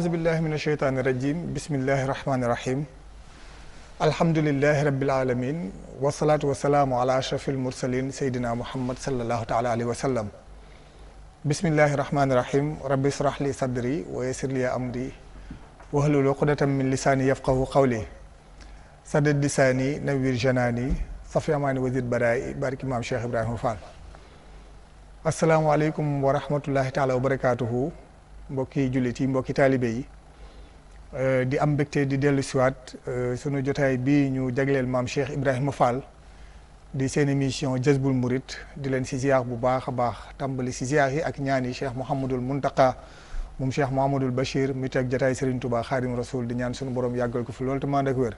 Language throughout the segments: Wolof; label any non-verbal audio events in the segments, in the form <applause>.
أعوذ بالله من الشيطان الرجيم بسم الله الرحمن الرحيم الحمد لله رب العالمين والصلاة والسلام على أشرف المرسلين سيدنا محمد صلى الله تعالى عليه وسلم بسم الله الرحمن الرحيم رب اشرح لي صدري ويسر لي أمري وهل عقدة من لساني يفقه قولي سدد لساني نوير جناني صفي أمان وزير برائي بارك إمام شيخ إبراهيم فال السلام عليكم ورحمة الله تعالى وبركاته mbokki jullit yi mbokki taalibe yi euh, di am mbégte di dellu siwaat euh, sunu jotaay bii ñu jagleel maam Cheikh Ibrahima Fall di seen émission Jazbul Murit di leen si ziar bu baax a baax tàmbali si ziar yi ak ñaan yi Cheikh Mouhamadul Muntaka moom Cheikh Mouhamadul Bachir mi teg jotaay Serigne Touba Xaadim Rasul di ñaan sunu borom yàggal ko fi loolu te maa ak wér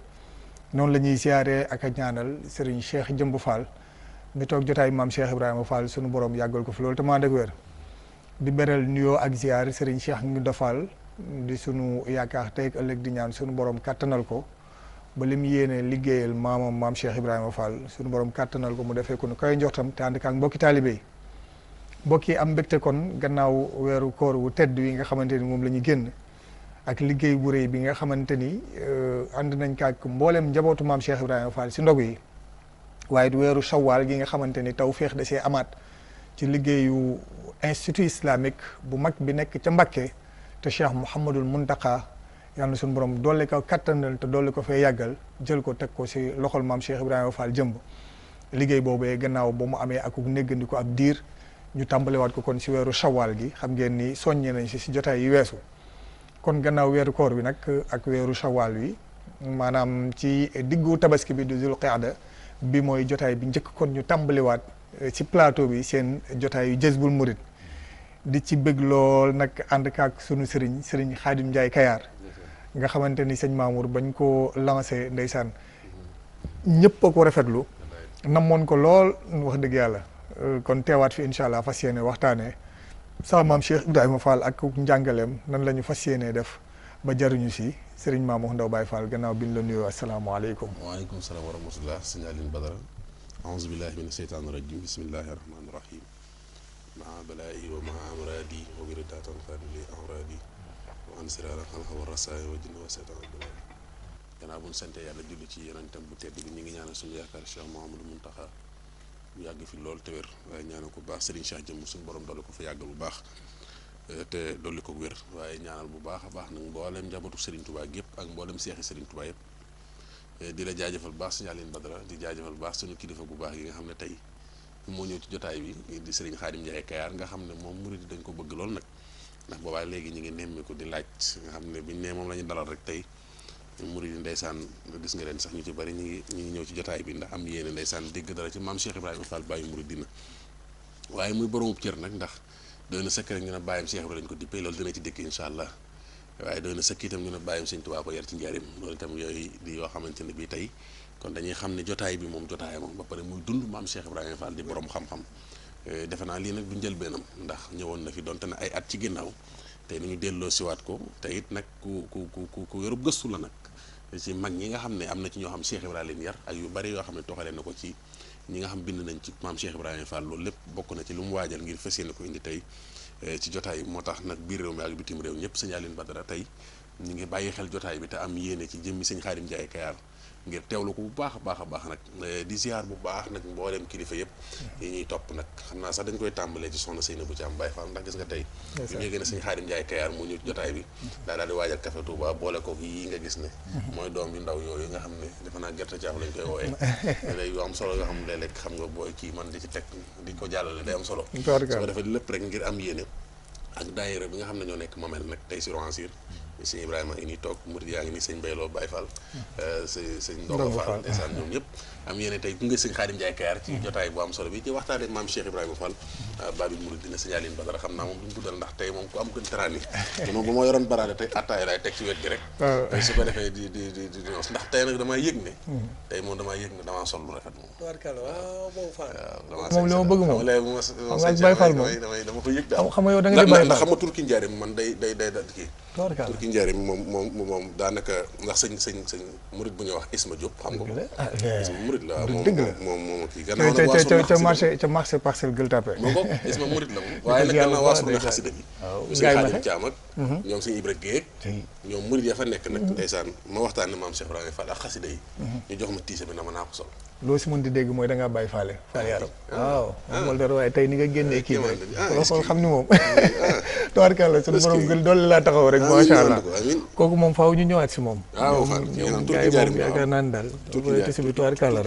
la ñuy ziaree ak a ñaanal Cheikh Jëmb Fall mi toog jotaay maam Cheikh Ibrahima Fall sunu borom yàggal ko fi loolu te maa ak wér. di beral nuyoo ak ziar Serigne Cheikh ngi dofal di sunu yaakaar tey ak di ñaan sunu borom kattanal ko ba li mu yéene liggéeyal maamam maam Cheikh Ibrahima Fall sunu borom kattanal ko mu defee ko nu koy njoxtam te ànd ak mbokk yi am mbégte kon gannaaw weeru koor wu tedd yi nga xamante ni moom la ñu génn ak liggéey bu rëy bi nga xamante ni euh, ànd nañ kaak mbooleem njabootu maam Cheikh Ibrahima Fall si ndog yi waaye weeru shawaal gi nga xamante ni taw feex da see amaat ci liggéeyu institut islamique bu mag bi nek ci Mbacké te Cheikh Mouhamadul Muntaka yàlla sun borom dole ko kattanal te dole ko fee yagal djel ko tek ko ci loxol mam Cheikh ibrahim Fall jëmb liggéey boobee gannaaw ba mu amé ak neggandiko ab dir ñu wat ko kon ci wéru shawal gi xam ngeen ni soññee nañ ci ci jotay yi wessu kon gannaaw wéru koor wi nak ak wéru shawal wi manam ci diggu tabaski bi du zul qaada bi moy jotay bi ñeek kon ñu wat ci plateau bi seen jotay yu jezbul Mouride di ci bëgg lool and ka ak sunu serigne serigne khadim ndjay kayar nga xamanteni ni Mamour bañ ko lancé ndeysaan ñepp ko rafetlu namon ko lool wax deug yalla kon teewaat fi inshallah allah waxtane sa mam Cheikh Ibrahima Fall ak njangalem nan lañu ñu def ba jarruñu ci serigne Mamour Ndaw bay Fall gannaaw biñ la nuyu assalamu alaykum wa alaykum assalam wa rahmatulah sëñ Aline Badara. a'udhu billahi minash shaitanir rajim bismillahir rahmanir rahim. بلائي ومع أمراضي وبردعة فان لأمراضي وعن سرالة خلق والرسائي وجن وسيطة عبد الله جناب سنتي يالا جولي تي يالا نتم بوتي دي نيغي نانا سون ياكار شيخ محمد المنتخا مو ياغي في لول تير واي نانا كو باخ سيرين شيخ جيم سون بروم دولي كو في ياغ لو ko wér waaye ñaanal bu baax baax nag mboolem njabatu sëriñ tubaa gépp ak mboolem seexi sëriñ tubaa yëpp di la jaajëfal baax suñu àlline badara di jaajëfal baax suñu kilifa bu baax yi nga xam ne moo ñëw ci jotaay bi di Serigne Khadim Ndiaye Kayar nga xam ne moom murid dañ ko bëgg lool nag ndax boobaa léegi ñu ngi nemmeeku di laaj nga xam ne biñ nee moom la ñu dalal rek tey murid ndeysaan gis nga leen sax ñu ci bari ñu ngi ñu ngi ñëw ci jotaay bi ndax am yéene ndeysaan dégg dara ci maam Cheikh Ibrahima Fall Baye murid dina waaye muy boromub cër nag ndax doy na sëkk rek ñu ne bàyyam Cheikh Ibrahima lañ ko dippee loolu dina ci dëkk incha allah waaye doy na sëkk itam ñu ne bàyyam Sëñ Tuubaa ko yar ci njaarim loolu itam yooyu di yoo xamante ne bii tey kon dañuy xam ne jotaay bi moom jotaay moom ba pare muy dund maam Cheikh Ibrahima Fall di borom xam-xam eh, defe naa lii nag du njëlbeenam ndax ñëwoon na fi donte ne ay at ci ginnaaw tey ni ñu delloo ko te it nag ku ku ku ku yorub gëstu la nag ci mag ñi nga xam ne am na ci ñoo xam Cheikh Ibrahima ak yu bari yoo xam ne toxalee na ko ci ñi nga xam bind nañ ci maam Cheikh Ibrahima Fall loolu lépp bokk na ci lu mu waajal ngir fas yéene ko indi tey eh, ci jotaay moo tax nag biir réew mi ak bitim réew ñëpp sëñ Aline Badara tey ñu ngi bàyyi xel jotaay bi te am yéene ci jëmmi sëñ Xaadim Njaay Kayaar ngir teewlu ko bu baax a baax a baax nag eh, di ziar bu baax nag mboolem kilifa yëpp yi ñuy topp nag xam naa sax dañ koy tàmbalee ci soxna Seyna bu ci am Fall ndax gis nga tey bi ñu gën a sëñ Xaadim Njaay Kayaar mu ñëw jotaay bi daa daal di waajal ko yi gis ne <laughs> mooy doom yu ndaw yooyu nga xam ne defe naa gerte caaf lañ koy wooyee <laughs> day am solo yoo xam ne léeg xam nga booy kii man di ci teg di ko jàllale day am solo su ko defee lépp rek ngir am yéene ak daayira bi nga xam ne ñoo nekk Mamel nag tey si Roansir sëñ Ibrahima ngi nii toog murid yaa ngi nii sëñ Bayloo Baye Fall. Hmm. Euh, sëñ Ndongo Fall ndeysaan ñoom ñëpp. am yéene tey gunge sëñ Xaadim Njaay Kayaar ci jotaay bu am solo bi ci waxtaane maam Cheikh Ibrahima Fall ah, Babil Mouride dina signalé ba xam naa moom duñ guddal ndax tey moom ku <laughs> teg wet gi rek ah. tey su ko di di ndax tey nag damaa yëg ne hmm. tey moom damaa yëg ne damaa sol lu rafet moom moom li bëgg moom léegi moom Baye dama ko yëg daal xam nga yow da nga di Baye turki njaari man day day day da kii turki njaari moom moom moom daanaka ndax sëñ sëñ sëñ murid bu ñu wax ma Diop xam nga murit la dëgg la moom moom kii gannaaw nag waasu ca marché na xasida bi suñu xaajum caam ak mm-hmm. ñoom suñu Ibra Gueye ñoom murit ya fa nekk nag ndeysaan ma waxtaan ne maam Cheikh Ibrahima Fall ak xasida yi mm-hmm. ñu jox ma tiise bi na ma naa ko sol loo si mën di dégg mooy da ngaa bàyyi faale. Ah, faale yaram ah, waaw. Ah. moom tey ni nga génnee kii rek. ah xam ni moom. <laughs> tubaarkàlla suñu borom gën doole laa taxaw rek. macha allah moom faaw ñu ñëwaat si moom. waaw faaw ñu ñëwaat tuuti njaarim la yaakaar naa la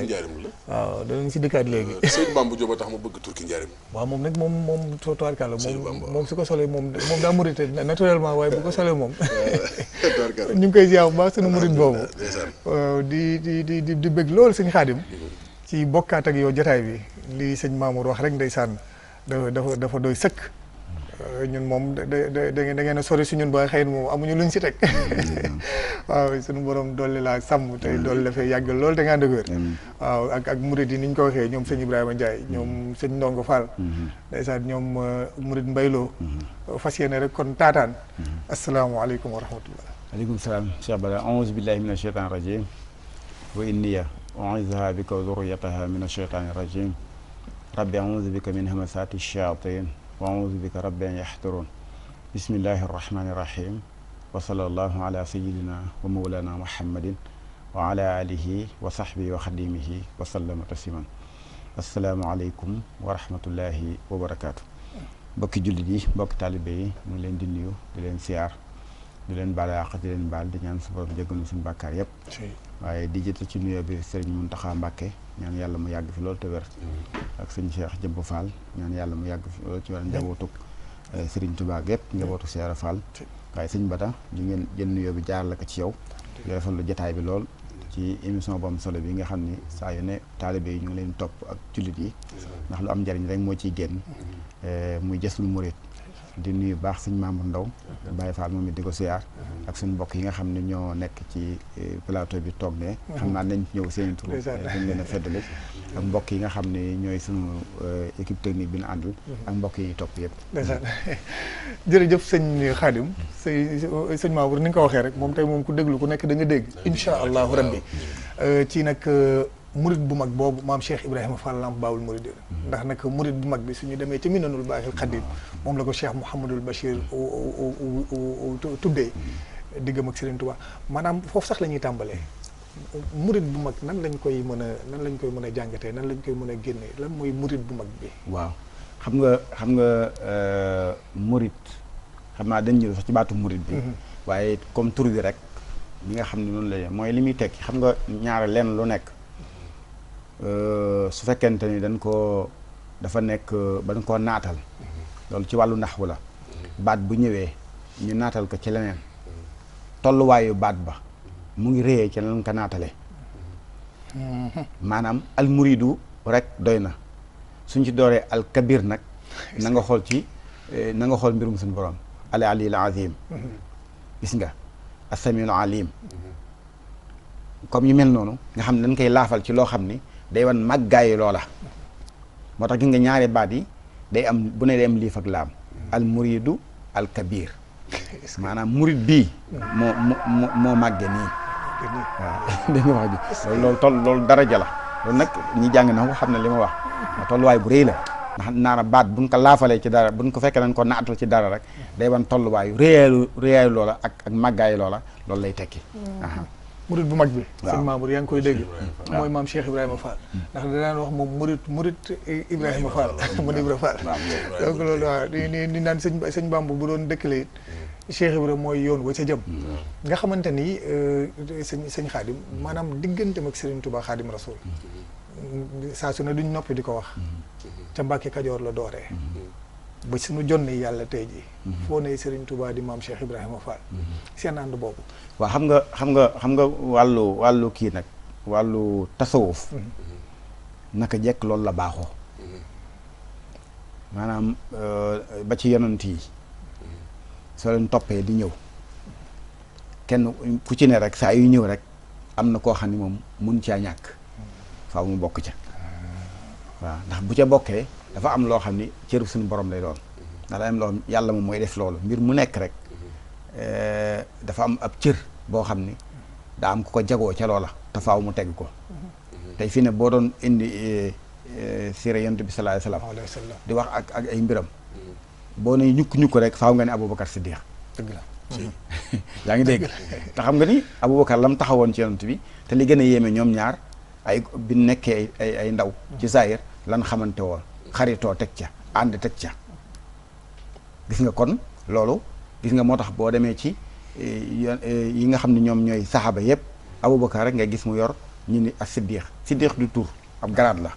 waaw danañ si dikkaat léegi. Seydou Bamba Diop a tax ma bëgg turki njaarim. waaw moom nag moom moom tubaarkàlla. moom moom su ko solee moom moom daa murit naturellement waaye bu ko solee moom. <laughs> ñu ngi koy ziar bu baax suñu murit boobu. di di di di bëgg lool sëñ Xaadim ci bokkaat ak yow jotaay bi lii sëñ Mamour wax rek ndeysaan dafa dafa dafa doy sëkk euh, ñun moom da da da ngeen a sori ñun ba xëy na moom amuñu luñ si teg mm-hmm. <laughs> waaw suñu borom dolli laa sàmm tey dolli la fee yàgg loolu da ngaa dëgër waaw ak ak murid yi ni ko waxee ñoom sëñ Ibrahima Ndiaye mm-hmm. ñoom sëñ Ndongo Fall mm-hmm. ndeysaan ñoom euh, murid Mbayloo fas yéene rek kon taataan asalaamaaleykum wa rahmatullah aleykum salaam Cheikh Bala aouzu billahi mina sheytan rajim wa inniya أعيذها بك وذريتها من الشيطان الرجيم رب أعوذ بك من همسات الشياطين وأعوذ بك رب أن يحضرون بسم الله الرحمن الرحيم وصلى الله على سيدنا ومولانا محمد وعلى آله وصحبه وخديمه وسلم تسليما السلام عليكم ورحمة الله وبركاته بك جلدي بك طالبي taalibe دي نيو ngi leen di nuyu لين leen siyaar di leen waaye di ci nuyoo bi sëriñ Mountakha Mbacké ñaan yàlla mu yàgg fi loolu te wér mm-hmm. ak sëñ Cheikh Jëmb Fall ñaan yàlla mu yàgg fi loolu ci wér njabootuk mm-hmm. eh, sëriñ Touba gépp mm-hmm. njabootuk Cheikh Fall waaye sëñ Bata ñu ngeen jël nuyoo bi jaar la ko ci yow di rafetlu jotaay bi lool ci émission bu solo bi nga xam ni saa yu ne taalibe yi ñu ngi leen topp ak jullit yi ndax lu am njariñ rek moo ciy génn eh, muy jësul murit di nuyu baax sëñ Mamour Ndaw Baye Fall moom it di ko siyaar ak suñu mbokk yi nga xam ne ñoo nekk ci eh, plateau bi toog ne xam naa nañ ñëw seen tur eh, dañ leen a feddali ak mbokk yi nga xam ne ñooy suñu eh, équipe technique bi ñu àndal ak mbokk yi topp yëpp <laughs> jërëjëf sëñ Khadim sëñ sëñ Mamour ni nga ko waxee rek moom tey moom ku déglu ku nekk da nga dégg incha allahu rabbi ci nag murit bu mag boobu maam Cheikh Ibrahima Fall Lamp Baawul Murid ndax nag murit bu mag bi suñu demee ci minanul baaxil xadim moom la ko Cheikh Mouhamadul Bachir tuddee diggam ak Serigne Touba maanaam foofu sax lañuy tàmbalee murit bu mag nan lañ koy mën a nan lañ koy mën a jàngatee nan lañ koy mën a génnee lan mooy murit bu mag bi waaw xam nga xam nga euh, murit xam naa dañ ñëw sax ci baatu murit bi mm-hmm. waaye comme tur bi rek li nga xam ne noonu mooy li muy tekki xam nga ñaar lenn lu nekk Euh, su fekkente ni dañ koo dafa nekk ba dañ koo naatal loolu ci wàllu naxwu la baat bu ñëwee ñu naatal ko ci leneen tolluwaayu baat ba mu ngi réyee ci lan ko naatale maanaam al rek doy na suñ ci dooree al nag na nga xool ci eh, na nga xool mbirum suñ borom al aliyul azim gis nga asamiul alim comme ñu mel noonu nga xam ne dañ koy laafal ci loo xam ni day wan màggaayu loola moo tax gis nga ñaari baat yi day am bu ne day am liif ak laam al muridu maanaam murid bii moo moo moo màgge nii waaw <laughs> dégg nga wax ji loolu loolu loolu daraja la loolu nag ñi jàng na ko xam ne li ma wax ndax tolluwaay bu rëy la ndax naara baat buñ ko laafalee ci dara buñ ko fekkee dañ ko naatal ci dara rek day wan tolluwaayu réyaayu réyaayu loola ak ak màggaayu loola loolu lay tekki hmm. murit bu mag bi sëñ Mamour yaa ngi koy dégg mooy maam Cheikh Ibrahima Fall mm. ndax danaan wax moom murit murit Ibrahima Fall mun Ibra Fall <laughs> loolu waaw ni ni naan sëñ sëñ Bamba bu doon dëkkale it mm. Cheikh Ibrahima mooy yoon wa ca jëm mm. nga xamante ni euh, sëñ sëñ Xaadim maanaam digganteem ak Serigne Touba Xaadim Rasoul saa su ne duñ noppi di ko wax ca Mbàkke Kajoor la dooree ba suñu jonni yàlla tey ji foo ne Serigne Touba di maam Cheikh Ibrahima Fall seen ànd boobu waa xam nga xam nga xam nga wàllu wàllu kii nag wàllu tasawuf mm-hmm. naka jekk loolu la baaxoo mm-hmm. maanaam euh, ba ci yonent yi mm-hmm. soo leen toppee di ñëw kenn ku ci ne rek saa yu ñëw rek am na koo xam ne moom mun caa ñàkk faaw mu bokk ca ah. waaw ndax bu ca bokkee dafa am loo xam ni cëru suñu borom lay doon ndax daa am loo yàlla moom mooy def loolu mbir mu nekk rek Eh, dafa am ab cër boo xam ni daa am ku ko jagoo ca loola te faaw mu teg ko mhm. tey fi ne boo doon indi eh, eh, siira yonent bi sallallahu alayhi wa sallam di wax ak ak ay mbiram mhm. boo ne ñukk ñukk rek faaw nga ne Aboubacar Siddiq dëgg la mhm. <laughs> yaa ngi dégg te xam nga ni Aboubacar lam taxawoon ci yonent bi te li gën a yéeme ñoom ñaar ay bi nekkee ay ay ndaw ci saayir lan xamante woon xaritoo teg ca ànd teg ca gis nga kon loolu gis nga moo tax boo demee ci eh, eh, yi nga xam ne ñoom ñooy saxaaba yëpp Aboubacar rek nga gis mu yor ñu ni ak siddiq siddiq du tur ab grade la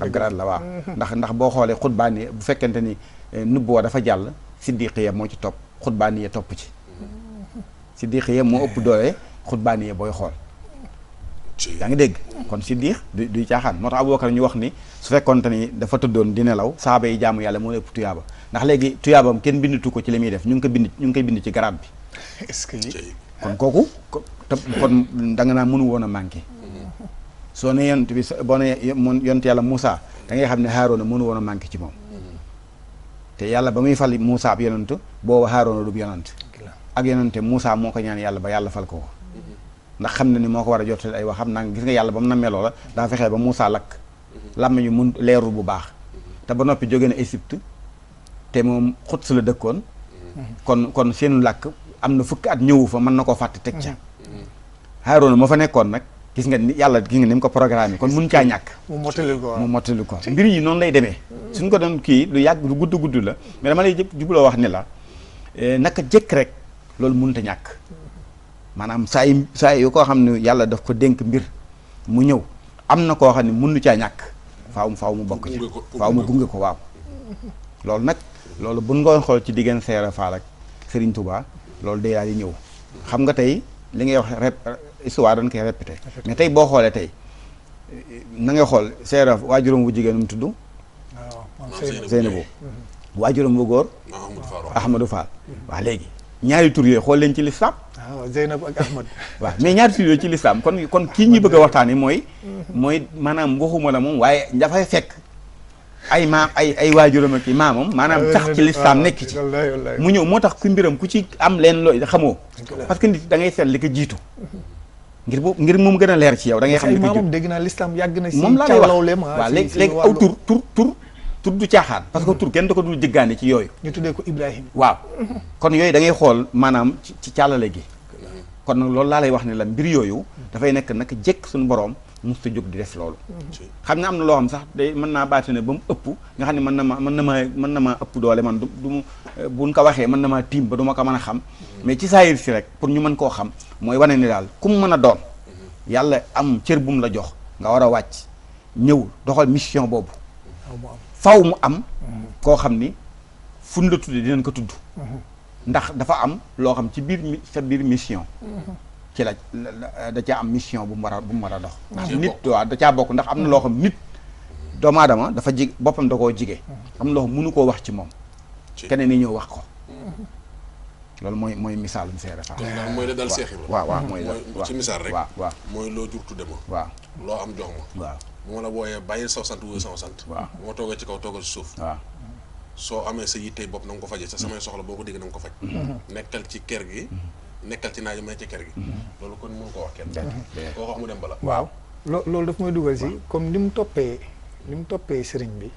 ab grade la waaw mm-hmm. ndax ndax boo xoolee xutbaani bu fekkente ni eh, nubboo dafa jàll siddiq ya moo ci topp xutbaani ya topp ci mm-hmm. siddiq ya moo ëpp doole xutbaani ya booy xool yaa ngi dégg kon si diir du du caaxaan moo tax Abubakar ñu wax ni su fekkonte ni dafa tëddoon di nelaw saaba yi yàlla moo ëpp ndax léegi tuyaabam kenn binditu ko ci li muy def ñu ngi ko bind ñu koy bind ci garab bi <laughs> est-ce que kon kooku kon da nga naa mënu woon a manqué mm-hmm. soo ne yont bi boo ne yont yàlla Moussa da ngay xam ne Haaruna mënu woon a manqué ci moom mm-hmm. te yàlla ba muy fal Moussa ab yonant booba Haaruna du yonant ak yonante Moussa moo ko ñaan yàlla ba yàlla fal ko ko ndax xam na ni moo ko war a jottali ay xam nanga gis nga yàlla ba mu nammee loola daa fexee ba Moussa lakk mhm. ñu mun leerul bu baax mhm. te ba noppi jóge na Égypte te moom xut su la dëkkoon mhm. kon kon seenu làkk am na fukki at ñëwu fa mën na koo fàtte teg ca Haaruna ma fa nekkoon nag gis nga ni yàlla gis nga ni mu ko programme kon mun caa ñàkk mu mottali ko mu mottali ko mbir yi noonu lay demee suñ ko doon kii lu yàgg lu gudd gudd la mais dama lay jubloo wax ni la eh, naka jëkk rek loolu mënut ñàkk maanaam saa yu saa yu koo xam ne yàlla daf ko dénk mbir mu ñëw am na koo xam ne mënu caa ñàkk faaw mu faaw mu bokk ci faaw mu gunge ko waaw loolu nag loolu bu ngoon xool ci diggante Seera Faal ak Serigne Touba loolu day daal di ñëw xam nga tey li ngay wax rep histoire dañ koy répété mais tey boo xoolee tey na nga xool Seera waajuram bu jigéen mu tudd ah, ah, Seynabou mm-hmm. waajuram bu góor Ahmadou Fall waaw léegi ñaari tur yooyu xool leen ci lislaam waaw ah, Zeynab ak Ahmad <laughs> waaw mais ñaari tur yooyu ci lislaam kon kon kii ñi bëgg a yi mooy mooy maanaam waxuma la moom waaye dafay fekk ay maam ay ay waajuram ak i maamam maanaam sax ci lislaam ah, nekk ci mu ñëw moo tax si mbiram ku ci am leen looy xamoo parce que nit da ngay seet li ko jiitu ngir boobu ngir moom gën a leer ci yow da xam li ko jiitu moom laa lay wax ah, waaw léegi léegi aw tur tur tur tur du caaxaan parce que tur kenn da ko dul jëggaane ci yooyu waaw kon yooyu da ngay xool maanaam ci càllale gi kon nag loolu laa lay wax ne la mbir yooyu dafay nekk nag jekk suñu borom mos ta jóg di def loolu xam ne am na loo xam sax day mën naa baati ne ba mu ëpp nga xam ne mën na ma mën na maa mën na maa ëpp doole man du mu buñ ko waxee man na ma tiim ba du ma ko man a xam mais ci saayir si rek pour ñu man koo xam mooy wane ni daal ku mu mën a doon yàlla am cër bu mu la jox nga war a wàcc ñëw doxal mission boobu faw mu am koo xam ni fun la tuddee dinañ ko tudd ndax dafa am loo xam ci biir mi sa biir mission ci la da ca am mission bu mu war a bu mu a dox ndax nit waaw da caa bokk ndax am na loo xam nit doomu aadama dafa jig boppam da koo jige am na loo xam mënu koo wax ci moom keneen ni ñëw wax ko mhm. loolu mooy mooy misaalum seere fa misaal rek waaw waaw mooy loo jur tudde ma waaw loo am jox ma waaw bu ma la wooyee bàyyil saw sant wuyul sama sant. waaw bu ma toogee kaw toogal ci suuf. waaw soo amee sa yittey bopp na nga ko fajee sa samay soxla boo ko dégg ko faj. Mm-hmm. nekkal ci kër gi. Mm-hmm. nekkal ci naaj may ci kër mm-hmm. kon mun ko wax kenn. koo mu dem bala. waaw loo loolu daf may dugal si comme ni mu toppee ni mu toppee sëriñ bi.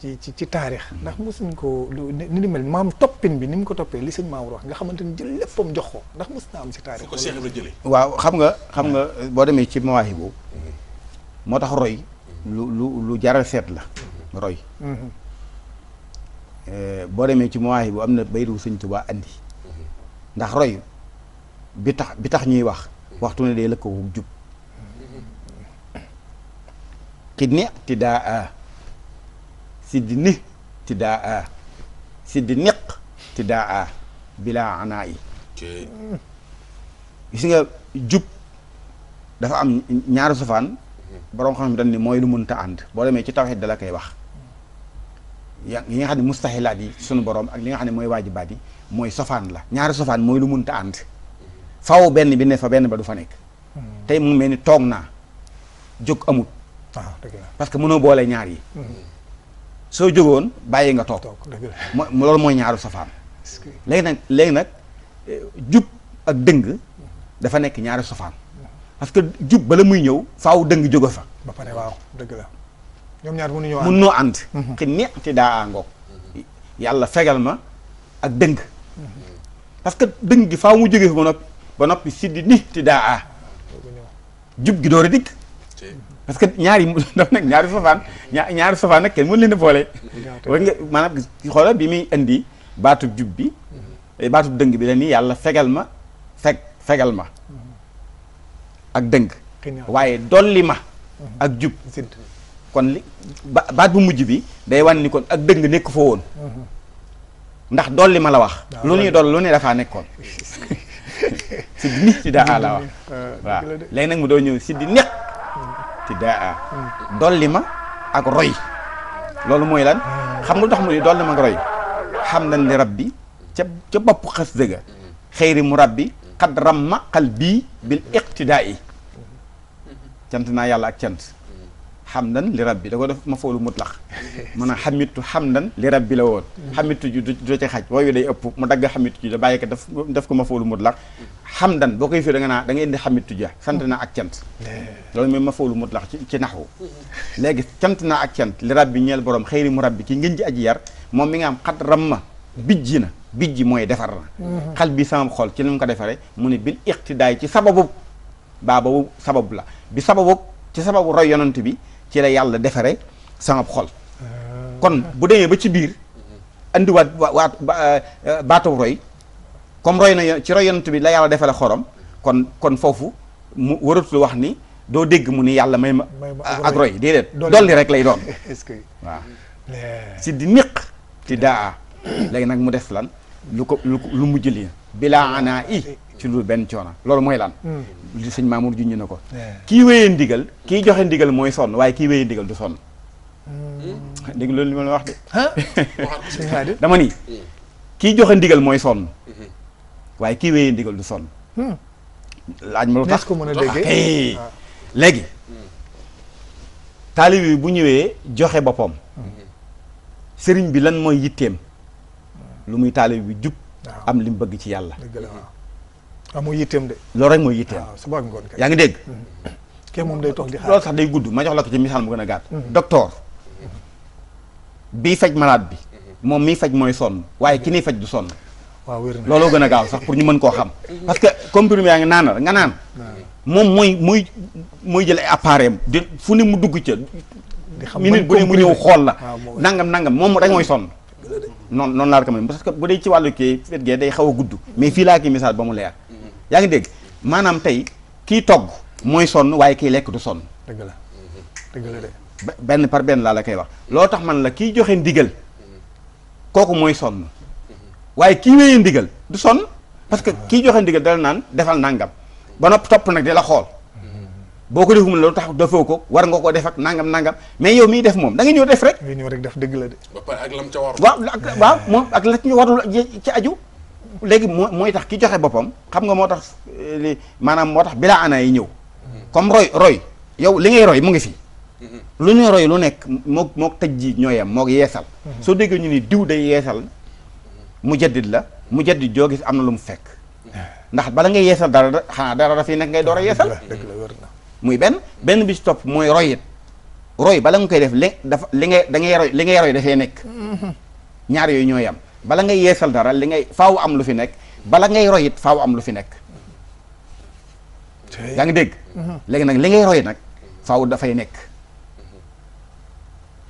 ci ci ci taarix. ndax mosuñ ko ni ni mel maam toppin bi ni mu ko toppee li sëñ Mamour wax nga xamante ni jël léppam jox ko ndax mos naa am si taarix. fu ko Cheikh Ibrahima jëlee. waaw xam nga xam nga boo demee ci Mawaahibu moo tax roy lu lu lu jaral seet la roy mm-hmm. eh, boo demee ci Mawaahibu bu am na bayru Sëñ Tuubaa andi ndax roy bi tax bi ñuy wax waxtu ne day lëkkoo ko jub xidni tiddaa siddi ni tiddaa siddi niq tiddaa bilaa anaa yi gis nga jub dafa am ñaari safaan borom xam dañ ni moy lu mënta and bo demee ci tawxid dala kay wax ya yi nga xam ne mustaxilaat yi sunu borom ak li nga xam moy Fau beni yi mooy la ñaari sofan moy lu mënta and faaw ben bi ne fa ben ba du fa nek hmm. tay mu melni amut ah, parce que mëno nyari, ñaar yi hmm. so jógoon baye nga tok mo loolu moy ñaaru sofan léegi nak nak jup ak deung hmm. dafa nek ñaari sofan parce que jub bala muy ñëw faaw dëng jóge fa. ba pare waaw dëgg la ñoom ñaar mënuñoo ànd mënuñoo ànd. Mhm. te neexati daa yàlla fegal ma ak dëng. Mhm. parce que dëng gi faw mu jóge ba noppi ba noppi si di ni ti daa a jub gi door a parce que ñaari <laughs> ndox nag ñaari safaan ñaar ñaari safaan nag kenn mënu leen a boole. war nga maanaam xoolal bi muy indi baatub jub bi. Mhm. Eh, baatub dëng bi la nii yàlla fegal ma feg fegal ma. ak dëng waaye dolli ma mhm. ak jub kon li baat bu mujj bi day wan ni kon ak dëng nekk foo woon mhm. ndax dolli ma la wax lu ñuy doll lu ne dafaa nekkoon <laughs> siddi ni ci daa la wax <laughs> ah, waaw léegi nag mu doo ñëw siddi neq ci daa dolli ma ak roy loolu mooy lan ah. xam nga dox mu ni dolli ma ak roy xam nañ li rab bi ca ca bopp xas dëgga mhm. xëyri mu rab bi qad ramma qalbi bil iqtidaai cant naa yàlla ak cant xamdan li rabbi da ko def ma foolu mutlax mun a xamitu xamdan li rabbi la woon xamitu ju du ci xaj wooyu day ëpp mu dagg xamitu ju da bàyyi ko def def ko ma foolu mutlax xamdan boo koy fii da nga naa da nga indi xamitu ja sant naa ak cant loolu mooy ma foolu mutlax ci ci naxwu léegi cant naa ak cant li rabbi ñeel borom xëyri mu rabbi ki ngën ji aji yar moom mi nga am xat ramma bijji na bijji mooy defar na mhm. xal bi sama xol ci ni mu ko defaree mu ne bil iqtidaay ci sababu baa boobu sababu la bi sababu ci sababu roy yonant bi ci la yàlla defare sama xol ah. kon bu demee ba ci biir andiwaat waat euh, baatu roy comme roy na ci roy yonant bi la yàlla defale xorom kon kon foofu mu waratul wax ni doo dégg mu ni yàlla may ma ak roy déedéet dolli rek lay doon <laughs> waaw si di niq ti daa <coughs> léegi nag mu def lan lu ko lu lu mujj lii bilaa ana i ci lu benn coono loolu mooy lan hmm. li sëñ Mamour juñu na ko kii wéyee ndigal kii joxe ndigal mooy sonn waaye kii wéyee ndigal du sonn hmm. dégg loolu li ma la wax de <laughs> dama ni kii joxe ndigal mooy sonn hmm. waaye kii wéyee ndigal du sonn laaj ma lu tax ko mën a déggee ah. léegi taalib bi bu ñëwee joxe boppam sëriñ bi lan mooy yitteem lu muy taalibe bi jub am li mu bëgg ci yàlla waaw mooy yitteem de loolu rek mooy yitteem suba ak ngoon yaa ngi dégg mm-hmm. kee moom day toog di xaar loolu sax day gudd ma jox la ko ci misaal mu gën a gàtt mm-hmm. docteur bii faj malade bi mm-hmm. moom miy faj mooy sonn waaye ki niy faj du sonn waaw looloo gën a gaaw sax pour ñu mën koo xam parce que comprimé yaa ngi naanal nga naan moom mooy mooy mooy jël ay appareil di fu ne mu dugg ca minute bu ne mu ñëw xool la nangam nangam moom rek mooy sonn noonu noon laa ko mën parce que bu dee ci wàllu kii fet gee day xaw a gudd mais fii laa ki message ba mu leer yaa ngi dégg maanaam tey kii togg mooy sonn waaye kii lekk du sonn dëgg la dëgg la benn par la koy wax loo tax man la kiy joxe ndigal kooku mooy sonn waaye kii wéyee du sonn parce que ah. kii joxe ndigal dala naan defal nangam ba nopp topp nag di la xool boo ko defum loolu tax defoo ko war nga koo def ak nangam nangam mais yow miy def moom da nga ñëw def rek. nga ñëw rek def dëgg la de. ba pare ak lam ca war. waaw waaw moom ak la ci warul ci aju. léegi moo mooy tax ki joxe boppam xam nga moo tax eh, li maanaam moo tax bilaa ana yi ñëw. Mhm. comme roy roy yow li ngay roy mu ngi si mhm. lu ñuy roy lu nekk mook mook tëj ji ñoo yem mook yeesal. Mhm. soo déggee ñu ni diw day yeesal mu jaddit la mu jaddit joo gis am na lu mu fekk. ndax bala ngay yeesal dara xanaa dara dafay nekk ngay door a yeesal. dëgg la wér muy benn benn bi ci topp mooy roy it roy bala nga koy def li dafa li ngay dangay ngay roy li ngay roy dafay nekk <laughs> ñaar yooyu ñooy am bala ngay yeesal dara li ngay faw am lu fi nekk bala ngay roy it faaw am lu fi nekk yaa ngi dégg mhm. léegi nag li ngay roy nag faaw dafay nekk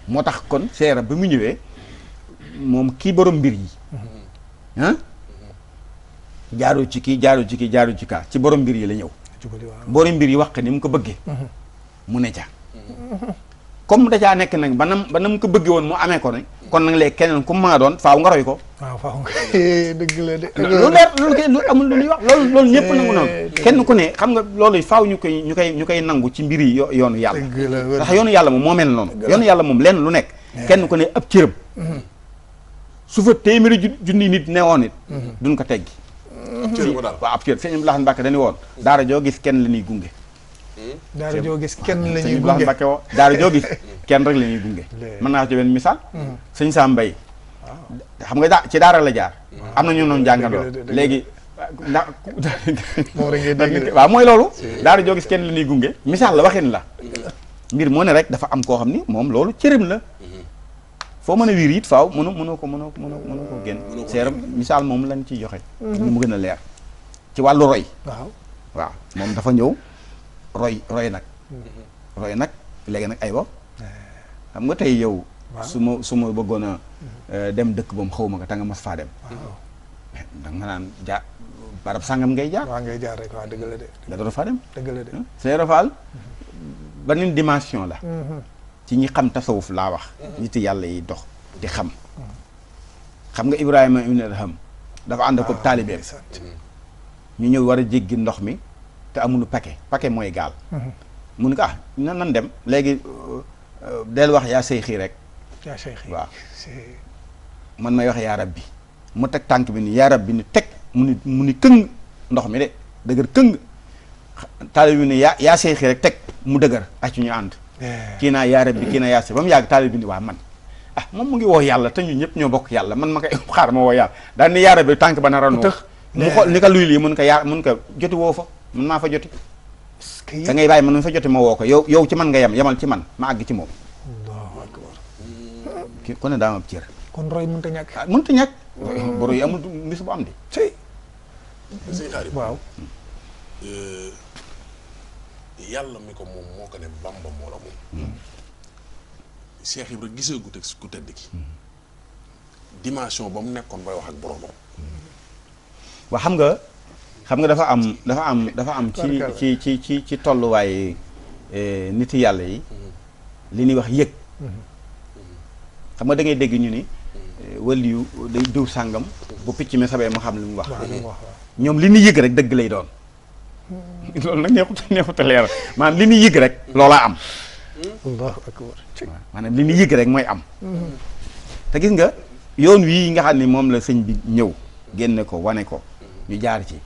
moo tax kon seera bi mu ñëwee moom kii boroom mbir yi mhm. ah jaaroo ci kii jaaroo ci kii jaaroo ci kaa ci borom mbir yi la ñëw boori mbir yi wax ni mu ko bëggee mu ne ca comme da caa nekk nag ba nam ba nam ko bëggee woon mu amee ko ne kon nag léegi keneen ko waaw faaw nga <laughs> dëgg la de loolu leer loolu kay loolu amul ku ne xam nga loolu faaw ñu koy ñu koy ñu koy nangu ci mbiri yoonu yàlla ndax yoonu yàlla moom moo mel noonu yoonu yàlla moom lenn lu nekk eh. kenn ku ne ab cërëm mm-hmm. su fa téeméeri junni nit newoon it mm-hmm. duñ ko teggi Mhm. waaw ab cër sëñ Abdou Lahad Mbacke dañu woon daara joo gis kenn la ñuy gunge hmm? daara joo gis kenn la ñuy gunge sëñ joo gis <laughs> kenn rek la ñuy gunge mën naa ci benn misaal hmm. sëñ Sam Mbaye xam nga daa ci daara la jaar hmm. am na ñu noonu jàngandoo léegi ndax <laughs> waaw mooy loolu daara joo gis kenn la ñuy gunge misaal la waxin la mbir moo ne rek dafa am koo xam ni moom loolu cëram la foo mën a wiir it faaw mënu mënoo ko mënoo ko mënoo ko génn seeram misaal moom lañ ciy joxe ñu mhm. mu gën a leer ci wàllu roy waaw moom dafa ñëw roy roy nag mhm. roy nag léegi nag ay ba eh. xam nga tey yow su ma su ma bëggoon a mhm. eh, dem dëkk ba xaw ma ko te nga mas faa dem eh, da nga naan ja barab sàngam ngay jaar waaw ngay jaar rek waaw dëgg la de nga doon faa dem dëgg la de seera faal beneen dimension la ci ñi xam tasawuf laa wax nit yàlla yi dox di xam xam nga Ibrahima ibn Adham dafa ànd ko ah, taalibeem ñu ñëw war a jéggi ndox mi te amuñu paquet paquet mooy gaal mhm. mun nga ah, nan dem léegi euh, del wax yaa sëy xii rek man may wax yaa rab bi mu teg tànk bi ni yaa rab bi ni teg mu ni mu ni këng ndox mi de dëgër këng taalib bi ni yaa sëy xii rek teg mu dëgër ak ci ñu ànd kii naa yaa rabbi kii naa yaa ba mu yàgg taalibe bi ni waa man ah moom mu ngi woo yàlla te ñu ñëpp ñoo bokk yàlla man ma koy <laughs> xaar ma woo yàlla daan ni yaa rabbi tànk ba naroon tëx mu xool ni ko luy lii mun ko yaa mun ko joti woo fa mun maa fa joti da ngay man mu fa joti ma woo ko yow yow ci man nga yem yemal ci man ma àgg ci moom ki ku ne daa am cër kon ñàkk ah mënta ñàkk boro yi amul bis bu am di tey yàlla mi ko moom moo ko ne bamba moo la moom Cheikh Ibra gisee gu teg ku tedd ki dimension ba mu nekkoon bay wax ak boromam waa xam nga xam nga dafa am dafa am dafa am ci ci ci ci ci tolluwaay eh, nit yàlla yi mm-hmm. li ñuy wax yëg mm-hmm. xam nga da ngay dégg ñu ni mm-hmm. eh, waliyu day diw sàngam bu picc mi sabee mu xam li mu wax ñoom li ñu yëg rek dëgg lay doon <laughs> loolu nag neexut neexut a leer maanaam li ñuy yëg rek loolaa am. allahu akbar maanaam li ñuy yëg rek mooy am. te gis nga yoon wii nga xam ni moom la sëñ bi ñëw génne ko wane ko ñu jaar ci.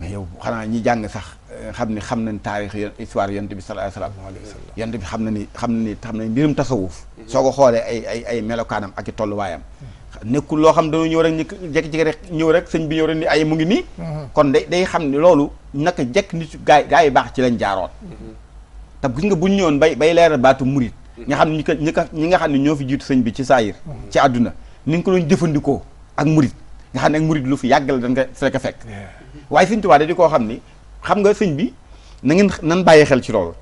mais yow xanaa ñi jàng sax eh, xam ni xam nañ taarix histoire yonent bi sallallahu alayhi wasallam yonent bi xam na ni xam na ni xam na ni mbirum tasawuf soo ko xoolee ay ay ay melokaanam ak i tolluwaayam nekkul loo xam dañoo ñëw rek ñu jékki-jékki rek ñëw rek sëñ bi ñëw rek ni ay mu ngi nii. Mhm. kon day day xam ne loolu naka jekk nit gaay gaay yi baax ci lañ jaaroon. Mhm. te gis nga bu ñëwoon bay bay leeral baatu murit. Mhm. nga xam ne ñi ko ñi nga xam ne ñoo fi jiitu sëñ bi ci saayir ci àdduna ni nga ko doon jëfandikoo ak murit nga xam ne ak murit lu fi yàggal dañ ko fekk fekk. waaye sëñ Tuubaa da di koo xam ni xam nga sëñ bi na nan bàyyi xel ci loolu.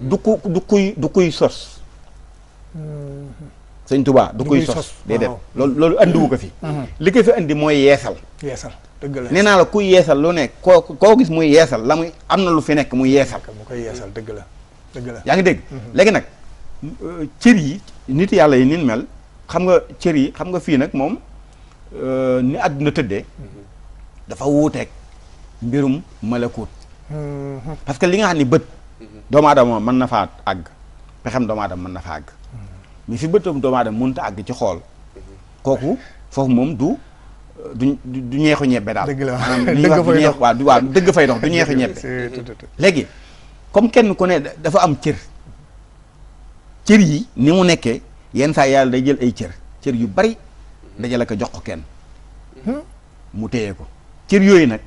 du ko du kuy du kuy sos. sëñ Touba du koy sos déedéet loolu loolu andiwu ko fi mm-hmm. li ko fi andi mooy yeesal yeesal dëgg la nee naa la ku yeesal lu nekk koo koo gis muy yeesal la muy am na lu fi nekk muy yeesal mu koy yeesal dëgg la dëgg yaa ngi dégg mm-hmm. léegi nag cër yi nit yàlla yi nin mel xam nga cër yi xam nga fii nag moom euh, ni àdduna tëddee mm-hmm. dafa wuuteeg mbirum malakuut parce que li nga xam ni bët doomu aadama mën na faa àgg pexem doomu aadama mën na fa àgg mais fi bëtam doomu aadama mënut àgg ci xool kooku foofu moom du du du ñeexu ñebbe daal waaw du waaw dëgg fay dox du ñeexu ñebbe léegi comme kenn ku ne dafa am cër cër yi ni mu nekkee yenn saa yàlla day jël ay cër cër yu bari dajale ko jox ko kenn mu téye ko cër yooyu nag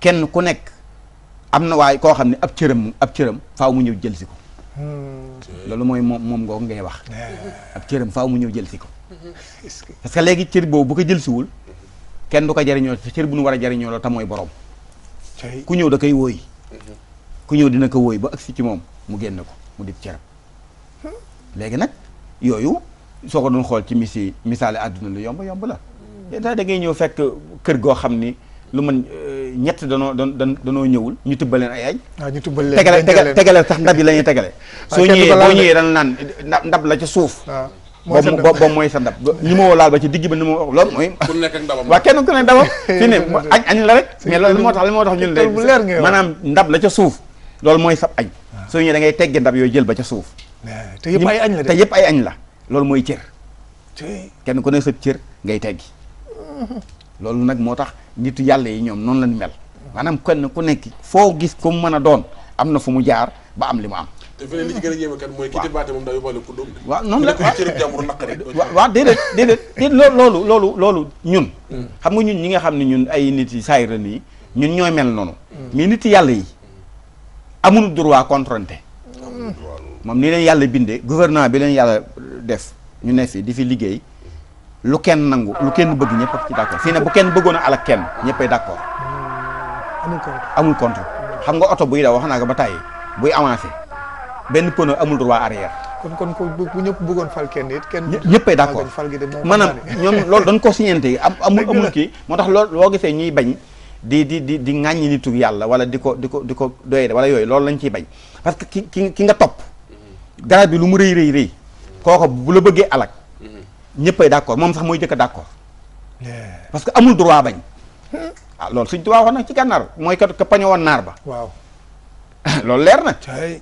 kenn ku nekk am na waaye koo xam ne ab cëram ab cëram faw mu ñëw jëlsi ko loolu mooy moom moom ngoog ngay wax ab cëram faaw mu ñëw jël si ko <laughs> parce léegi cër boobu bu ko jël siwul kenn du ko jariñoo te cër bu nu war a jariñoo la te mooy borom ku ñëw da koy wóoy mm-hmm. ku ñëw dina ko wóoy ba agsi ci moom mu génn ko mu dib cëram hmm? léegi nag yooyu soo ko doon xool ci misi misaale àdduna lu yomb yomb la yenn hmm. saa da ñëw fekk kër goo xam ni lu man euh, ñett danoo dan danoo ñëwul ñu tibbaleen ay añ ah, ñu tibbaleen tegale tegale tax ndab yi lañuy tegale ah, soo ñëwee boo ñëwee dan naan ndab la ca suuf ah, boobu mooy sa ndab ñi <laughs> ma woo laal ba ci digg ba ni ma wax loolu mooy ku nekk ak ndabam waaw <laughs> ku nekk añ la rek mais moo tax li moo tax ñun léegi maanaam ndab la ca suuf loolu mooy sab añ soo ñëwee da ngay teggi ndab yooyu jël ba ca suuf eh, te yëpp ay añ la te yëpp ay añ la loolu mooy cër kenn ku ne sa cër ngay teggi <laughs> loolu nag moo tax nitu yàlla yi ñoom noonu lañ mel maanaam kenn ku nekk foo gis ku mën a doon am na fu mu jaar ba am li mu am li a yéeme kat mooy ki débatté moom waaw noonu la waaw déedéet déedéet déedéet loolu loolu loolu ñun hmm. xam nga ñun ñi nga xam ne ñun ay nit yi saayira nii ñun ñooy mel noonu hmm. mais nit yàlla yi amuñu droit contronté moom ni leen yàlla bindee gouvernement bi leen yàlla def ñu ne fi di fi liggéey lu kenn nangu lu kenn bëgg ñëpp ak ci d'accord fii ne bu kenn bëggoon a alak kenn ñëppay d'accord amul contre xam nga oto buy daw wax naa ko ba tàyyi buy avancé benn pneu amul droit arrière. kon kon bu ñëpp bëggoon fal kenn it kenn. ñëppay d'accord maanaam ñoom loolu dañ ko siñente am <laughs> amul amul kii moo tax loolu loo gisee ñuy bañ di di di di ŋàññi nitu yàlla wala di ko di ko di ko doyee wala yooyu loolu lañ ciy bañ parce que ki ki ki nga topp garab bi lu mu rëy rëy rëy kooka bu la bëggee alak ñeppay d'accord mom sax moy jëk d'accord parce que amul droit bañ ah lool seigne touba wax nak ci gannar moy ka pañu won nar ba waaw <laughs> lool leer na tay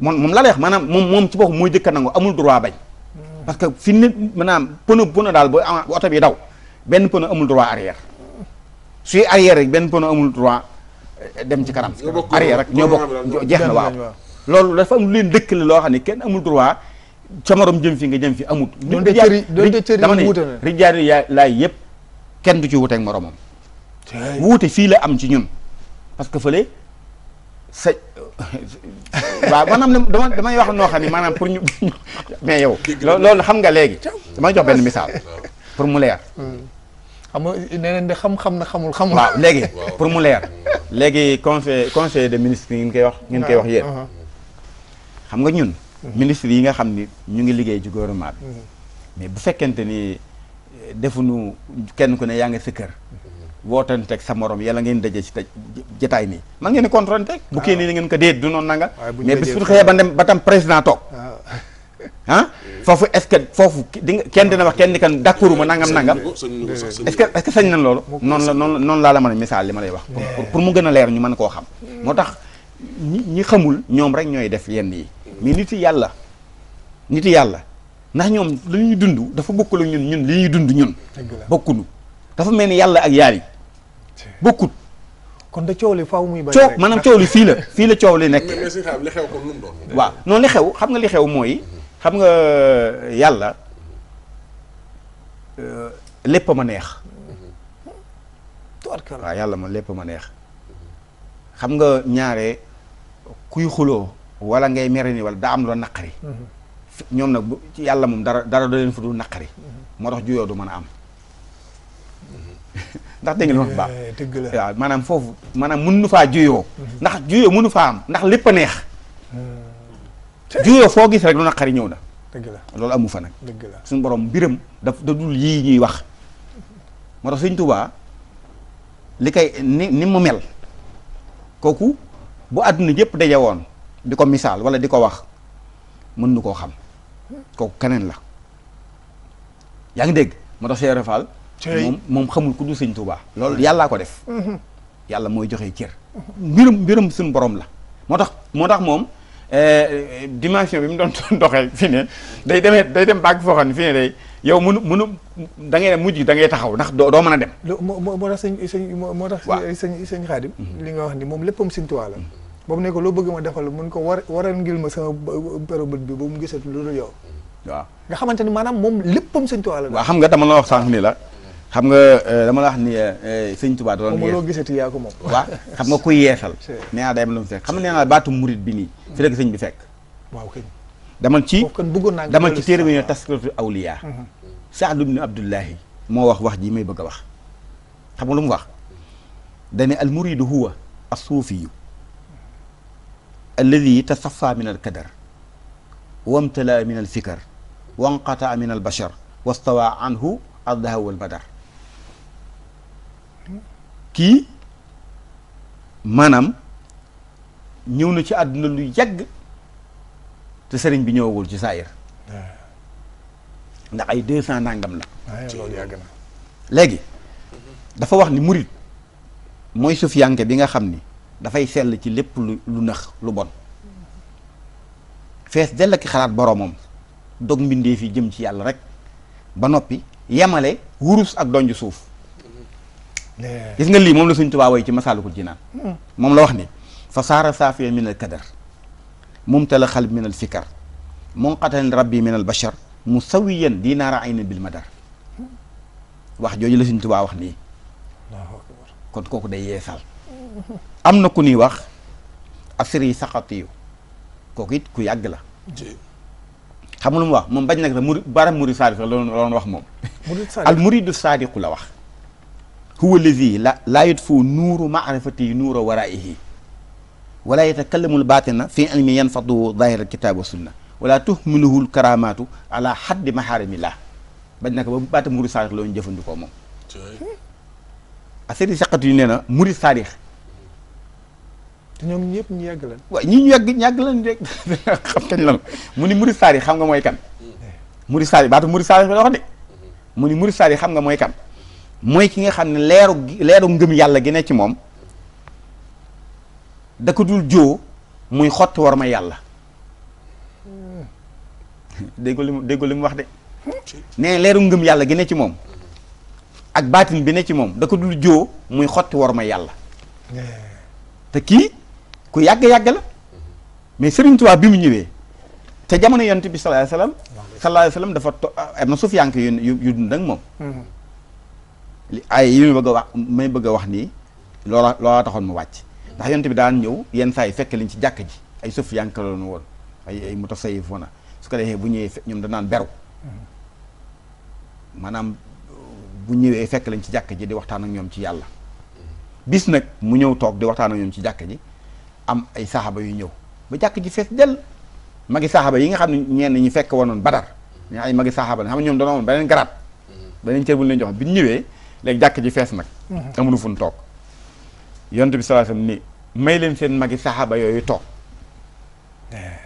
mom mom la leex manam mom mom ci bokk moy jëk nango amul droit bañ hmm. parce que fi nit manam pono pono dal bo auto bi daw ben pono amul droit arrière suy arrière rek ben pono amul droit eh, dem ci karam arrière rek ñoo bokk jeex na waaw lool dafa am lu leen dekk loo xam ne kenn amul droit sa morom jëm fi nga jëm fi amut. donte cëri donte cëri dama ne rijaar yaa laay yëpp kenn du ci wuteeg moromam. wuute fii la am ci ñun parce que fële sa am maanaam dama damay wax noo xam ne maanaam pour ñu mais yow. loolu xam nga léegi. dama jox benn misaal <laughs> pour mu leer. Hmm. xam nga nee de xam-xam na xamul xamul. waaw léegi <laughs> pour mu leer. léegi conseil conseil de ministre ngeen koy wax. ngeen koy ah, wax yéen. Ah, ah. xam nga ñun. ministre yi nga xamni ñu ngi liggéey ci gouvernement bi mhm. mais bu fekkente ni ñu eh, kenn ku ne ya nga sa kër wotante ak sa morom yàlla ngeen dajé ci jotaay ni ma ngeen di bu ah. kii ni ngeen ko du non nanga mais bis bu xeyé ba dem ba tam président tok ah, <laughs> ah? fofu est-ce que fofu kenn dina wax kenn kan d'accord ma nangam nangam est-ce que est-ce que sañ nan lolu non la non la la man misal li ma wax pour mu gëna lèr ñu man ko xam motax ñi xamul ñom rek ñoy def yenn yi mais nit yàlla nit yàlla ndax ñoom la ñuy dund dafa bokkul ak ñun ñun li ñuy dund ñun. bokkunu dafa mel ni yàlla ak yaar yi bokkut. kon da coow li faaw muy bari coow maanaam li fii la fii la coow li nekk. li noonu li xew xam nga li xew mooy xam nga euh, yàlla euh, lépp ma neex. waaw yàlla ma lépp ma neex xam nga ñaare kuy xuloo. wala ngay merini wala da am lo nakari mm-hmm. ñom nak ci yalla mum dara dara do len fudu nakari mo mm-hmm. tax juyo du meuna am mm-hmm. ndax dégg nga lu ma baax eh, waaw maanaam foofu maanaam mënu faa juyoo ndax juyo mënu fa am ndax lepp neex juyo fo gis rek lu nakari ñew na deug la loolu amu fa nak deug la sun borom biram daf da dul yi ñi wax mo tax seigne touba likay ni mu mel koku bu aduna yëpp daje di ko misaal wala di ko wax mën nu koo xam kooku keneen la yaa ngi dégg moo tax Cheikh Fall moom moom xamul ku dul sëñ Touba loolu yàllaa ko def mhm. yàlla mooy joxe cër mbirum mbirum suñu borom la moo tax moo tax moom eh, dimension bi mu doon <laughs> doxee fi ne day demee day dem bàgg foo xam ne fi ne day yow mënu mënu da ngay dem mujj da ngay taxaw ndax doo mën a dem moo tax sëñ sëñ moo tax sëñ sëñ Xaadim mhm. li nga wax ni moom léppam sëñ Touba la mhm. ba mu loo bëgg ma defal mun ko war waral ngir ma sama bërëbët bi ba mu gisatu lu dul yow. waaw nga xamante ni maanaam moom léppam sëñ Tuubaa la. waaw xam nga dama la wax ni la. xam nga eh, dama la wax ni eh, eh, sëñ doon yees loo gisati yaa ko moom. waaw xam nga kuy yeesal. nee naa day am lu mu fekk xam nga nee naa baatu murit bi nii. fi rek sëñ bi fekk. waaw kay. damal ci damal ci téere bi ñu taskaratu awliya. Mm-hmm. Saadu bnu Abdullahi moo wax wax ji may bëgg a wax. xam nga lu mu wax. dane al muridu huwa as suufiyu الذي تصفى من الكدر وامتلا من الفكر وانقطع من البشر واستوى عنه الذهب والبدر كي مانام نيونا سي ادنا لو ياغ تي سيرن بي نيوغول سي زاير دا اي 200 نانغام لا لغي دا فا واخني موريد موي سوفيانكه بيغا خامني dafay sell ci lépp lu lu nëx lu bon fees dell ki xalaat boroomam dog mbindee fi jëm ci yàlla rek ba noppi yemale wurus ak donj suuf gis nga lii moom la suñ tubaa way ci masaalikul jinaan moom la wax ni fa saara saafiya min al kadar mumtala xalb min al fikar munqatan rabbi min al bashar musawiyan dinaara ayna bil madar wax jooju la suñ tubaa wax nii kon kooku day yeesal amna ku ni wax asri saqati ko it ku yag la. xam lu mu wax mom bañ nak la baram mourid sadiq la loon wax mom al mourid sadiq la wax. huwa allazi la yadfu nuru ma'rifati nuru nuura waraihi wala yatakallamu lbaatina fi ilmi yanfadu zahira alkitab wa sunna wala tuhmiluhu lkaramatu ala xaddi maxaarimillah bañ nag ba baata muri saadiq la ñu jëfandikoo moom. asri saxatiyu nee na muri te ñëpp ñu yàgg leen. ñi ñu yàgg ñàgg leen rek <laughs> xam kañ lan mu ni Mouride Sarr yi xam nga mooy kan. muri Sarr yi baatu Mouride Sarr wax de. mu ni yi xam nga mooy kan. mooy ki nga xam ne leeru leeru ngëm yàlla gi ne ci moom da dul joo muy xotti war ma yàlla. déggu li mu déggu wax de. nee leeru ngëm yàlla gi ci moom. ak baatin bi ci moom da dul joo muy xotti war ma yàlla. te kii. ku yàgg-yàgg la mais Serigne tuwaa bi mu ñëwee te jamono yonent bi sallallahu alayhi wasallam sallallahu alayhi wasallam dafa to am na sufiyanke yu yu dund moom mhm. li ay yi ma bëgg wax may bëgg a wax nii loola loola taxoon mu wàcc ndax yonent bi daan ñëw yenn saa yi fekk lañ ci jàkk ji ay sufiyanke la ñu woon ay ay mutasawwifuna su ko defee bu ñëwee ñoom danaan beru mhm. maanaam bu ñëwee fekk lañ ci jàkk ji di waxtaan ak ñoom ci yàlla bis nag mu ñëw toog di waxtaan ak ñoom ci jàkk ji am ay saxaaba yu ñëw ba jàkk ji fees dell magi saxaaba yi nga xam ne ñenn ñi fekk wanoon badar ñu ay magi saxaaba xam ne ñoom dañoo amoon beneen garaat beneen bu jox bi ñu ñëwee léegi jàkk ji fees nag mhm. amuñu fu ñu toog yonent bi sallallahu alayhi may leen seen magi saxaaba yooyu toog eh.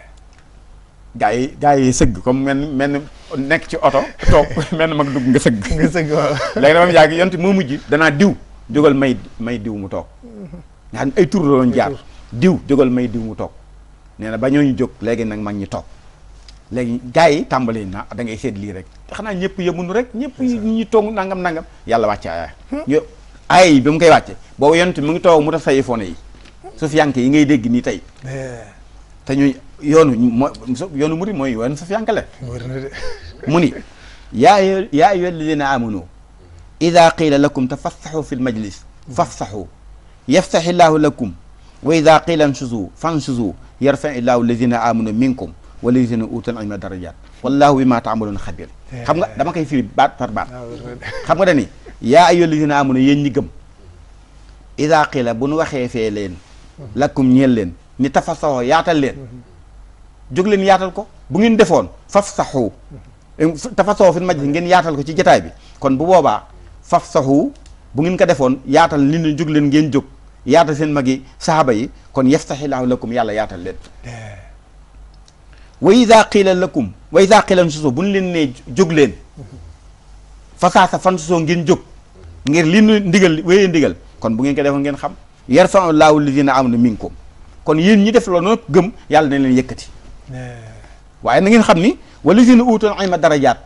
gaa yi gaa yi sëgg comme men men nekk ci oto toog <laughs> menn mag dugg nga sëgg nga sëgg waaw léegi dama moo mujj danaa diw jógal may may diw mu toog mhm. xam ne ay tur la doon jaar diw jógal may diw mu tok neena na ba ñooñu jóg legi nak mag ñi tok legi gaay yi tàmbali na da ngay sét li rek xana ñëpp yemuñu rek ñëpp ñi tong nangam nangam yàlla wacc ay ay bi mu koy wacc bo yonent mu ngi tok mu tax sayifone yi yank yi ngay dégg ni tay ta ñu yoonu yoonu muri mooy yoonu sufiyanke la mu ni ya yaa ayyuha alladina amanu ida qila lakum tafassaxu fi l majlis fafsaxu yafsaxillahu lakum wa ida qila nchuzu fanchuzu yarfa illahu alladina amanu minkum walladina utul ilma darajat wallahu bima taamaluuna xabir xam nga dama koy firi baat par baat xam nga dani yaa ayyuha alladina amanu yéen ñi gëm ida qila bu nu waxee fee leen lakkum ñeel leen ni tafasaxoo yaatal leen jóg leen yaatal ko bu ngeen defoon faf saxu tafasaxoo fi majlis ngeen yaatal ko ci jataay bi kon bu boobaa faf saxu bu ngeen ko defoon yaatal li ne jóg leen ngeen jóg yaatal seen mag yi saxaaba yi kon yaftaxi laahu lakum yàlla yaatal leen wa ida qila lakum wa ida qila susoo bu ñu leen nee jóg leen fasaasa fan susoo ngeen jóg ngir li nu ndigal wéyee ndigal kon bu ngeen ko defoon ngeen xam yarfau laahu alladina amanu minkum kon yéen ñi def loolu nag gëm yàlla na leen yëkkati waaye na ngeen xam ni walladina uutul ilma darajaat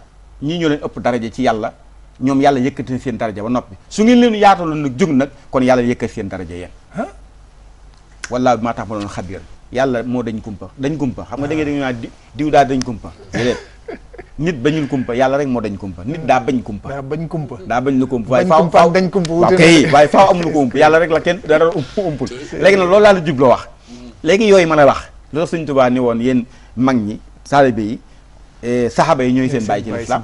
ñii ñoo leen ëpp daraja ci yàlla ñoom yàlla yëkkati seen daraja ba noppi su ngeen leen yaataloon nag jóg nag kon yàlla yëkkati seen daraja yéen wallaahi bi maa tax ma doon xabiir yàlla moo dañ kumpa dañ kumpa xam nga da ngeen di naan diw daal dañ kumpa déedéet nit bañul kumpa yàlla rek moo dañ kumpa nit daa bañ kumpa daa bañ kumpa daa bañ lu kumpa waaye faaw faaw dañ kumpa wute kay waaye faaw am lu ko ump yàlla rek la kenn dara umpul léegi nag loolu laa jub jubloo wax léegi yooyu ma la wax lu tax Sëñ Tuubaa ni woon yéen mag ñi saalibe yi eh, saxaba yi ñooy seen bàyyi ci lislaam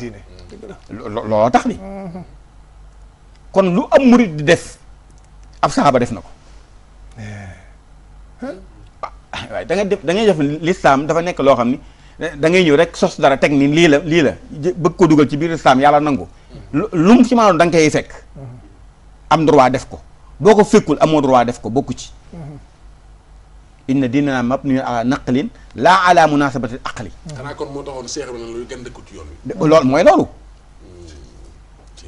looloo tax ni kon lu am murit di def ab saaba def na ko eh. waaye da def da ngay def lislaam dafa nekk loo xam ni eh, dangay ngay ñëw rek sos dara teg ni lii la lii la bëgg ko dugal ci biir lislaam yàlla nangu lu mu ci maanoon da nga koy fekk am droit def ko boo ko fekkul amoo droit def ko bokku ci inna diinana mabniyun ala naqlin laa ala munasabatil laa xanaa kon moo taxoon seex bi na lu loolu mooy loolu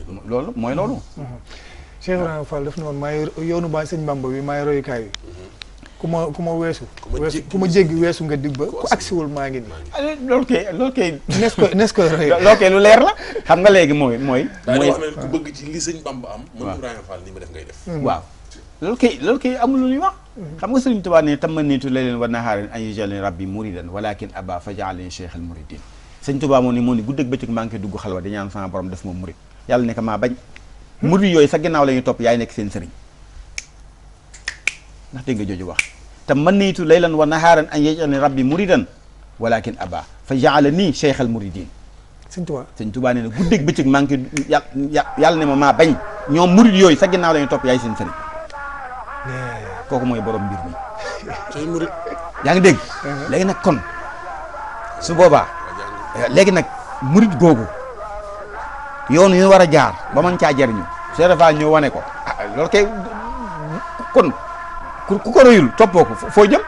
loolu mooy loolu. Cheikh Ibrahima Fall daf ne woon maay yoonu baa sëñ Bamba bi maay royukaay bi. ku ma ku ma weesu. weesu ku ma jéggi weesu nga dig ba ku agsiwul maa ngi nii. Ah, loolu kay loolu kay. lu leer la. xam nga léegi mooy mooy. mooy ku bëgg ci li sëñ Bamba am. waaw mën Ibrahima Fall ni ma def ngay def. Mm-hmm. waaw loolu kay loolu mm-hmm. wa nahaaran an yaj'alani rabbi muridan walakin aba faj'alani cheikhal muridin sëñ Tuubaa moo ne moo ne guddeeg bëccëg maa ngi koy dugg xalwa di ñaan sama borom def moom murid yàlla ne ko maa bañ murid yooyu sa ginnaaw la ñuy topp yaay nekk seen sëriñ ndax dégg jooju wax te man nitu laylan wa nahaaran an yajalani rabbi muridan walakin aba fa jaala nii cheikh al muridin sëñ Tuubaa sëñ Tuubaa nee na guddeeg bëccëg maa ngi yà yàlla ne ma maa bañ ñoom murid yooyu sa ginnaaw la topp yaay seen kooku mooy borom mbir mi <laughs> kii yaa ngi dégg uh-huh. léegi nag kon su boobaa léegi nag murid googu yoon yu war a jaar ba mën caa jariñu Cheikh Ibra ñëw wane ko ah loolu kay kon ku ko rëyul toppoo ko foo jëm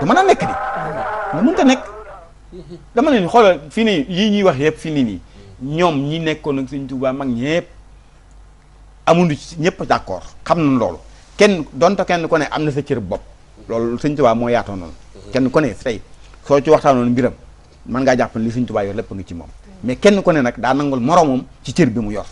du mën a nekk di nga nekk dama leen xoolal fii nii yii ñuy wax yëpp fii nii nii ñoom ñi nekkoon ak Sëñ Tuubaa mag ñëpp amuñu ci ñëpp d'accord xam na loolu kenn donte kenn ku ne am na sa cër bopp loolu Sëñ Tuubaa moo yaatoo noonu mm-hmm. kenn ku ne tey soo ci waxtaan waxtaanoon mbiram mën ngaa jàpp lii li Sëñ Tuubaa yor lépp ngi ci moom mais kenn ku ne nag daa nangul moroomam ci cër bi mu yor.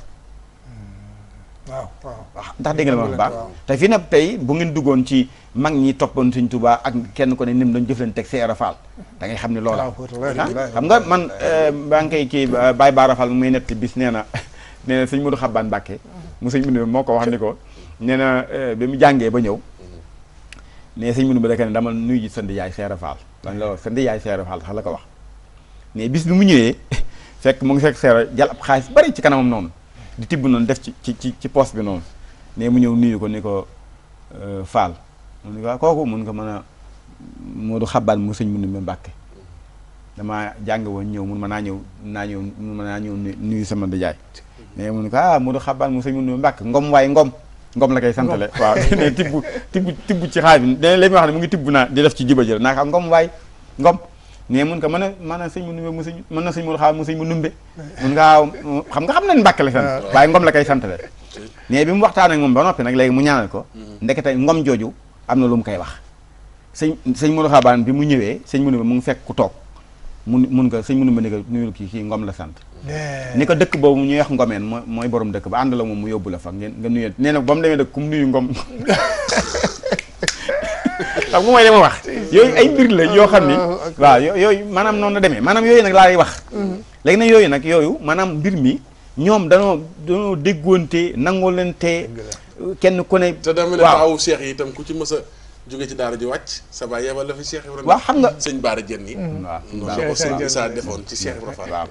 waaw waaw ndax dégg nga ma bu baax te fii nag tey bu ngeen duggoon ci mag ñi toppoon suñ tubaa ak kenn ku ne nim dañ jëflante ak Seera Faal da xam ne loola ah, xam nga man euh, maa ngi koy kii Baye Baara Faal muy netti bis nee na <laughs> nee na sëñ Modou Xabbaan Mbàkke mu sëñ Modou moo ko wax ni ko nee na euh, bi mu jàngee ba ñëw ne sëñ Modou ba daka ne dama nuyu ji sënd yaay Seera Faal dañ la sënd yaay Seera Faal sax la ko wax ne mu ñëwee <laughs> fekk mu ngi fekk seera jàll ab xaalis bari ci kanamam noonu di tibb noonu def ci ci ci poos bi noonu ne mu ñëw nuyu ko ni ko euh, faal mu ni ko ah, kooku mun nga mën a moo du xabaan mu sëñ mun ma jàng woon ñëw mun ma naa ñëw naa ñëw mun naa ñëw nuyu sama dajaay mais mu ni ah, mu sëñ mun ma mbàkke ngom waaye ngom ngom la koy santale waaw <laughs> ne tibb tibb tibb ci xaalis bi dana la mu ngi tibb naa di def ci jiba jël naa ko ah, ngom waay ngom mais mun ko mën a maanaam sëñ mu numbe mu sëñ mën na sëñ mu xaar mu sëñ mu numbe <laughs> mun ngaa xam nga xam nañ mbàkke la sant ah. waaye ngom la koy sant la <laughs> mais bi mu waxtaan moom ba noppi nag léegi mu ñaanal ko mm-hmm. ndekete ngom jooju am na lu mu koy wax sëñ sëñ Modou Xabaan bi mu ñëwee sëñ mu numbe mu ngi fekk ku toog mun mun ko sëñ mu numbe ni ko nuyul kii kii ngom la sant ni ko dëkk boobu ñuy wax ngomeen moo mooy borom dëkk ba ànd la moom mu yóbbu la fa ngeen nga nuyee nee na ba mu demee dëkk ku mu nuyu ngom <laughs> xam nga mooy dama wax yooyu ay mbir la yoo xam ni ah, waaw yooyu maanaam noonu la demee maanaam yooyu nag laa wax mm-hmm. léegi nag yooyu nag yooyu maanaam mbir mi ñoom danoo danoo déggoonte nangoolante kenn ku ne te dama ne waaw seex yi itam ku ci mës a jóge ci daara ji wàcc sa baay ba la fi Seex Ibrahima waaw xam nga sëñ Baara Jeen yi mm-hmm. waaw loolu ko sëñ defoon ci Seex Ibrahima waaw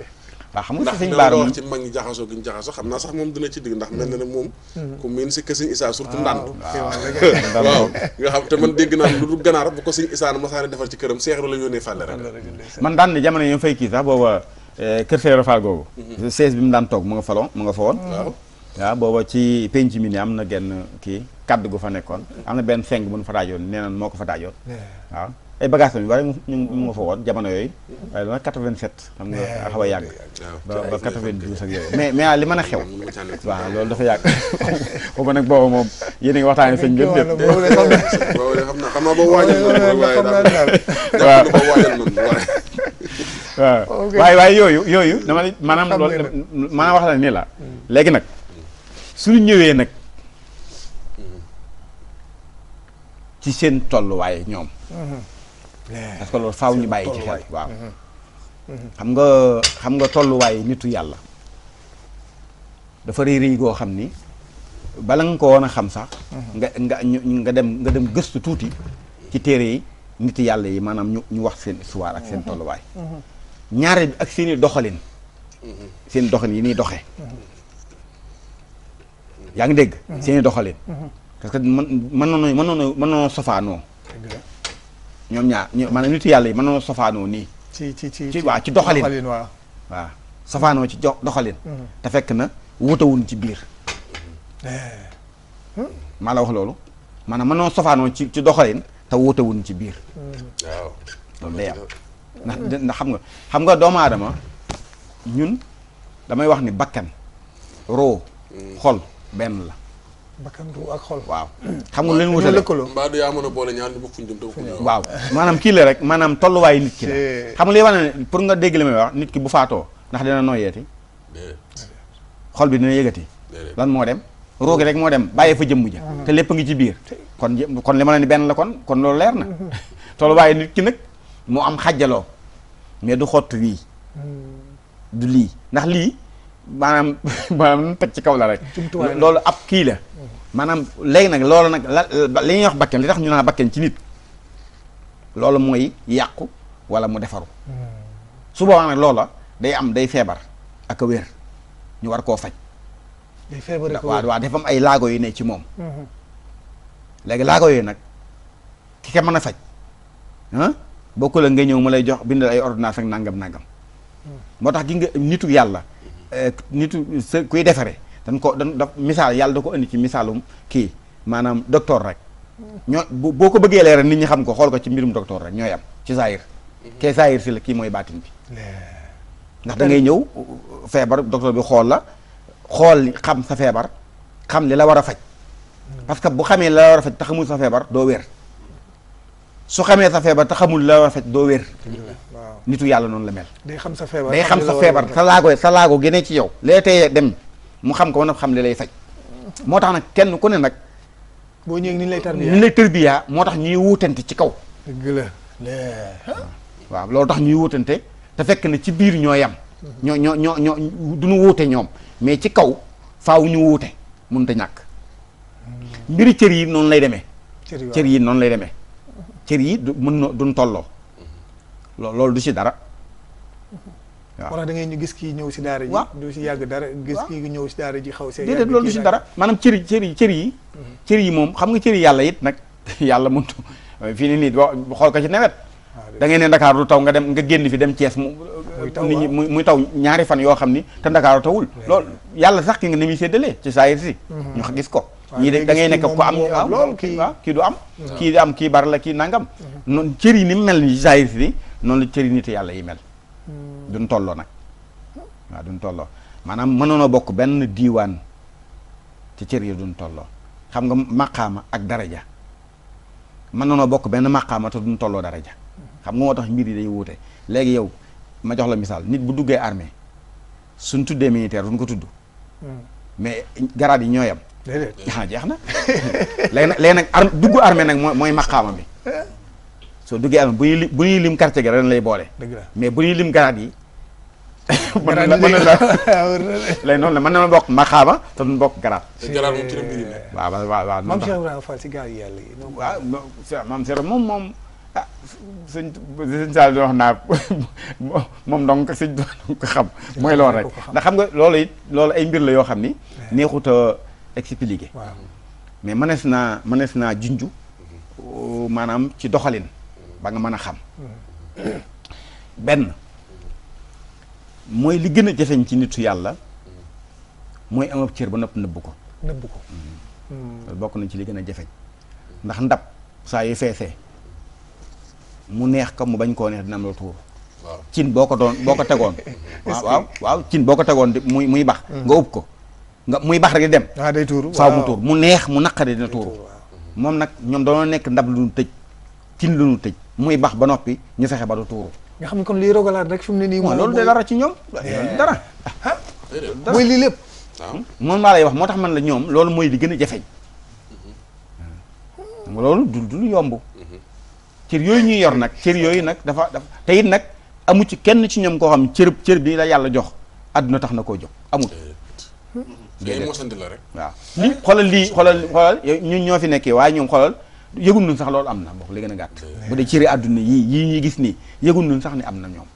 waaw xam nga si sëñ Baara wax ci mag ñi jaxasoo gi ñu jaxasoo xam naa sax moom dina ci digg ndax mel na ne moom hmm. ku miin si kër sëñ Issa surtout ndànd <laughs> waaw nga xam te man dégg naa lu dul ganaar bu ko sëñ Issa masaane defar ci këram seexaru la yónnee fàlle rek man daan ne jamono yi fay kii sax booba eh, kër Seydou Fall googu hmm. sees bi mu daan toog mu nga fa faloon mu nga fa woon hmm. waaw waaw booba ci penc mi ni am na genn kii kadd gu fa nekkoon a na benn seng fa daajoon nee naan moo ko fa daajoon waaw ay bagages lañu waaye ñu fa woon jamono yooyu waaye dama xam nga eh, xaw a yàgg ba ba 92 ak yooyu mais mais ah, li mën a <laughs> loolu dafa yàgg <laughs> booba a ngi waxtaane sëñ bi déet boobu de xam yooyu yooyu dama maanaam loolu maanaam wax la nii la hmm. léegi nag suñu ñëwee nag hmm. ci seen tolluwaay ñoom hmm. parce que loolu faaw ñu bàyyi ci xel waaw mm-hmm. Mm-hmm. xam nga xam nga tolluwaay nitu yàlla dafa rëy rëy goo xam ni bala nga ko woon a xam sax mm-hmm. nga nga nga dem nga dem gëstu tuuti ci téere yi nitu yàlla yi maanaam ñu wax seen histoire ak seen tolluwaay ñaare ak seeni doxalin seen doxalin yi ñuy doxee yaa ngi dégg seeni doxalin parce que mën mënoon mënoon mënoon sofaanoo ñoom ñaar maanaam nitu yàlla yi mën na sofaanoo nii. ci ci ci ci waaw ci sofaanoo ci doxalin. Mm-hmm. te fekk na wutawuñ ci biir. Eh. Hmm? maa la wax loolu maanaam mën na sofaanoo ci ci doxalin te wutawuñ ci biir. Mm-hmm. waaw loolu day ndax xam nga xam nga doomu aadama ñun damay wax ni bakkan roo mm. xol benn la. bakkan ak xol. waaw xam nga leen wutale lëkkaloo a boole ñaar ñu bokk fuñ waaw maanaam kii la rek maanaam tolluwaayu nit ki la xam nga li pour nga dégg li may wax nit ki bu faatoo ndax dina noyeeti xol bi dina yëgati lan moo dem roogi rek moo dem bàyyee fa jëmm ja ah. te lépp ngi ci biir kon kon li ma leen di benn la kon kon loolu leer na mm-hmm. <laughs> tolluwaayu nit ki nag mu am xàjjaloo mais du xott wii mm. du lii ndax lii maanaam <laughs> maanaam teg ci kaw la rek loolu ab kii la maanaam léegi nag loolu nag la li ñuy wax bakken li tax ñu naa bakken ci nit loolu mooy yàqu wala mu defaru hmm. su boobaa nag loola day am day feebar ak a wér ñu war koo faj day feebar ak ay laago yu ne ci moom hmm. léegi laago yooyu nag ki ka mën a faj ah, bokkul ak nga ñëw mu lay jox bind ay ordonnance ak nangam nangam hmm. moo tax gi nga nitu yàlla eh, nitu kuy defare dañ ko dañ daf misaal yàlla da ko indi ci misaalum kii maanaam doctor rek ñoo boo ko bëggee leeral nit ñi xam ko xool ko ci mbirum docteur rek ñooy am ci saayir kee saayir si la kii mooy baatin bi ndax da ngay ñëw feebar docteur bi xool la xool xam sa feebar xam li la war a faj mm. parce que bu xamee la war a faj te xamul sa feebar doo wér su xamee sa feebar te xamul la war a faj doo wér nitu yàlla noonu la mel day xam sa feebar day xam sa feebar sa laago sa laago gënee ci yow lee mu xam ko woon xam li lay faj moo tax nag kenn ku ne nag. boo ñëwee ni lay tarbiyaa ni lay tarbiyaa moo tax ñuy wuutante ci kaw. dëgg la waaw loolu tax ñuy wuutante te fekk na ci biir ñoo yam. ñoo ñoo ñoo ñoo du ñu wuute ñoom mais ci kaw faaw ñu wuute mënut a ñàkk. mbiri cër yi noonu lay demee. cër yi noonu lay demee. cër yi du mën na duñ tolloo. loolu du ci dara. moo da ngay ñu gis kii ñëw si daara ji du yàgg dara gis kii ñëw si daara ji xaw see déedéet loolu du si dara maanaam cëri yi mhm. cëri yi moom xam nga cëri yàlla it nag <laughs> yàlla muntu fii ni nii xool ko ci nawet ah, da ngay ne Dakar du taw nga dem nga génn fi dem cees mu nit ñi muy taw ñaari fan yoo xam ni te Dakar tawul loolu yàlla sax ki nga ni muy séddalee ci saayir si mhm. ñu gis ko ñii de da ngay nekk ko am waaw kii du am mhm. kii di am kii bari la kii nangam noonu cëri yi ni mel ni saayir si ni noonu la cëri nit yàlla yi mel duñ tollo nak wa duñ tollo manam mënono bok ben diwan ci cër yi duñ tollo xam nga maqama ak daraja mënono bok ben maqama maqaama duñ tollo daraja xam nga motax mbir yi day wuté légui yow ma jox la misal nit bu duggé armée suñ tuddé militaire duñ ko tudd hmm. mais garaat yi ñoo yam ha <laughs> ah, jeex na <laughs> nak duggu ar armée nak moy maqama bi so duggé am bu ñuy lim lim quartier gi ren lay mais bu lim garaat yi <laughs> <laughs> man ah, nah, <laughs> mën nah, eh. na lay noonu la mën na bokk maxaaba te duñ bokk garaat si gaal yi yàlla yi waaw maam Cheikh dong ko sëñ dong ko xam mooy loolu rek ndax xam nga loh it loolu ay mbir la ni neexut a expliqué mais mënees naa mënees naa junju maanaam mhm. oh, ci doxalin ba nga mën a xam mooy li gën a jafeñ ci nitu yàlla mooy am cër ba nopp nëbb ko nëbb ko loolu mm-hmm. mm. bokk na ci li gën a jafeñ ndax ndab saa yu feesee mu neex ko mu bañ koo neex dina am la tuur cin boo ko doon boo ko tegoon <laughs> waaw waaw cin boo ko tegoon muy muy bax mm. nga ub ko nga muy bax rek di dem ah, waaw day tuuru mu tuur mu neex mu naqari dina tuuru moom nag ñoom dañoo nekk ndab lu ñu tëj cin lu ñu tëj muy bax ba noppi ñu fexe ba du tuuru nga xam ne kon liy rogalaat rek fi mu ne nii. moom eh. loolu de dara ci ah, ñoom. dara mooy lii lépp. moom maa lay wax moo tax man la ñoom loolu mooy li gën a jafeñ. Mm-hmm. loolu du du lu yomb. Mm-hmm. cër yooyu ñuy yor nag cër yooyu nag dafa dafa te it nag amu ci kenn ci ñoom koo xam cër cër bi la yàlla jox àdduna tax na koo jox amul. déedéet la mm-hmm. rek. waaw lii xoolal lii xoolal xoolal ñun ñoo fi nekkee waaye ñoom xoolal. yëgul nun sax loolu am na bokk li gën a gàtt bu dee cëri àdduna yii yii ñuy gis nii yëgul nun sax ni am na ñoom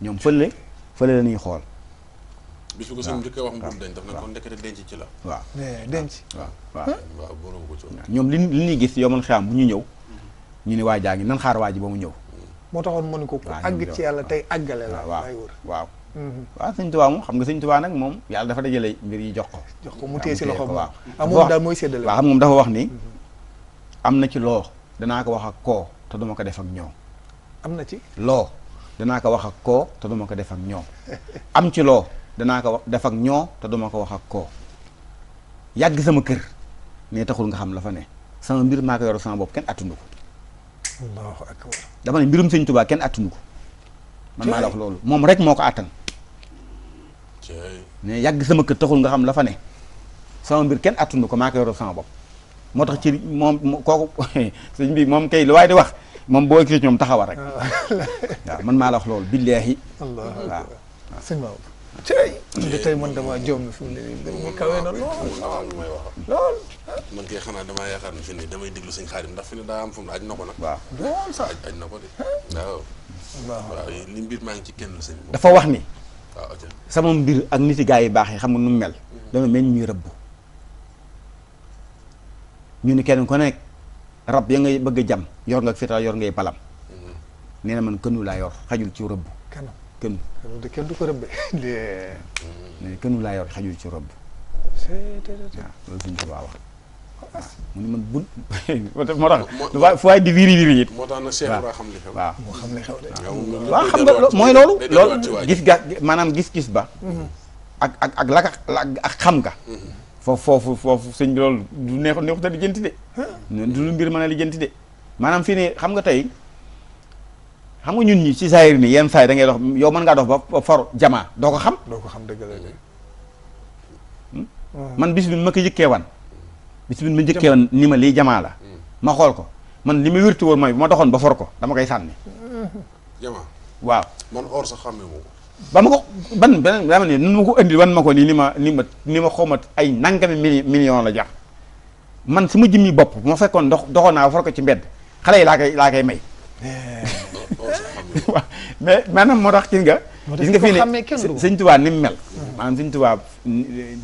ñoom fële fële la nuy xool bisu ko sëñ bi ko wax mu denc daf na denc ci la waaw denc waaw waaw ñoom li li ñuy gis yomal xiyaam bu ñu ñëw ñu ni waajaa ngi nan xaar waa ji ba mu ñëw moo taxoon mënu ko ku àgg ci yàlla tey àggale la waaw waaw mhm. waaw sëñ tubaa moom xam nga sëñ tubaa nag moom yàlla dafa dajale mbir yi jox ko jox ko mu téye si loxo waaw moom daal mooy séddale waaw xam nga moom wax ni mhm. am na ci loo danaa ko wax ak koo te duma ko def ak ñoom. am na ci loo danaa ko wax ak koo te duma ko def ak ñoom am ci loo danaa ko def ak ñoo te duma ko wax ak koo yàgg sama kër ne taxul nga xam la fa ne sama mbir maa yor sama bopp kenn attunu ko. allahu dama mbirum sëñ Tuubaa kenn attunu ko. man maa la wax loolu moom rek moo ko attan. ne yàgg sama kër taxul nga xam la fa ne sama mbir kenn attunu ko maa ko yor sama bopp. moo tax ci moom kooku <laughs> sëñ bi moom kay lu waaye di wax moom boo gis ñoom taxawal rek <laughs> waaw man maa la wax loolu billaahi waaw sëñ Maodo tey tey man damaa joom na fi mu ne nii mu wax lool man kay xanaa damaa yaakaar ne fi ne damay déglu sëñ Xaadim ndax fi ne daa am fu mu aj na ko nag waaw lool sax na ko de waaw li mbir maa ngi ci kenn sëñ dafa wax ni sama mbir ak niti gaa yi baax yi xam nga nu mu mel mm-hmm. dama meñ ñuy rëbb ñu ni kenn ko nek rab ya ngay bëgg jam yor nga fitra yor ngay palam mm-hmm. neena man kënu la yor xajul ci rëbb kan? kënu kenn du ko rëbbe <laughs> mm. ne kënu la yor xajul ci rëbb waaw loolu suñ wax mu ni man bun <laughs> moo tax fu waay di wiiri wiiri it moo tax na Cheikh Ibra li xew waaw moo xam li xew de waaw xam nga mooy loolu loolu gis ga gis-gis ba mm-hmm. ak ak ak laka xam nga mm-hmm. foofu foofu foofu sëñ bi loolu du neex neexut a lijjanti de du mbir mën a lijjanti de maanaam fii ne xam nga tey xam nga ñun ñi ci saayir ni yenn saa da ngay dox yow man ngaa dox ba for jamaa doo ko xam doo ko xam dëgg la man bis bi ma ko jëkkee wan bis bi ma jëkkee wan ni ma lii jamaa la ma xool ko man li ma wérti woon mooy bu ma doxoon ba for ko dama koy sànni jamaa waaw ba ma ko ban beneen dama ni nu ko andi wan mako ni lima ni ma ni ma xomat ay nangami million la jax man suma jimi bop mo fekkon dox doxona naa ko ci mbedd xale la kay la kay may <laughs> mais manam mo tax ci nga gis nga fi ni seigne touba ni mel man seigne touba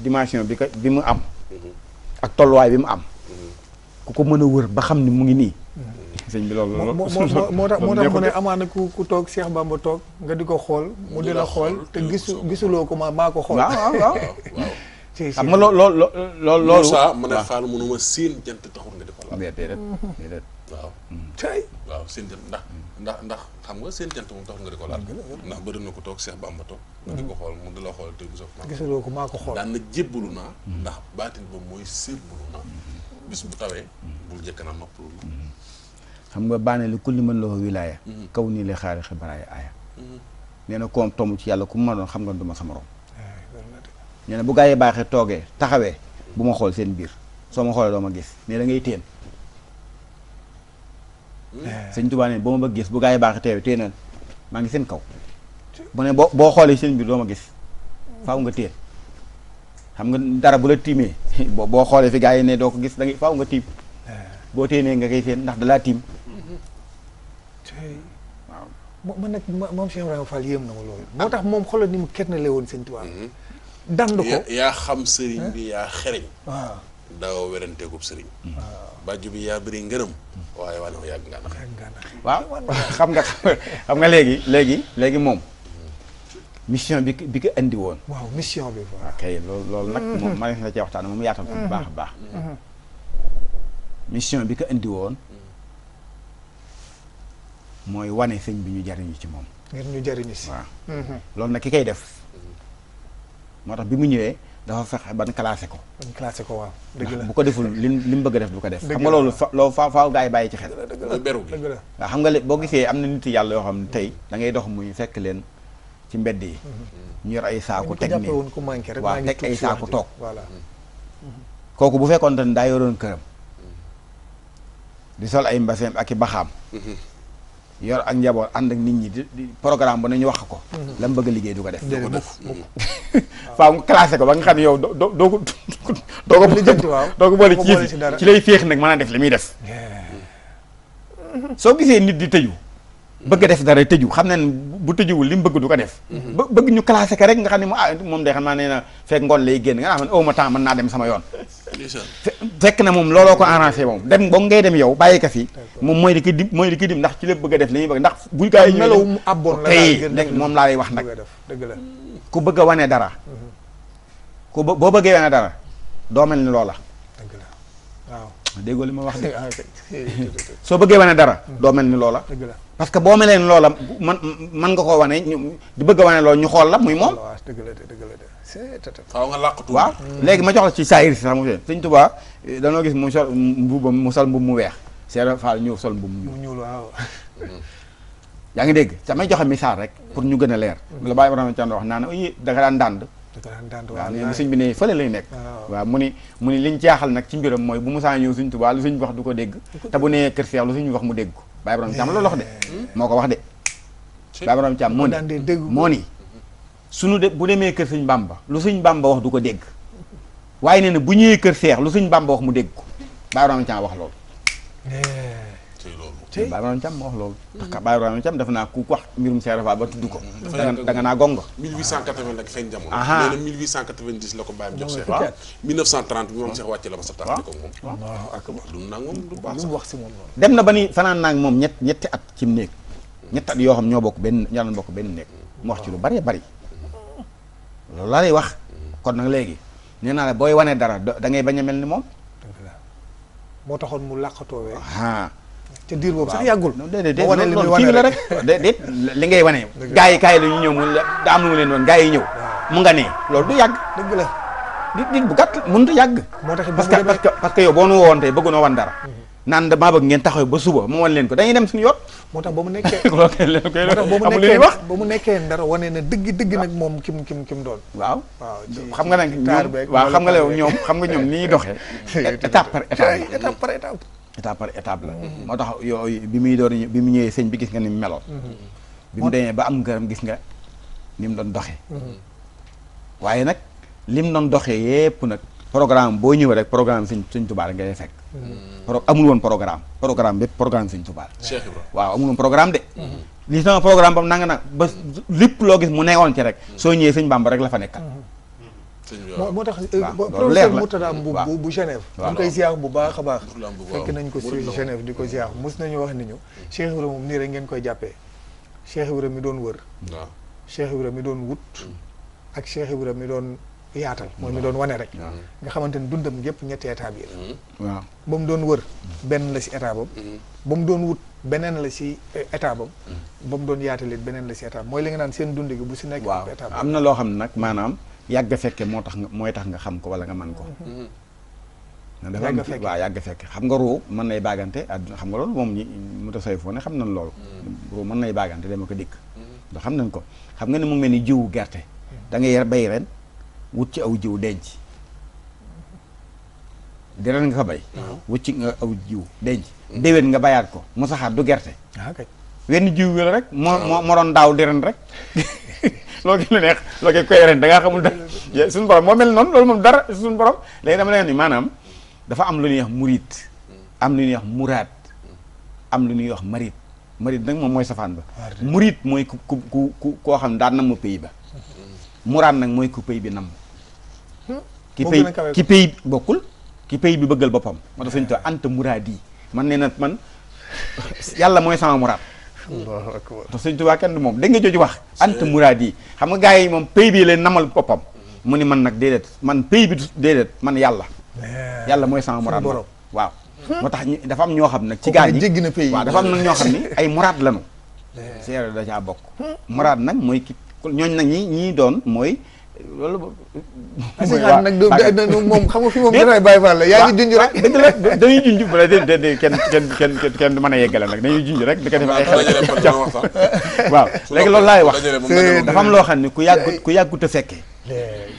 dimension bi ko bi mu am ak tolway bi mu am kuko meuna weur ba xamni mu ngi ni mudah bi loolu loolu moo tax <laughs> moo tax mu ne amaana ku ku toog Cheikh Bamba toog nga di ko xool mu di la te gisu gisuloo ko ma maa ko xool waaw waaw <laughs> xam nga loolu loolu loolu loolu saa seen taxul nga di ko laal déedéet waaw tey mm. waaw seen jant ndax mm. ndax ndax xam nga seen jant moom nga di ko ndax bëri na ko Cheikh Bamba nga di ko mm-hmm. mu di la te gisoo ko gisuloo ko na mm-hmm. ndax baatin ba mooy sébbalu mm-hmm. bis bu tawee bul njëkk xam nga baane li kulli mën la ko wilaaya mm-hmm. kaw nii la xaari xibaraay aaya mm-hmm. nee na koom tomb ci yàlla ku ma doon xam nga duma sama morom nee bu gaa baaxee toogee taxawee bu ma xool biir soo ma xoolee doo ma gis ne da ngay téen mm-hmm. sëñ Tuubaa ne boo ma bëgg gis bu gaa yi baaxee teewee téenal maa ngi seen kaw bu ne boo boo xoolee seen biir doo ma gis faaw nga téen xam nga dara bu la tiimee <laughs> boo xoolee fi gaa yi ne doo ko gis da ngay faaw nga tiim boo teenee nga koy seen ndax dalaa tiim waaw man nag moom Cheikh Ibrahima Fall yéem na ma loolu. Mm-hmm. moo tax moom xoolal ni mu kennale woon Sëñ Tuubaa. Mm-hmm. dand ko yaa xam sëriñ bi yaa xereñ. waaw daawoo werenteegub sëriñ. Mm-hmm. waaw bàjj bi yaa bëri ngërëm. waaye waa na yàgg nga nax. waaw <laughs> xam nga xam nga léegi léegi léegi moom. mission bi bi ko woon. waaw mission bi. ok loolu loolu nag moom ma baax a baax. mission bi ko andi woon. mooy wane sëñ bi ñu jariñu ci moom. ngir ñu jariñu si. Mhm. loolu nag ki koy def moo tax bi mu ñëwee dafa fexe ban classé ko. ban ko waaw. dëgg la bu ko deful li mu bëgg def du ko def. xam nga loolu fa loolu faaw faaw gaa yi bàyyi ci xel. beru gi waaw xam nga léegi boo gisee am na nit yàlla yoo xam ne tey da ngay dox muy fekk leen ci mbedd yi. Mhm. ñu yor ay saako teg nii waaw teg ay saako toog. Mhm. kooku bu fekkoon ne daa yoroon këram. di sol ay mbaseem ak i baxaam. yor ak njaboot ànd ak nit ñi di programme ba nañu wax ko. Mhm. lan mu bëgg a liggéey du ko def. doo ko def <laughs> faaw nga ko ba nga xam yow doo doo doo ko. doo ko doo ko boole ci ci lay féex nag mën a def li muy def. soo gisee nit di tëju. bëgg def dara teju xam ne bu teju li lim bëgg du ko def. bëgg ñu classé ka rek nga xamni ne moom day xam naa nee na fekk lay genn nga xam ne oh, ma temps man na dem sama yoon. fek na moom looloo ko arrangé moom dem bo ngay dem yow bàyyi ka fi. moom moy di dim moy di dim ndax ci lépp bëgg def lañu bëgg ndax. bu gaa ñu melaw mu abbon la daal moom la lay wax nak deug la ku bëgg wané dara. Mhm. ku bo bëggee wané dara do melni ni loola. dëgg la waaw. déggoo li ma wax de. <laughs> Ah, soo bëggee wane dara mhm. do melni ni loola. dëgg la parce que boo meleen loola man man nga ko wane ñu di bëgg a wane loolu ñu xool la muy moom. waaw dëgg la dëgg la xaw nga làqatu. waaw léegi ma jox la ci saayir si sax mu fi sëñ Tuubaa danoo gis mu sol mbuubam mu sol mbub mu weex Seera Faal ñëw sol mbub mu ñuul waaw. yaa ngi dégg damay joxe misaal rek pour ñu gën a leer. la Baye Ibrahima Thiam wax naan ay da nga daan dànd. waaw nee na sëñ bi ne fële lay nekk waaw mu ni mu ni liñ jaaxal nag ci mbiram mooy bu mu saa ñëw sëñ lu sëñ wax du ko dégg bu nee kër seex lu sëñ wax mu dégg ko Baye Borom Thiam loolu wax de. moo ko wax de. Baye Borom Thiam moo ni moo ni sunu de bu demee kër sëñ Bamba lu sëñ Bamba wax du ko dégg waaye nee na bu ñëwee kër seex lu sëñ Bamba wax mu dégg ko Baye Borom Thiam wax loolu. Eh. tey Baye Ibrahima Thiam moo wax loolu. Mm-hmm. parce que Baye Ibrahima Thiam def naa ku wax mbirum Cheikh Rafa na la ko Baye jox Cheikh. waaw 1930 bi moom Cheikh wàcce la ma sa tax. ni fanaan naa moom mu bari loolu laa lay wax kon nag léegi nee la booy wane dara da ngay a ni moom. moo taxoon mu làqatoowee. te diir boobu sax yàggul. déedéet wane li muy wane rek déedéet li ngay wane. dëgg la gaa yi kaay la ñu ñëw mu la daa am lu mu leen woon gaa yi ñëw. mu nga ne loolu du yàgg. dëgg la di di bu gàtt mënut a yàgg. moo tax parce que parce que parce que yow boo nu woowoon tey bëgg noo wan dara. naan da maa bëgg ngeen taxaw ba suba mu wan leen ko dañuy dem suñu yoon. moo tax mu nekkee moo mu nekkee ba mu nekkee ndara wane na dëgg dëgg nag moom kim kim kim doon. waaw xam nga nag waaw xam nga ñoom ñoom ni ñuy <laughs> iya, étape iya. par étape étape par étape étape par étape la motax yoy bi muy door bi mu ñëwee señ bi gis nga ni melo mhm. bi mu déñé ba am ngërëm gis nga nim doon doxé mhm. wayé nak lim doon doxé yépp nak programme bo ñëw rek programme señ señ Tuubaa ngay fekk mhm. pro amul won programme programme bépp programme señ cheikh ibrahim waaw amul won programme dé li sama programme bam nang nak lepp lo gis mu néwon ci rek so ñëwee señ bamba rek la fa nekkal moo tax professeur Murtada bu bu Genève ñu koy ziar bu baax a baax fekk nañ ko si Genève di ko ziar mos nañu wax ni ñu Cheikh Ibrahima moom nii rek ngeen koy jàppee Cheikh Ibrahima mi doon wër Cheikh Ibrahima mi doon wut mm. ak Cheikh Ibrahima mi doon yaatal mooy mi doon wane rek nga xamante ni dundam yëpp ñetti état bi la mm. waaw ba mu wër benn la si état bam mm. ba mu doon wut beneen la si e, état bam ba mu doon yaatalit beneen la si état mooy li nga naan seen dund gi bu si nekk état am na loo xam ne nag maanaam yàgg fekke moo tax nga mooy tax nga xam ko wala nga man ko mm-hmm. dafa am waaw yàgg fekke xam nga ruu mën nay baagante àdduna xam nga loolu moom ñi mu ta say foo ne xam nañ loolu mm-hmm. ruu mën nay baagante dama ko dikk mm-hmm. da xam nañ ko xam nga ne mu mel ni jiwu gerte da ngay bay ren wut ci aw jiw denc di nga ko bay aw jiw denc déwén nga bayaat ko mu saxaat du gerte ah, wenn jiw wi rek moo moo doon daaw di rek <laughs> loo <laughs> gën a neex loo koy cohérent da ngaa xamul dara ya, suñu borom moo mel noonu loolu moom dara suñu borom léegi dama leen ni maanaam dafa am lu ñuy wax murit am lu ñuy wax muraad am lu ñuy wax marit marit nag moom mooy safaan ba murit mooy ku ku ku koo xam daan namm pays ba muraad nag mooy ku pays bi namm hmm? ki pays ki pays bokkul ki pays bi bëggal boppam moo tax sëñ to ant muraad man nee na man <laughs> yàlla mooy sama murad. allahu akbar te sëñ Tuubaa kenn du moom dégg nga jooju wax ant muraad yi xam nga gaa yi moom pay bi leen namal boppam mu ni man nag déedéet man pay bi déedéet man yàlla yàlla mooy sama muraad borom waaw moo tax dafa am ñoo xam nag ci gaa yi na pay waaw dafa am nag ñoo xam ni ay muraad lanu seere da caa bokk muraad nag mooy ki ñooñ nag ñi ñii doon mooy loolu la. <laughs> nag moom xam nga fi moom gën a bàyyi faal la yaa ngi junj rek. dëgg la dañuy junj ba léegi kenn kenn kenn kenn du mën a yeggale nag dañuy junj rek. di ko def ay xel <laughs> ak loo xam ne ku ku yàggut a fekkee.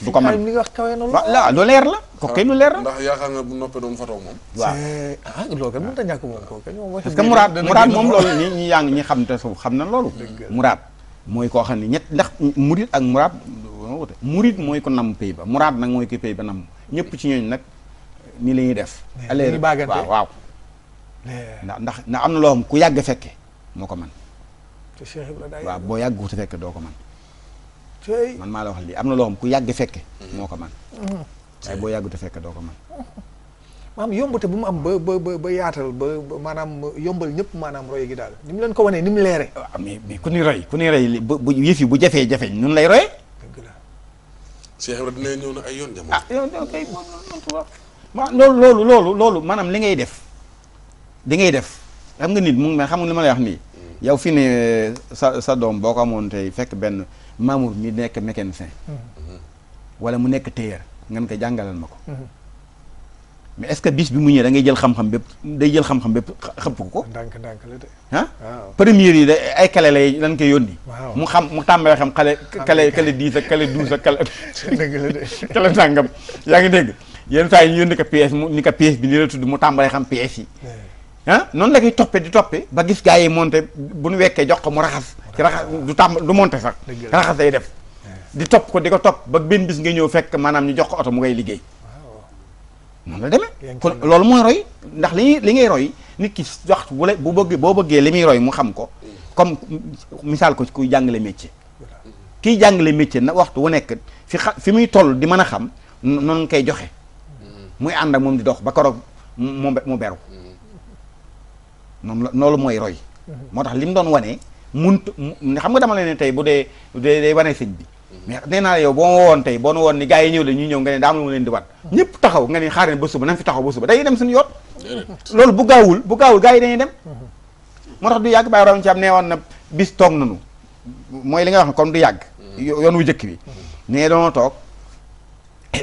du ko mën li nga wax kawe na la lu leer la. ko kay lu leer la ndax yaakaar nga bu noppee doon fatoo moom. waaw ah loolu kay a ñàkk moom kooku moom parce que Mourad Mourad moom loolu ñi ñi yaa ngi ñi xam te suuf xam na loolu. Mourad mooy koo xam ne ñett ndax murid ak Mourad ñoo wute murid mooy ko nam pays ba muraad nag mooy ko pays ba nam ñëpp ci ñooñ nag nii lañuy def alee waaw waaw ndax ndax ndax am na loo xam ku yàgg fekke moo ko man waaw boo yàgg wute fekke doo ko man am na loo xam yàgg fekke moo ko man mhm. waaye boo yàggute fekke doo ko man maanaam yombute bu mu am ba ba ba yaatal ba maanaam yombal ñëpp maanaam roy gi daal ni mu leen ko wanee ni mu leere ah, ku ni roy ku ni roy bu yëf yi bu jafee jafe ñun lay roye Cheikh Ibrahima ay yoon jamono. ah loolu loolu loolu loolu maanaam li ngay def li ngay def xam nga nit mu ngi mel xam nga li ma lay wax nii. Hmm. yow fi ne eh, sa sa doom boo ko amoon tey fekk benn Mamour mi nekk mécanicien. Hmm. Hmm. wala mu nekk tailleur ngeen ko jàngalal ma ko. mais est-ce que bis bi mu ñëwee da ngay jël xam-xam bépp day jël xam-xam bépp xëpp ko ko. ndànk ndànk la première yi de ay kale lay lan koy yónni. mu xam mu tàmbalee xam kale kale kale dix ak kale douze ak kale. <laughs> dëgg la nàngam <laughs> yaa ngi dégg yenn saa yi ñu yónni ko pièce mu ni ko pièce bi ni la tudd mu tàmbalee xam pièce yi. noonu la koy toppee di toppee ba gis gaa yi monté bu nu wekkee jox ko mu raxas. ci raxas du tàmb du monté sax. raxas day def. di topp ko di ko topp ba benn bis nga ñëw fekk maanaam ñu jox ko oto mu ngay liggéey noonu la demee kon loolu mooy roy ndax li li ngay roy nit ki waxtu bu la bu bëggee boo bëggee li muy roy mu xam ko comme misaal ko kuy jàngale métier kiy jàngale métier nag waxtu wu nekk fi xa fi muy toll di mën a xam noonu nga koy joxe muy ànd ak moom di dox ba keroog mu mu beru noonu la loolu mooy roy mm-hmm. moo tax li mu doon wane mun xam nga dama la ne tey bu dee day wane sëñ bi mais nee naa yow boo ma woon tey boo ma woon ni gars yi ñëw la ñuy ñëw nga ne daa am lu leen di wat hmm. ñëpp taxaw nga ne xaar ne ba suba nañ fi taxaw ba suba day dem suñu yoon loolu bu gaawul bu gaawul gars yi dañuy dem hmm. moo tax du yàgg bàyyi ram ci am nee woon na bis toog nanu mooy li nga wax ne comme du yàgg hmm. yoon wu jëkk bi nee doona toog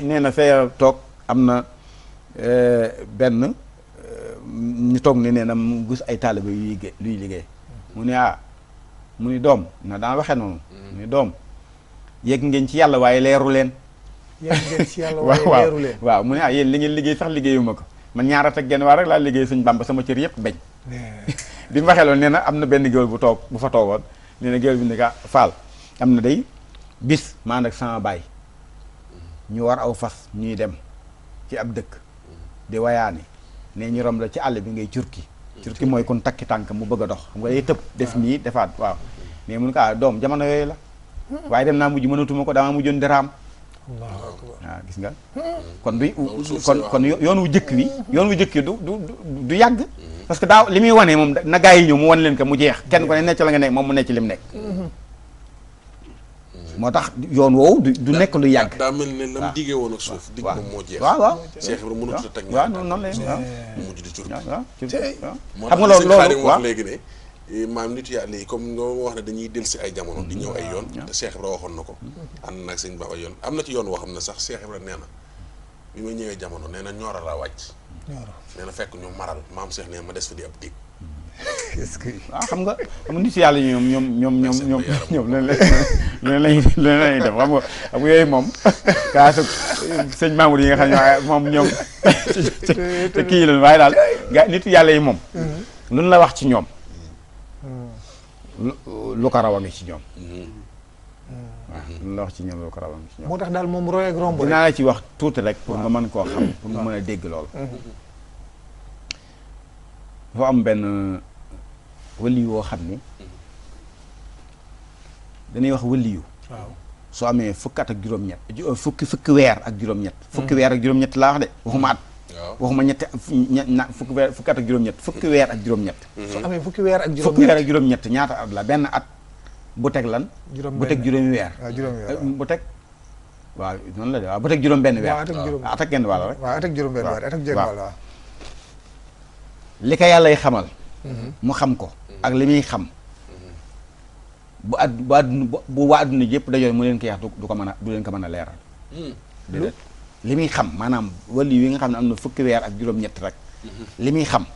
nee na fee toog am na eh, benn eh, ñu toog ni nee na mu gis ay taaliba yu liggéey luy liggéey mu ne ah mu ni doom na daan waxee noonu mu yegg ngeen ci yàlla waaye leeru leen yegg ngeen <laughs> waaw mu ne ah yéen li ngeen liggéey sax liggéeyuma ko man ñaar at ak genn waar rek laa liggéey suñ bàmba sama cër yëpp bañ <laughs> bi mu waxee loolu nee na am na benn géwél bu toog bu fa toogoon nee na bi ne ka faal am na day bis ma ànd ak sama baay ñu war aw fas ñuy dem ci ab dëkk di wayaani ne ñu rom la ci àll bi ngay curki curki mooy kon takki tànk mu bëgg a dox xam nga day tëb def nii defaat waaw mais mun ko ah doom la waaye dem naa mujj mënatuma ko dama mujjoon daraam waaw ah, gis nga hmm. kon du kon kon yoon wu jëkk wi hmm. yoon wu jëkk wi du du du yàgg hmm. parce que daa li muy wane moom na gaa yi ñëw mu wan leen ko mu jeex kenn ko ne necc la nga nekk moom mu necc li mu moo tax yoon woowu du nekk lu yàgg daa mel ne lam ah. diggee woon moom ah. moo jeex waa waaw Cheikh Ibrahima mënut a teg waaw noonu xam nga loolu loolu waaw maam nit yàlla yi comme nga wax ne dañuy del si ay jamono di ñëw ay yoon te Cheikh Ibra waxoon na ko ànd naag sëñ Baba yoon am na ci yoon woo xam sax Cheikh Ibra nee na bi ma ñëwee jamono nee na ñoora la wàcc nee na fekk ñu maral maam Cheikh nee ma des fa di ab diig est-ce xam nga xam nga nit yàlla yi ñoom ñoom ñoom ñoom ñoom ñoom leen leen lañ leen lañuy def xam nga xam nga moom kaa su sëñ Mamour yi nga xam ne moom ñoom te kii waaye daal nit yàlla yi moom luñ la wax ci ñoom lu ko raw a ngi ci ñoom. Mm-hmm. waaw lu la wax ci ñoom lu ko raw a ngi ci ñoom. daal moom roy ak romb dinaa la ci wax tuuti rek. pour nga mën koo xam pour nga mën a dégg lool. Mm-hmm. am benn uh, wëliyu woo xam ni dañuy wax wëliyu. soo amee fukk at ak juróom-ñett. Uh, fukki fukki weer ak juróom-ñett. fukki mm-hmm. weer ak juróom-ñett laa wax de waxuma at. waxuma ñet na fukki weer at ak juroom ñet fukki wër ak juroom ñet su amé fukki wër ak juroom ñett fukki weer ak juroom ñet mm-hmm. ñaata at la ben at bu tek lan bu tek juroom wër bu tek wa non la wa bu tek juroom ben wër at ak genn wàll rek waaw at ak juróom benn weer at ak genn wàll li ko yàllay xamal mm-hmm. mu xam ko ak mm-hmm. limi xam bu ad bu wa aduna waa dajoy mu leen ko yax du ko mën du leen ko mën leral mm limi xam manam wali wi nga xam am na fukki weer ak juroom ñett rek limi xam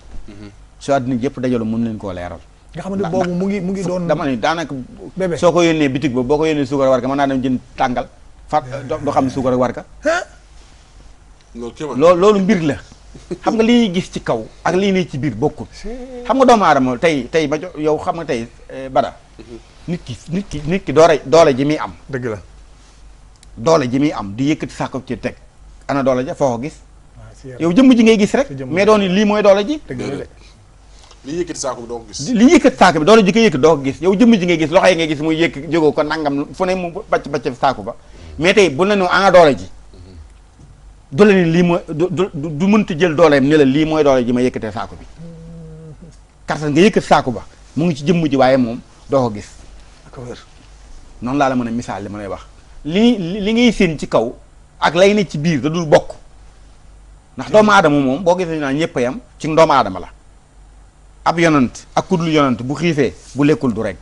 su àdduna yëpp dajaloo mën leen ko leral nga xam ni bobu mu ngi mu ngi doon dama ni danaka bébé soo ko yónnee bitig ba boo ko yónnee suukar warka mën naa dem jënd tangal fat doo xam sugar suukar ak warka loolu loolu mbir la xam nga li ñi gis ci kaw ak li nii ci bir bokku xam nga doom adam tay tay ba yow xam nga tay eh, bara nit ki nit ki nit ki doore doole ji mi am deug la doole ji mi am di yëkkati sakku ci tek ana doole ja foo ko gis ah, yow jëmm ji ngay gis rek mais doon lii mooy doole ji li yëkkati saako bi doo li yëkkati saako bi doole ji ko yëkkati doo ko gis yow jëmm ji ngay gis loxo yi ngay gis muy yëkk jógoo ko nangam fu ne mu bàcc bàcc saako ba mais tey bu la ne ana doole ji du la ne lii du mënta jël dooleem ne lii mooy doole ji ma yëkkatee saako bi kartan nga yëkkati saako ba mu ngi ci jëmm ji waaye moom doo ko gis noonu laa la mën a misaal li ma lay wax li li ngay séen ci kaw ak lay ne ci biir da dul bokk ndax doomu aadama moom boo gisee naa ñëpp yam ci doomu aadama la ab yonant ak kudul yonant bu xiifee bu lekkul du regg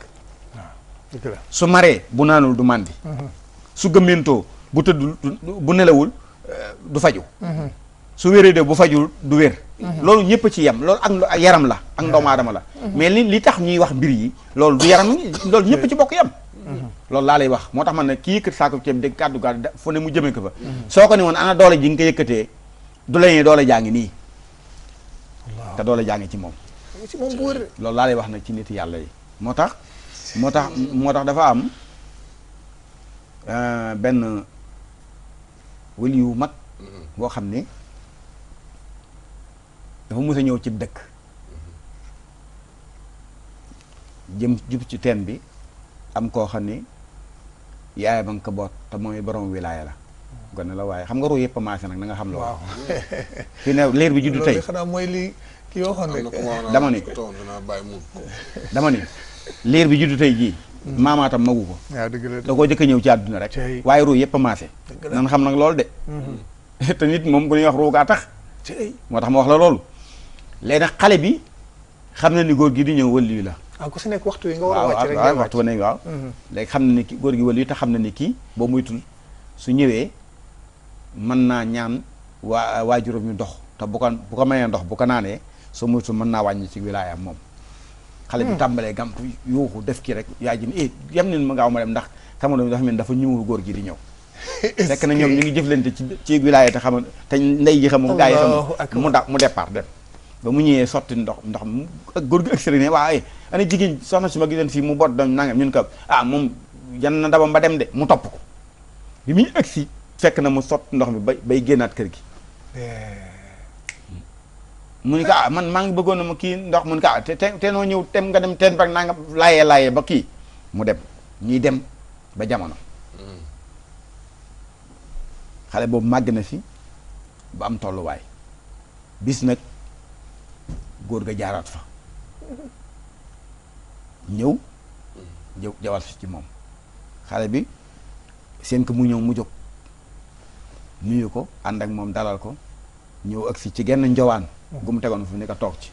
su maree bu naanul du màndi mhm. su gëmmentoo bu tëddul bu nelawul euh, du faju mhm. su wéree de bu fajul du wér mhm. loolu ñëpp ci yem loolu ak yaram la ak doomu aadama la mais li li tax ñuy wax mbir yi loolu du yaram loolu ñëpp ci bokk yem lool laa lay wax moo tax man ne kii yëkkat saako ceeb de kàddu gàddu fu ne mu jëmee ko fa soo ko ne woon ana doole ji nga ko yëkkatee du la doole jaa ngi nii te doole jaa ngi ci moom loolu laa lay wax na ci nit yàlla yi moo tax moo tax moo tax dafa am euh, benn wëli mag boo xam ne dafa mës a ñëw ci dëkk jëm jub ci teen bi am koo xam ne yaay ba nga ko boot te mooy borom wilaaya la. gone la waaye xam nga ru yëpp a maase nag na nga xam loolu. waaw <laughs> fii ne leer bi juddu tey xanaa mooy li ki waxoon rek dama ni <laughs> dama ni leer bi juddu tey jii. Hmm. maamaatam magu ko. waaw dëgg la da koo jëkk ñëw ci àdduna rek. waaye ru yëpp a maase. nan xam nag loolu de. Hmm. <laughs> te nit moom bu ñuy wax ru gaa tax. moo tax ma wax la loolu. léegi nag xale bi xam na ni góor gi di ñëw wëlli la. waaw ku si nekk waxtu wi nga waaw waxtu wa nañ waaw mhm. léegi xam na ni ki góor gi wala yi tax xam na ni kii boo muytul su ñëwee mën naa ñaan waa waajuram ñu dox te bu ko bu ko mayee ndox bu ko naanee soo muytul mën naa wàññi ci wilaayam moom xale bi hmm. tàmbalee gàmp yuuxu def kii rek yaay ji eh yam nin ma ngaaw ma dem ndax xamado bi dafa mel dafa ñëwul góor gi di ñëw <laughs> fekk na ñoom ñu ngi jëflante ci ci wilaaya te xam te ndey ji xamul gaa yi xamul mu da mu départ dem ba mu ñëwee sotti ndox ndox mu góor gu extérieur ne waaye ana jigéen soxna si ma gisoon fii mu bot doon nangam ñun ko ah moom yan na dabam ba dem de mu topp ko bi muy agsi fekk na mu sotti ndox mi ba bay génnaat kër gi. Eh. mu ni ko ah man maa ngi bëggoon na ma kii ndox mu ni ko ah te te noo ñëw tem nga dem teen bak nangam laayee laayee ba kii mu dem ñuy dem ba jamono. Hmm. xale boobu màgg na fi ba am tolluwaay bis nag. góor ga jaarat fa ñew jë jawal ci mom xale bi seen ko mu ñew mu jox nuyu ko and ak mom dalal ko ñew ak fi ci genn njowaan gu mu tegon fu ne ka tok ci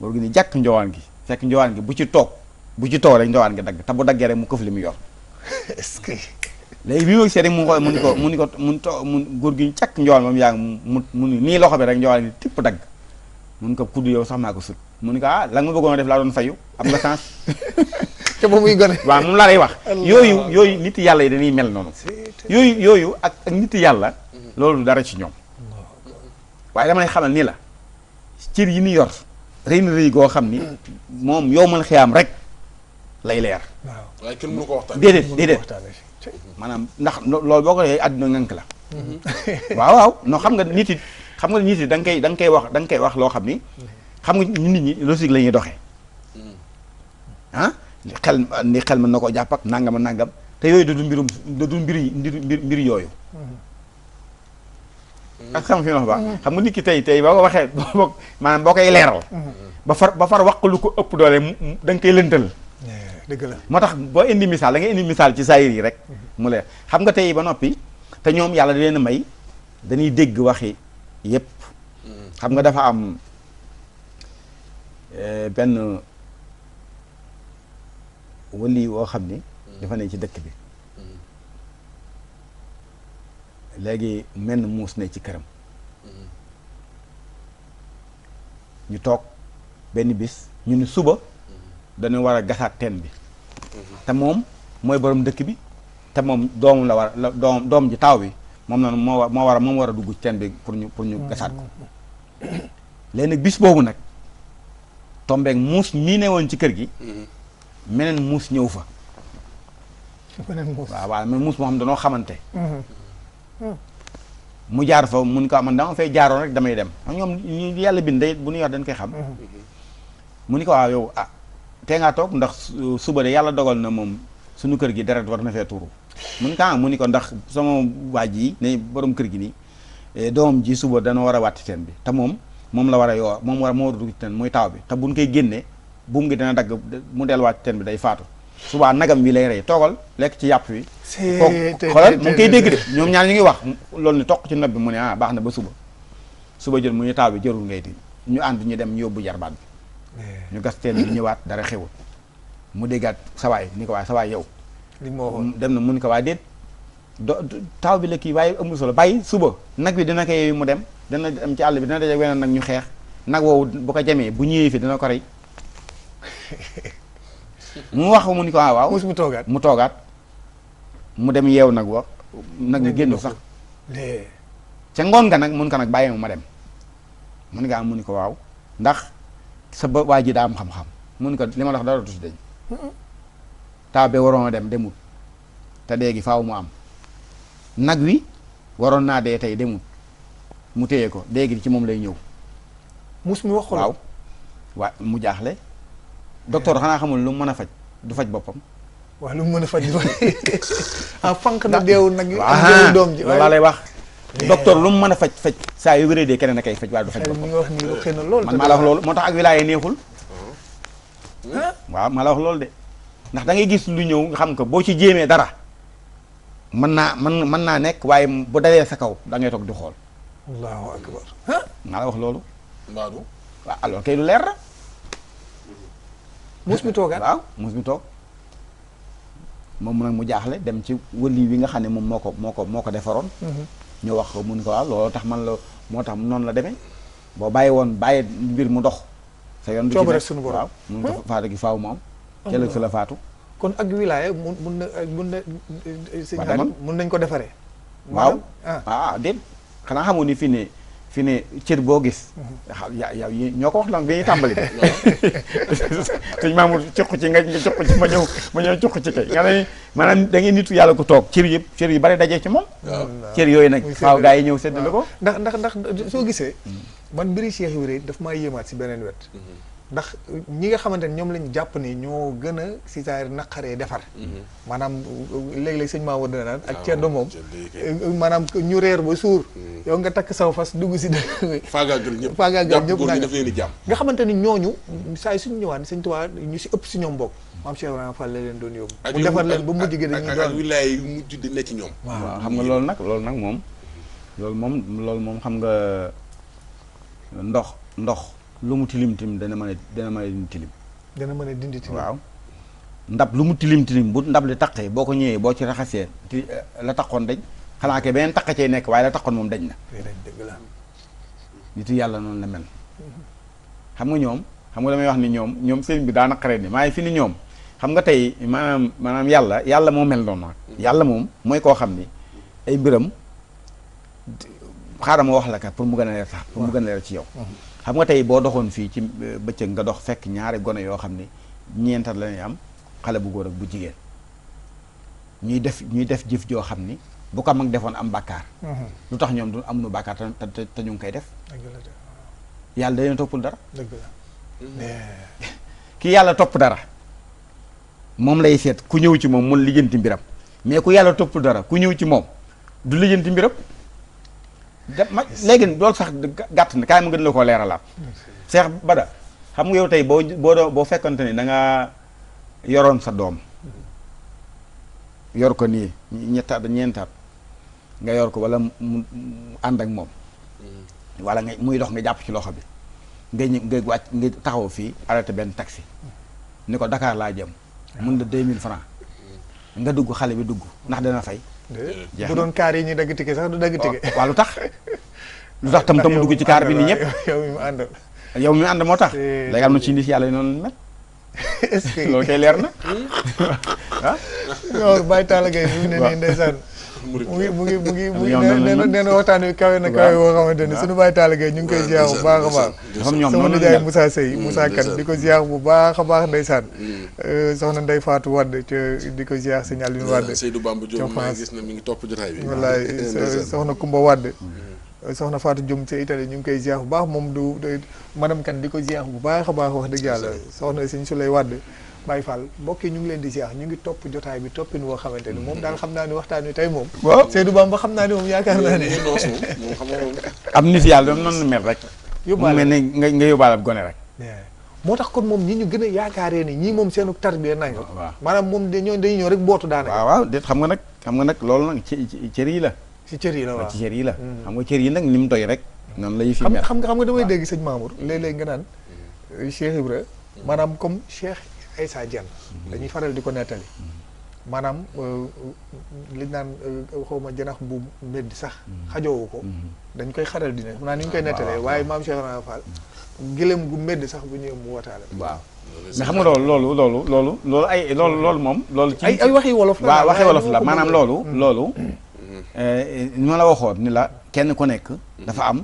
góor gi ni jak njowaan gi fek njowaan gi bu ci tok bu ci toog rek gi dag ta bu dagge rek mu këf limi yor lay <laughs> ce que bi mu gisee mu xool mu ni ko mu ni ko mun to mun góor gi ñu càkk mom moom yaa mu ni nii loxo bi rek njowaan gi tip dag mun ko kudd yow sax maa ko sut mun ko ah la ma bëggoon a def laa doon fayu am nga sens <laughs> te ba muy gone <laughs> waaw moom laa lay wax yooyu yooyu nit yàlla yi dañuy mel noonu yooyu yooyu ak ak yàlla mhm. loolu dara ci ñoom waaye dama lay xamal la cër yi ñu yor rëy na rëy goo xam ni moom yow mal xiyaam rek lay leer waaye kenn mënu ko waxtaan déedéet déedéet maanaam ndax loolu boo ko yee àdduna ngànk la mhm. waaw waaw noo xam nga nit it xam nga nit yi da koy da koy wax danga koy wax loo xam ni xam nga nit ñi logique la ñuy doxee hmm. ah, xel ni xel ma na ko jàpp ak nangam ak nangam te yooyu du mbirum du mbir mbir mbir yooyu. Hmm. ak sama fi hmm. xam nga nit ki tey tey boo waxee boo boo koy leeral. ba far ba lu ko ëpp doole da nga koy lëntal. Eh, dëgg la moo tax boo indi misaal da nga indi misaal ci saayir yi rek. mu leer xam nga tey ba noppi te ñoom yàlla da leen may dañuy dégg waxi. yépp xam nga dafa am eh, benn wëli woo xam ni dafa ne ci dëkk bi léegi menn muus ne ci këram ñu toog benn bis ñu ni suba dañu war a gasaat teen bi te moom mooy borom dëkk bi te moom doomam la war la doom doom ji taaw bi moom noonu moo war moo war a moom war a dugg teen bi pour ñu pour ñu mm-hmm. gasaat ko léegi bis boobu nag tombeeg muus mii ne woon ci kër gi mm-hmm. meneen muus ñëw fa waaw waaw muus moo xam danoo xamante mm-hmm. mm. mu jaar fa mun ko man dama fay jaaroon rek damay dem ak ñoom ñu yàlla bind day bu ñu yor dañ koy xam mu ni ko waaw yow ah tee ngaa toog ndax suba de yàlla dogal na moom sunu kër gi deret war na fee tuuru mun kaa mu ni ko ndax sama waa ji ne boroom kër gi nii eh, doom ji suba dana war a wàtti teen bi te moom moom la war a yoo moom war moo war a dugg ci teen bi te buñ koy génnee buum gi dana dagg mu delluwaat ci bi day faatu subaa nagam wi lay rey toogal lekk ci yàpp wi koo xoolal mu koy dégg de ñoom ñaar ñu ngi wax loolu ni toq ci nopp bi mu ne ah baax na ba suba suba jot mu ñu taw bi jërul ngay di ñu ànd ñu dem ñu yóbbu jarbaat bi ñu gas teen bi ñëwaat dara xewul mu déggaat sawaay ni ko waaye sawaay yow li dem na mun ko waaye déet do taw bi la kii waaye amul solo bàyyi suba nag bi dina ko yeewi mu dem dana dem ci àll bi dina daje weneen nag ñu xeex nag woowu bu ko jamee bu ñëwee fi dina ko rey <laughs> mu wax mu ni ko ah waaw mu toogaat mu dem yeew nag wax nag nga génn sax ca ngoon nga nag mun ko nag bàyyi ma dem mun am mu ni ko waaw ndax sa ba waa ji daa am xam-xam mun ko li ma la wax dara du si deñ taabe waroon a dem demut te dee faaw mu am nag wi waroon naa dee tey demut mu téye ko dee gi ci moom lay ñëw. mus mi wax ko waaw waa mu jaaxle. docteur eh. xanaa xamul lu mu mën a faj du faj boppam. waaw lu mu mën a faj <laughs> ah fànq na deewul nag. am doom ji lay wax. Eh. docteur lu mu mën a faj faj. saa yu wéree dee keneen a koy faj waaye du faj boppam. wax man maa la wax loolu moo tax ak wilaaya neexul. waaw maa la wax loolu de. ndax da ngay gis lu ñëw nga xam ko boo ci jéemee dara mën naa mën mën naa nekk waaye bu dalee sa kaw dangay ngay toog di xool. allahu akbar. wax loolu. mbaadu. leer na. mi toogaat waaw muus toog. moom nag mu jaaxle dem ci wëli wi nga xam ne moom moo ko moo ko moo ko defaroon. Mhm. wax ko mun ko waaw tax man la moo tax noonu la demee boo bàyyi woon bàyyi mbir mu dox. sa yoon du ci nekk waaw mun ko hmm? faata gi faaw moom. Kell fi la faatu. kon ak wilaya mun mun na mun na. mun nañ ko defaree. waaw ah. ah déet xanaa xamoon ni fii ne fi ne cër boo gis. Mhm. Ah, ya ya ñoo ko wax lan bi ñuy tàmbali de. <laughs> sëñ Mamour cuq ci nga cuq ci ma ñëw ma ñëw cuq ci kay nga ne maanaam da ngay nitu yàlla ko toog cër yëpp cër yu bari dajee ci moom. waaw cër yooyu nag. faaw gaa yi ñëw séddale ko. ndax ndax ndax soo gisee. Mm. man mbiri Cheikh Ibrahima dafa maa yéemaat si beneen wet. Mm-hmm. ndax ñi nga xamante ne ñoom lañu jàpp ne ñoo gën a si saa naqaree defar. Mhm. maanaam léeg-léeg maa Maodo dana naan ak ah, ceddo moom. Eh, maanaam ñu reer ba suur. Mhm. yow nga takk saw fas dugg si dëkk. faagaagal ñëpp faagaagal ñëpp nga xamante ni ñooñu. saa yu suñu ñëwaan sëñ Tuubaa ñu si ëpp si ñoom bokk. maam Cheikh Ibrahima Fall la leen doon yóbbu. mu defar leen ba mujj gi dañuy doon ak wilaay yi mujj di ne ci waaw xam nga loolu nag loolu nag moom. moom loolu moom xam nga ndox ndox lu mu tilim tilim dana mën dana mën a dindi tilim. dana mën a dindi waaw. ndab lu mu tilim tilim bu ndab li taqee boo ko ñëwee boo ci raxasee ti eh, la taqoon dañ xanaa ke beneen taq cee nekk waaye la taqoon moom dañ na. dëgg yàlla noonu la mel. xam nga ñoom xam nga damay wax ni ñoom ñoom sëriñ bi daana xare ni maaye fi ni ñoom xam tey maanaam maanaam yàlla yàlla moo mel noonu nag. yàlla moom mooy koo xam ni ay mbiram xaaral ma wax la ka pour mu gën a leer sax pour mu gën a leer ci yow. xam nga tey boo doxoon fii ci euh, bëccëg nga dox fekk ñaari gone yoo xam ni ñeental la am xale bu góor bu jigéen ñuy def ñuy def jëf joo xam ni bu ko mag defoon am bàkkaar mhm. lu tax ñoom du am nu bàkkaar te te ñu ngi koy def yàlla dañu toppul dara mhm. ki yàlla topp dara moom lay seet ku ñëw ci moom mun lijjanti mbiram mais ku yàlla toppul dara ku ñëw ci moom du lijjanti mbiram ma léegi loolu sax gàtt na kaay ma gën la koo leeralaat. Cheikh Bada xam nga yow tey boo doo boo fekkante ni da nga yoroon sa doom yor ko nii ñettaat ñeentaat nga yor ko walla mu ànd ak moom walla nga muy dox nga jàpp ci loxo bi nga ñë ngay wàcc ngay taxaw fii arrêté benn taxi ni ko dakaar laa jëm. mun na deux mille francs nga dugg xale bi dugg ndax dana fay. bu doon kaar yi ñuy dagg tige sax du dagg tige. waaw lu tax <laughs> lu tax tam tam mu dugg ci kaar bi nii ñëpp. yow mi mu ànd moo tax. léegi am na ci nit yàlla yi noonu mel. <laughs> est <laughs> kay leer na. Hmm? ah. bàyyi taal a ngay fi mu ne nii ndeysaan. mu ngi mu ngi mu ngi mu ngi nee na waxtaan wi kawe na kawe woo xamante suñu bàyyi taal ñu ngi koy ziar bu baax a baax sama nijaay Moussa Sey mm, Moussa di ko ziar bu baax a baax ndeysaan mm. euh, soxna Ndeye faatu Wade ca di ko ziar sëñ Aliou Wade Seydou Bamba Diop maa gis na mi ngi topp jotaay bi wallaay <laughs> euh, soxna Kumba Wade mm. euh, soxna Fatou Diom ca Italie ñu ngi koy ziar bu baax moom du madame kan di ko ziar bu baax a baax wax dëgg yàlla soxna sëñ lay Wade Baye Fall mbokk yi ñu ngi leen di ziar ñu ngi topp jotaay bi toppin woo xamante ni moom daal xam naa ni waxtaan wi tey moom. moo tax kon moom ñi ñu a yaakaaree ni ñii moom seenu tarbiya nañ ko. waaw maanaam moom dañoo dañuy rek bootu daanaka. waaw waaw déet xam nga nag xam nga nag loolu nag cër yi la. ci cër yi la waaw ci cër yi la. Mm. xam nga cër yi nag ni mu rek. noonu la yi fi mel xam mm. comme Cheikh Aïssa Dieng dañuy faral di ko nettali maanaam euh, euh, li naan euh, ma janax bu mbedd sax xajoowu ko dañ koy xaral di ne naa ni ñu koy nettalee waaye maam Cheikh Ibra Fall gëlëm gu sax bu ñëw mu wataale waaw xam nga loolu loolu loolu loolu loolu ay loolu loolu moom loolu ci ay waxi wolof la waaw waxi wolof la loolu mm-hmm. loolu nu eh, ma la waxoon ni la kenn ku nekk dafa am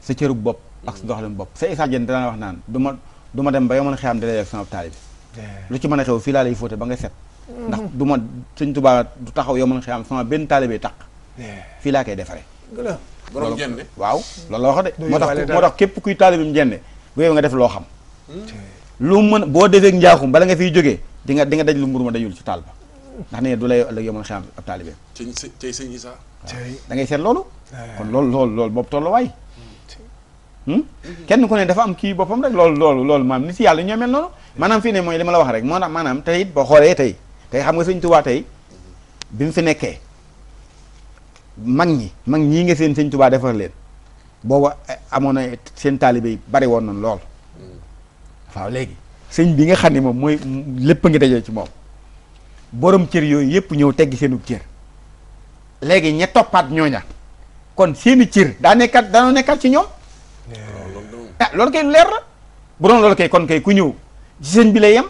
sa cërub bopp ak sa doxalin bopp sa Aïssa Dieng wax naan duma du ma dem ba yomoon xeexam di la yegg sama taalibe lu ci mën a xew fii laa lay fóote ba nga set mm-hmm. ndax du ma sëñ Tuubaa du taxaw yomoon xeexam sama benn taalibe taq fii laa koy defaree waaw loolu la wax de moo tax moo tax képp kuy taalibim jenne bu yow nga def loo xam mm. lu mën boo defee njaaxum bala nga fiy jógee di nga di nga daj lu mburu ma dajul ci taal ba ndax nee du lay ëllëg yomoon xeexam ab taalibe cay sëñ Isaa da ngay seet loolu kon loolu loolu loolu boobu tolluwaay Hmm? kenn ku ne dafa am kii boppam rek loolu loolu loolu maanaam nit yàlla ñoo mel noonu maanaam fii ne mooy li ma la wax rek moo tax maanaam tey it boo xoolee tey tey xam nga sëñ tubaa tey bi mu fi nekkee mag ñi mag ñii nga seen sëñ tubaa defar leen booba eh, amoon a seen taalibe bari woon nañ lool waaw léegi sëñ bi nga xam ni moom mooy lépp nga dajoo ci moom boroom cër yooyu yëpp ñëw teggi seenu cër léegi ña toppaat ñooña kon seeni cër daa nekkaat dañoo nekkaat ci ñoom ah loolu kay leer bu doon loolu kay kon kay ku ñëw ci sëñ bi lay yem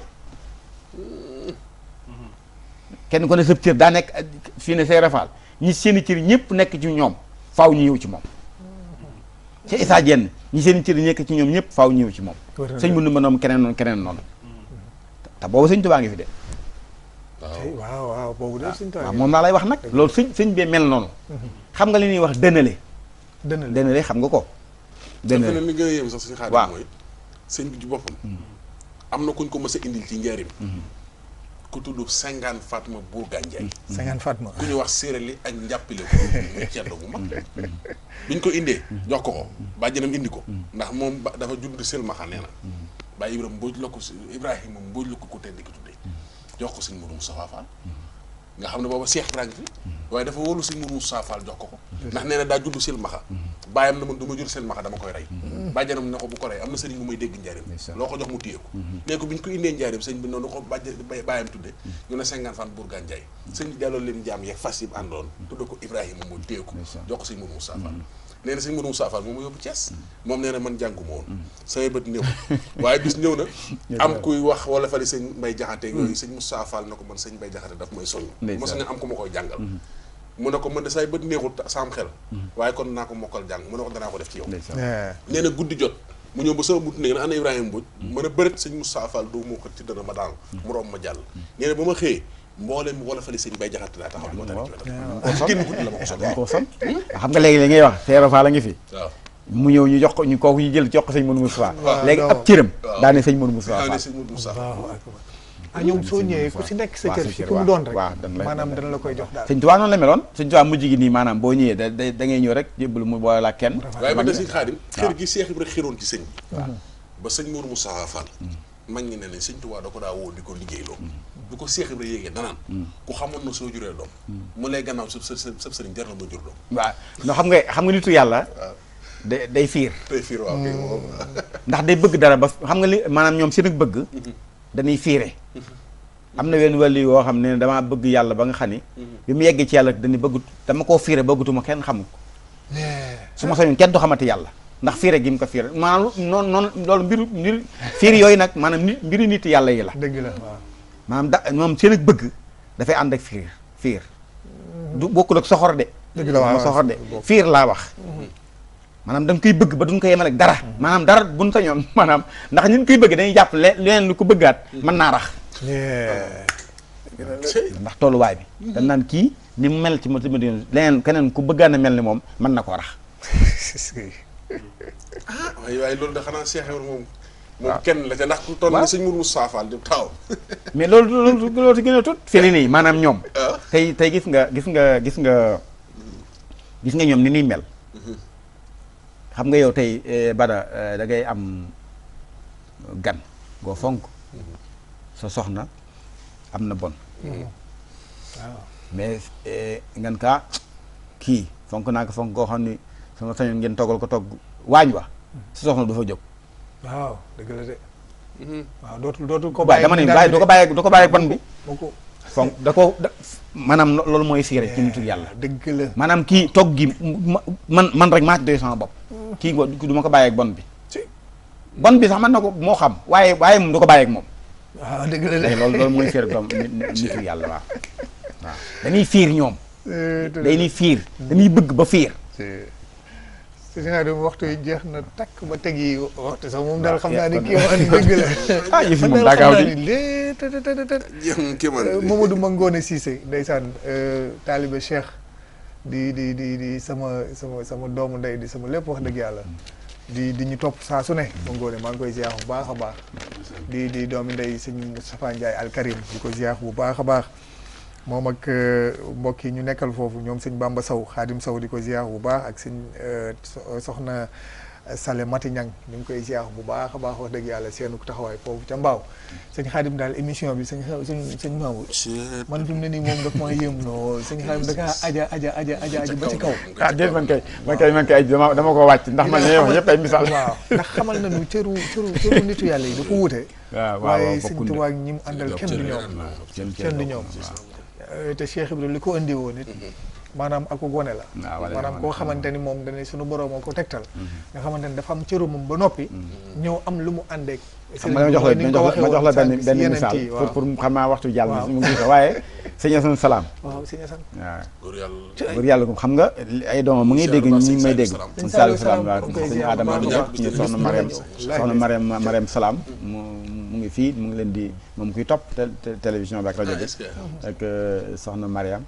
kenn ko ne sëb cër daa nekk fii ne say rafaal ñi seen cër ñëpp nekk ci ñoom faw ñu ñëw ci moom ci Issa Diène ñi seen i cër nekk ci ñoom ñëpp faw ñu ñëw ci moom sëñ mënu ma noom keneen keneen noonu te boobu sëñ Tuubaa ngi fi de waaw waaw boobu de sëñ Tuubaa ah, moom laa lay wax nag loolu sëñ sëñ bee mel noonu xam nga li ñuy wax dënale dënale xam nga ko dégg nga li gën a yéem sax suñu xaadim mooy sëñ bi ci boppam mm-hmm. am na kuñ ko mës indil ci njaarim mm-hmm. ku tudd Senghane Fatma Bourga Ndiaye mm-hmm. Senghane Fatma ku ñu wax séeréli ak njàppile ko muy ceddo bu mag ko indee jox ko ko indi ko ndax moom ba dafa judd sëlmaxa nee na bàyyi Ibrahima Mbóoj la ko Ibrahima Mbóoj la ko ku tedd ki tuddee jox ko sëñ Mourou Moustapha Fall nga xam ne booba Cheikh Ibrahima fi waaye dafa wóolu sëñ Mourou Moustapha Fall jox ko ko ndax nee na daa judd sëlmaxa bàyyam na man du ma jur seen maxa dama koy rey bàjjanam na ko bu ko rey am na sëriñ bu may dégg njaarim loo ko jox mu téye ko léegi mhm. bi ñu ko indee njaarim sëñ bi noonu ko bàjj bàyyam tudde mhm. ñu ne cinquante fan mhm. na man jànguma woon sama bët néew ñëw na <laughs> am kuy wax wala fali sëñ Mbay Jaxate yooyu sëñ Moussa Fall na ko man sëñ Mbay Jaxate daf may soññ mos nga am ku ma koy jàngal mun ne ko mën de say bët neexut saam xel waaye kon naa ko mokkal jàng mu a ko danaa ko def ci yow nee na guddi jot mu ñëw ba sama bunt néeg na ana Ibrahima Mbodj mën a bërit sëñ ko ci ma daanu mu romb ma jàll nee na ma xëyee mboolem wolofali sëñ Bay Jaxate laa taxaw di ma tari génn la ma ko sol ko sol xam nga léegi la ngay wax Seera Fall a ngi fi waaw mu ñëw ñu jox ko ñu kooku ñu jël jox sañ sëñ Modou Moustapha léegi ab cëram daane sëñ Modou Moustapha ah ñoom soo ñëwee ku si nekk sa cër fi ku doon rek maanaam dana la koy jox daal sëñ Tuubaa noonu la meloon sëñ Tuubaa mujj gi nii maanaam boo ñëwee da da ngay ñëw rek jébbal mu booy laa kenn waaye man da sëñ Xaadim mm. gi ne ne sëñ Tuubaa da ko daa woo di ko liggéeyloo mm. bu ko Seex Ibra yéegee danaan mm. ku xamoon na soo juree doom mu lay gannaaw sa sa sab sëriñ jar na ma jur doom waaw non xam nga xam nga nitu yàlla day day fiir day fiir waaw ndax day bëgg dara ba xam nga li maanaam ñoom seen bëgg mm-hmm. dañuy fiire am na wenn wàllu woo xam ne damaa bëgg yàlla ba nga xam ni bi mu yeggee ci yàlla dañuy bëggut dama koo fiire bëggutuma kenn xamul su ma sañoon kenn du xamante yàlla ndax fiire gi mu ko fiire maanaam noonu noonu loolu mbiru mbiru yooyu nag maanaam nit mbiru nit yàlla yi la dëgg la waaw maanaam da moom seen ak bëgg dafay ànd ak fiir fiir du bokkul ak soxor de dëgg la waaw soxor de fiir laa wax mm-hmm. maanaam dañ koy bëgg ba duñ ko yemal ak dara mm-hmm. maanaam dara buñ sañoon maanaam ndax ñun koy bëgg dañuy jàpp leen lu ko bëggaat mën naa rax ndax tolluwaay bi mm-hmm. dañ naan kii ni mu mel ci ma tamit leneen keneen ku bëggaan a mel ni moom mën na koo rax <laughs> ah waaye loolu da xanaa seexewul moom kenn la ndax ku toll ni sëñ Mourou Moustapha Fall <laughs> mais loolu loolu loolu gën a tut feli nii maanaam ñoom ah. tey tey gis nga gis nga gis nga gis nga ñoom ni ñuy mel mm-hmm. xam nga yow tey eh, Bada eh, da ngay am gan goo fonk mm-hmm. sa soxna am na bon mm-hmm. mais eh, ngan kaa kii fonk naa ko fonk koo xam ni sama sañoon ngeen toggal ko togg waañ wa sa soxna du fa jóg waaw dëgg la mm-hmm. dootul ko bàyyi dama ne bàyyi du ko bàyyi du ko bàyyi bon bi fonk da ko maanaam loolu mooy siire ci nitu yàlla dëgg la maanaam kii togg gi man man rek maa ci sama bopp kii du ma ko bàyyeeg bon bi. bon bi sax mën na ko moo xam waaye waaye moom du ko bàyyeeg moom. waaw ah, dëgg la de loolu loolu mooy fiir doom ñoom. Eh, dañuy dañuy bëgg ba fiir. sëñ bi waxtu yi jeex na takk ba teg yi waxtu sax moom daal ah, xam naa ni kii wax dëgg la. <laughs> ah yëf yi moom daa gaaw di léegi tët tët tët. Mamadou Mangone Cissé ndeysaan eh, taalibe di di di di sama sama sama doomu ndey di sama lépp wax dëgg yàlla di di ñu topp saa su ne ba ngoone maa ngi koy ziar bu baax a baax di di doomi ndey sëñ Moustapha Ndiaye Al di ko ziar bu baax a baax moom ak euh, mbokk yi ñu nekkal foofu ñoom suñ Bamba saw Xaadim saw di ko ziar bu baax ak sëñ euh, soxna Sale Mati Niang ñu ngi koy ziar bu baax a baax wax dëgg yàlla seenu taxawaay foofu ca mbaaw sëñ Xaadim daal émission bi sëñ sëñ sëñ Mamour man fi mu ne nii moom daf maa yëm noo sëñ Xaadim da kaa aja aja aja ba ci kaw ah déet man kay man kay man kay dama ko wàcc ndax man ne wax yëpp ay misaal waaw ndax xamal nañu cëru cëru cëru nitu yàlla yi da ko wute waaye sëñ Tuubaa ñi mu àndal kenn du ñoom kenn du ñoom eh, te Cheikh Ibrahima li ko indi woon maanaam aku gone la nah, manam ko xamanteni mom moom suñu borom moo ko tegtal nga xamanteni dafa mhm. am cëru moom ba nopi ñew am lu mu àndeek ma jox la ma jox la benn benn misaal pour pour xama waxtu jall na mu ngi ko waaye seigneur Assane salaam waaw sëñ Assane waaw góor yàlla ko xam nga ay doom mu ngi dégg ñu may dégg sëñ Saliou seigneur adam sëñ Adama ñu sonu Mariam sonu Mariam Mariam salaam mu mu ngi fi mu ngi leen di mom kuy top télévision ak radio bi ak soxna Mariam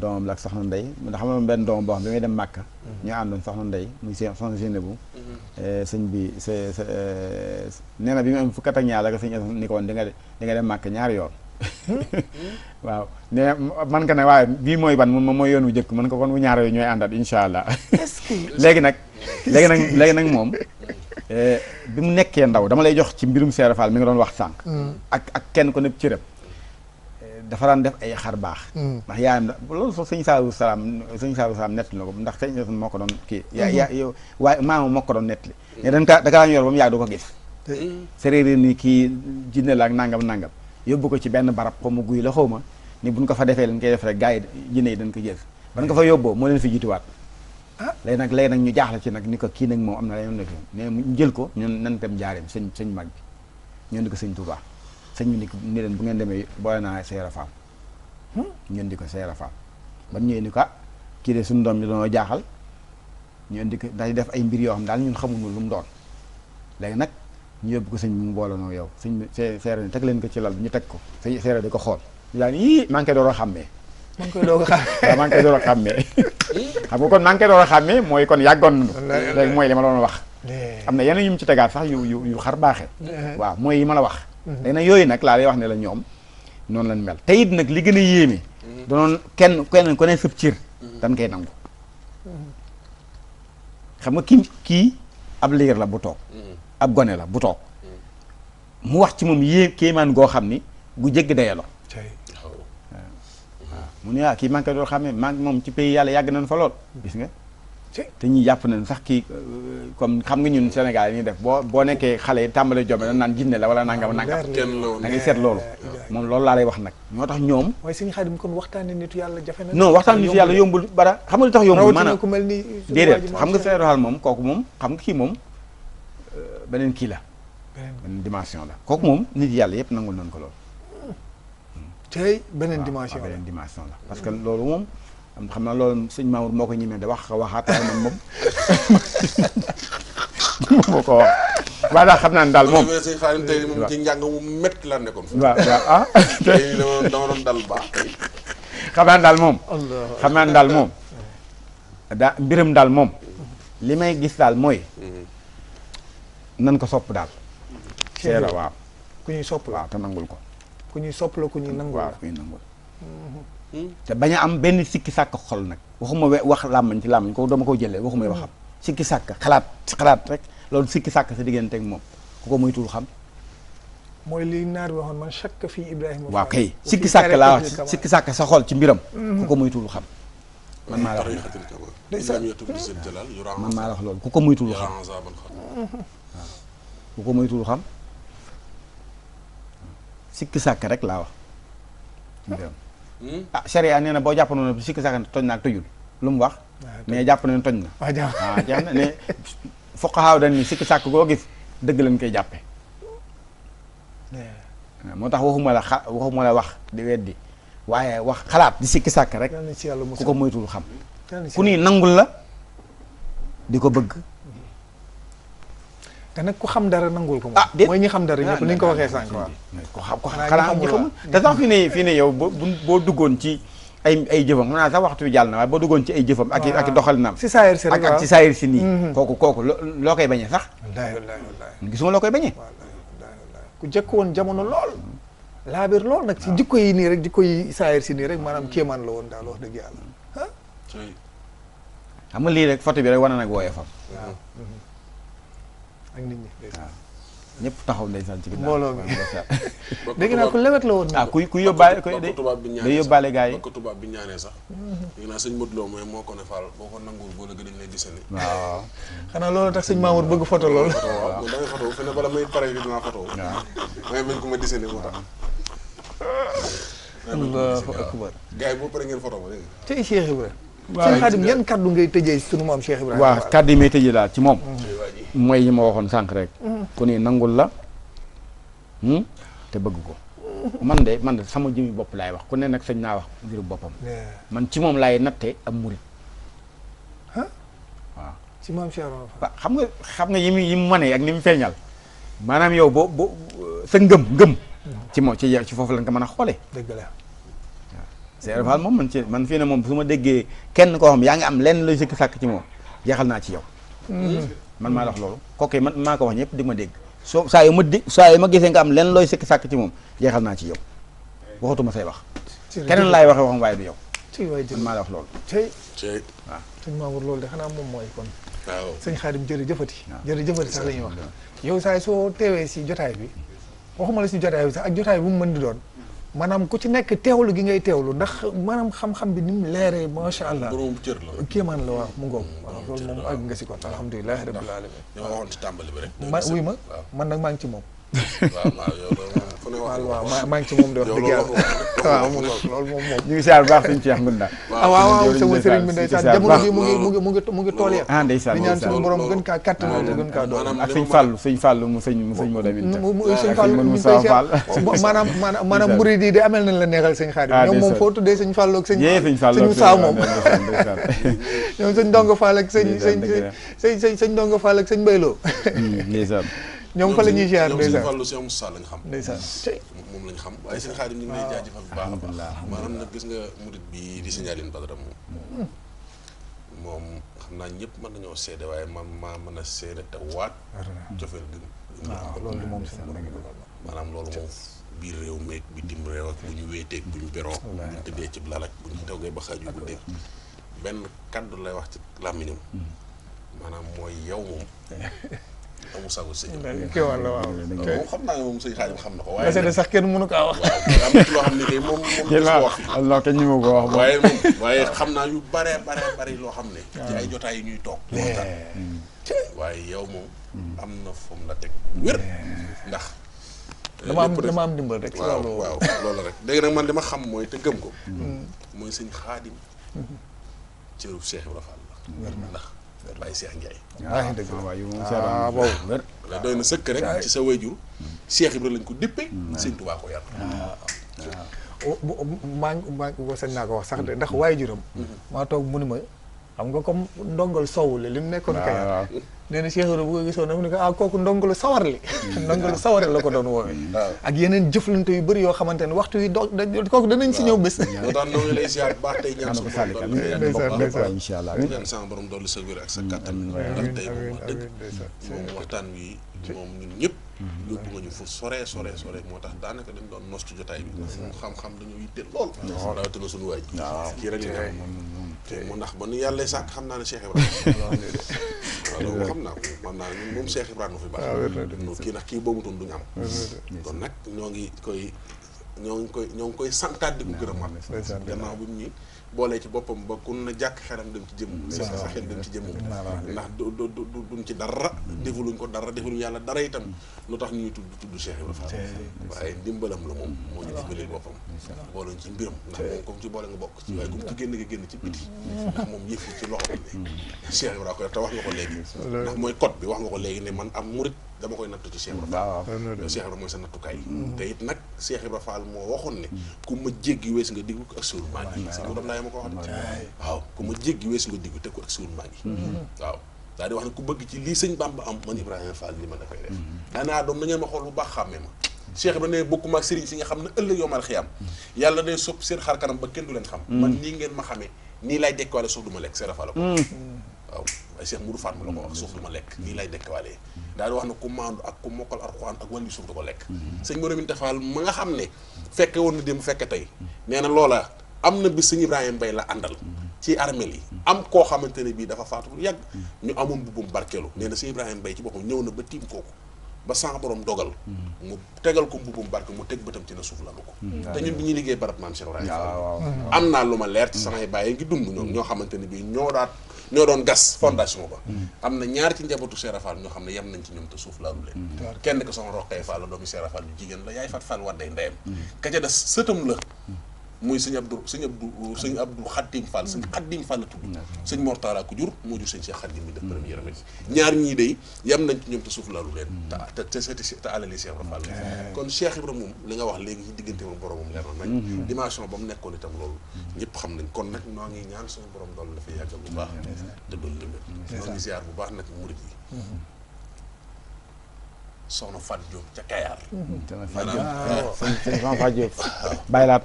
doomam la ak soxna Ndey ndax xam na benn doomam boo xam bi may dem Màkka mm-hmm. ñu àndoon soxna Ndey muy seen soxna Zeynabu mm-hmm. eh, sëñ bi sa eh, nee na bi mu am fukkat ak ñaar la ko sëñ ni di nga di nga dem Màkka ñaari yoon mm-hmm. <laughs> waaw ne man nga ne waaye bii mooy ban moom mooy yoon wu njëkk man ko kon wu ñaar ñooy àndaat incha allah <laughs> léegi nag léegi nag léegi nag moom eh, bi mu nekkee ndaw dama lay jox ci mbirum Seera Faal mi nga doon wax sànq mm. ak ak kenn ko nekk ci dafa daan def ay xar baax hmm. ndax yaayam da loolu so sëñ Saaru Salaam sëñ Saaru Salaam nettali na ko ndax sëñ Saaru moo ko doon kii yaa hmm. yaa yow waaye maama moo ko doon ne dañ ka da ka daan yor gis séréer ni kii jinne la nangam nangam yóbbu ko ci benn barab xaw ma guy la xaw ma ni buñ ko fa defee lañ koy def rek gars yi jinne dañ ko jël ban ko fa yóbboo moo leen fi jiituwaat ah. léegi nag léegi nag ñu jaaxle ci nag ni ko kii nag moom am na la yoon ne ñu jël ko ñun nan dem jaareem sëñ sëñ mag bi ñoon di ko sëñ Tuubaa sëñ bi ni ni leen bu ngeen demee boole naa seera faam hmm? ñu indi ko seera faam ban ñëwee ni ko kii de suñu doom ñu doon jaaxal ñu indi ko dañuy def ay mbir yoo xam daal ñun xamuñu lu mu doon léegi nag ñu yóbbu ko sëñ bi mu boolanoo yow sëñ bi seera ni teg leen ko ci lal bi ñu teg ko sëñ seera di ko xool ñu daal yii maa ngi koy door a xàmmee maa ngi koy a xàmmee <laughs> maa ngi koy <laughs> xam nga kon maa ngi koy xàmmee mooy kon yàggoon nañu mooy li ma doon wax am na yeneen yu mu ci tegaat sax yu yu yu xar baaxee waaw mooy yi ma la wax léegi mm-hmm. nag yooyu nag laa lay wax ne la ñoom noonu lañ mel te it nag li gën a yéeme mm-hmm. danoon kenn kenn ku ne sëb cër mm-hmm. dañ koy nangu xam nga ki kii ab liir la bu toog ab gone la bu toog mu wax ci moom yée kéemaan goo xam ni gu jëgg dayalo waaw mu ah, kii man ko xam xamee man moom ci pays yàlla yàgg nañ fa lool gis nga te ñuy jàpp nañ sax kii euh, comme xam nga ñun Sénégal yi ñuy def boo boo nekkee xale yi tàmbale jome da naan jinne la wala nangam nangam da ngay seet loolu moom loolu laa lay wax nag ñoo tax ñoom waaye suñu xadim kon waxtaane nitu yàlla jafe na non waxtaane nitu yàlla yombul bara xam nga lu tax yombul maanaam déedéet xam nga Sénégal moom kooku moom xam nga kii moom euh, beneen kii la beneen dimension la kooku moom nit yàlla yëpp nangul nañ ko loolu tey beneen dimension la parce que loolu moom am xam naa loolu sëñ Mamour moo ko ñemee da wax waxaat man moom <laughs> moo ko wax waaw daal xam naa ne daal moom ah. <laughs> xam naa ne daal moom daal moom daal moom li may gis daal mooy nan ko sopp daal seera waaw ku ñuy sopp la waaw te nangul ko ku ñuy sopp la ku ñuy nangul ku ñuy nangul mm-hmm. te bañ am benn sikki sàkk xol nag waxuma wax làmmañ ci làmmañ ko dama ko jëlee waxumay mm. waxam sikki sàkk xalaat xalaat rek loolu sikki sàkk sa diggante moom ku ko moytuwul xam mooy li naar waxoon man shakka fii Ibrahima waaw kay sikki sàkk laa wax sàkk sa xol ci mbiram mm-hmm. ku ko moytuwul xam man maa la wax loolu ku ko moytuwul xam waaw mm-hmm. ku ko moytuwul xam mm. sikki sàkk rek laa wax Hmm? ah charia nee na boo jàpp noonu sikki sàkk toj naag tojul lu mu wax ah, mais jàpp na ne toj na waaw ah, jeex ah, na ne fuqahaa dañ ni sikki sàkk goo gis dëgg lañ koy jàppe moo tax waxuma la xa waxuma la wax di weddi waaye wax xalaat di sikki sàkk rek ku ko moytul xam ku ni nangul la di ko bëgg te nag ku xam dara nangul ko moom. ah déet xam dara ñëpp ni ñu ko ah, waxee sànq. waaw ku xam ku xanaa ñi xamul te sax fi ne fii ne yow boo boo duggoon ci ay ay jëfam xam naa sax jàll na boo duggoon ci ay jëfam. ak ak doxalinam. si saayir si ak si saayir si nii. Mm-hmm. kooku kooku loo koy bañee sax. wallaahi wallaahi gisuma loo koy bañee. ku jëkk woon jamono lool. laabir lool nag si ah. jikko yi nii rek jikko yi saayir si nii rek maanaam mm. kéemaan la woon daal wax dëgg yàlla. xam nga lii rek photo bi rek wane nag wooyee fam ak nit ñi. waaw ah. ñëpp taxaw ndeysaan ci ginnaaw mbooloo mi dégg naa ku lewet la woon. ah kuy kuy yóbbaale kuy de day yóbbaale gars yi bakk tubaab bi ñaanee sax. dégg naa sëñ Modou Lo mooy moo ko ne Fall boo ko nanguwul boo la a lay disane. tax sëñ Mamour bëgg photo lool. waaw man damay photo fi ne bala may pare bi dinaa photo. waaw may bañ ko ma disane moo tax. allahu akbar gars yi boo paree ngeen photo ma dégg nga. tey waaw sëñ Xaadim yan kaddu ngay tëjee sunu maam Cheikh Ibrahima. waaw kaddu yi may tëjee daal ci moom. Mm. mooy yi ma waxoon sànq rek. Mm-hmm. ku ni nangul la hmm, te bëgg ko. Mm-hmm. man de man de sama jëmi bopp laay wax ku ne nag sëñ naa wax mbirum boppam. man ci moom laay natte am murit. waaw ci maam Cheikh xam nga xam nga yi mu yi mu mënee ak ni mu feeñal maanaam yow boo boo sa ngëm ngëm. Mm-hmm. ci moom ci foofu la ko mën a xoolee. dëgg Cheikh Fall moom man ci man fii ne moom su ma déggee kenn koo xam yaa ngi am lenn la jëkk sàkk ci moom jeexal naa ci yow man maa wax loolu kooku man maa ko wax ñëpp di ma dégg soo saa ma saa yu ma gisee nga am lenn looy sëkk sàkk ci moom jeexal naa ci yow waxatuma say wax keneen laay waxe waxam waaye du yow man maa la wax loolu tey tey waaw sëñ Mamour loolu de moom mooy kon waaw sëñ Xaadim jërëjëfati jërëjëfati sax la ñuy wax yow saay soo teewee si jotaay bi waxuma la si jotaay bi sax ak jotaay bu mu mën di doon maanaam ku ci nekk teewlu gi ngay teewlu ndax maanaam xam bi ni mu leeree macha allah. borom cër la kéemaan mu ngoog. waaw loolu moom àgg nga si kon alhamdulilah rabbil alamin. waaw tàmbali bi rek. ma ma man nag maa ngi ci moom. waaw waaw yow moom. waaw maa maa ngi ci moom de wax dëgg yàlla. waaw loolu moom moom. ngi siyaar baax suñu Cheikh Mbinda. waaw waaw sama sëriñ bi ndeysaan jamono bi mu mu ngi tool ya. ah ndeysaan di ñaan suñu borom gën kaa kattanoo ah, te gën kaa doon. ak sëñ Fallou sëñ Fallou mu sëñ mu sëñ Modou Aminta. mu mu ah, ngi nañ la neexal sëñ Xaadim. ah ñoom moom foo tuddee sëñ Fallou ak sëñ. yee sëñ Fallou ak sëñ Moussa moom. <laughs> ñoom sëñ Ndongo Fall ak sëñ sëñ sëñ sëñ Ndongo Fall ak <laughs> ñoom fa la ñuy ziar ndeysaan ñoom si wàllu lañ xam ndeysaan moom lañ xam waaye seen xaadim ñu ngi lay ah, jaajëfal bu baax a baax maanaam na gis nga murit bi di signalé Badara moom moom xam naa ñëpp mën nañoo seede waaye ma maa mën a seede te waat jofeel gën ah, loolu moom maanaam loolu moom biir réew meeg bitim réew ak bu ñu wéeteeg bu ñu beroo ci lalak bu ñu toggee ba xaaju guddeeg benn kaddu lay wax ci làmmiñam hmm. maanaam mooy yow moom <laughs> amul sago sëñ ki wàll waaw moom xam naa ne moom sëñ xaadim xam na ko waaye de sax kenn mënu kaa wax am na loo xam ne kay moom moom wax allah kenn ñi ma ko wax waaye moom waaye xam naa yu bare bare bare loo xam ne ci ay jotaay yu ñuy toog waaye yow moom am na foom la teg wér ndax dama am dama am dimbal rek waaw waaw loolu rek léegi nag man li ma xam mooy te gëm ko mooy sëñ xaadim cërub Cheikh Ibrahima Fall la ndax Laay Cheikh Ndiaye. waaw ah, dëgg la waaye moom boobu ah, doy sëkk rek ci sa wayjur Cheikh Ibrahima lañ ko dippee. Mm. sëñ Tuubaa ko yar. waaw mm. ah. mm. oh, maa ngi maa ngi sëñ naa ko wax sax de ndax waaye juram. Mm-hmm. maa toog mu ni ma. xam nga comme ndongol sow li mu nekkoon ah. Kayar nee na Cheikh Ibra bu ko gisoon dafa ne ko ah kooku ndongol sawar li mm. ndongol la ko doon woowee mm. ah. ak yeneen jëflante yu bëri yoo xamante ne waxtu yi do kooku danañ si ah. ñëw bés moo tax noo ngi lay ziar sa borom dool incha allah ñaan sa borom dool sa wér ak sa mm. kattan ndax dëgg moom waxtaan wi moom ñun yóbbu nga ñu fu sore sore sore moo tax daanaka dañ doon nostu jotaay bi xam-xam dañu yitte lool rawatina suñu waay kii rek la te mu ndax ba nu yàlla sàkk xam naa ne Cheikh Ibrahima <laughs> loolu xam naa ko man naa ñun moom Cheikh a fi baax ah, kii ndax kii boobutoon duñu am kon nag ñoo ngi koy ñoo ngi koy ñoo ngi koy santaat di ko gërëmaat gannaaw bi mu ñi boolee ci boppam ba kun na jàkk xelam dem ci jëmm mm-hmm. sa sa xel dem ci jëmm mm-hmm. ndax du duñ ci dara mm-hmm. defaluñ ko dara defaluñ yàlla dara itam lu tax ñuy tudd tudd Cheikh Ibrahima Fall waaye ndimbalam la moom moo ñu dimbalil boppam ci mbiram ndax moom ci boole nga bokk ci ci génn nga génn ci biti ndax moom yëf yi ci loxo bi Cheikh wax nga ko léegi ndax mooy code bi wax nga ko léegi ne man am murit dama koy nattu ci Cheikh Ibra Fall Cheikh Ibra mooy sa nattukaay mm. te it nag Cheikh Ibra Fall moo waxoon ne mm. ku ma jéggi weesu nga diggu ak suul maa ngi si dam ma ko wax waaw ku ma jéggi weesu nga te ku ak suul maa mm-hmm. waaw daal wax ne ku bëgg ci lii sëñ Bamba am man Ibrahima Fall li man da koy def mm-hmm. daanaa doom na ngeen ma xool bu baax ne bokkuma ak sëriñ si nga xam ne ëllëg yomal xiyam mm-hmm. yàlla ne sopp seen xar kanam ba kenn du leen xam man nii ngeen ma xamee nii laay dekk wala suuf du ma lekk Cheikh Ibra waaw Cheikh Mourou Fall mu la ko wax suuf du ma lekk lii lay dekkwaalee daal di wax ne ku maandu ak ku mokkal alxuraan ak wàllu suuf du ko lekk sëñ xam ne fekke woon na dem fekke tey nee na loola am na bis sëñ Ibrahima Mbaye la àndal ci armel yi am koo xamante ne bii dafa faatu lu ñu amoon bubbum barkeelu nee na sëñ Ibrahima ci boppam ñëw na ba tiim kooku ba sans borom dogal mu tegal ko mbubbum barke mu teg bëtam ci na suuf la ma ko te ñun bi ñuy liggéey barab maam Cheikh Ibrahima am naa lu ma leer ci samay bàyyi ngi dund ñoom ñoo xamante ne bii ñoo daat ñoo doon gas fondation ba mm. Mm. am na ñaar ci njabootu Cheikh Fall ñoo xam ne yem nañ ci ñoom te suuf laalu leen mm. kenn ko soxna Roqee Fall la doomu Cheikh Fall bu jigéen la yaay fat Fall waddee ndeyam ka ca des sëtam la muy sëñ Abdou sëñ Abdou sëñ Abdou Xaddim Fall sëñ Xaddim Fall la tudd sëñ Mortala ku jur moo jur sëñ Cheikh Xaddim bi def première rek ñaar ñi day yam nañ ci ñoom te suuf laalu leen hmm. te te te alali Cheikh Ibra Fall kon Cheikh Ibra moom li nga wax léegi ci diggante moom boromam leer na nañ hmm. dimension ba mu nekkoon itam loolu ñëpp xam nañ kon nag noo ngi ñaan suñu borom dool dafa yàggal bu baax hmm. te doolu lëwén noo ngi ziar bu baax nag murid yi soxna Fatou Diop ca Kayar. Mm-hmm. soxna Fatou Diop waaw ah, soxna Fatou Diop. bàyyi laat.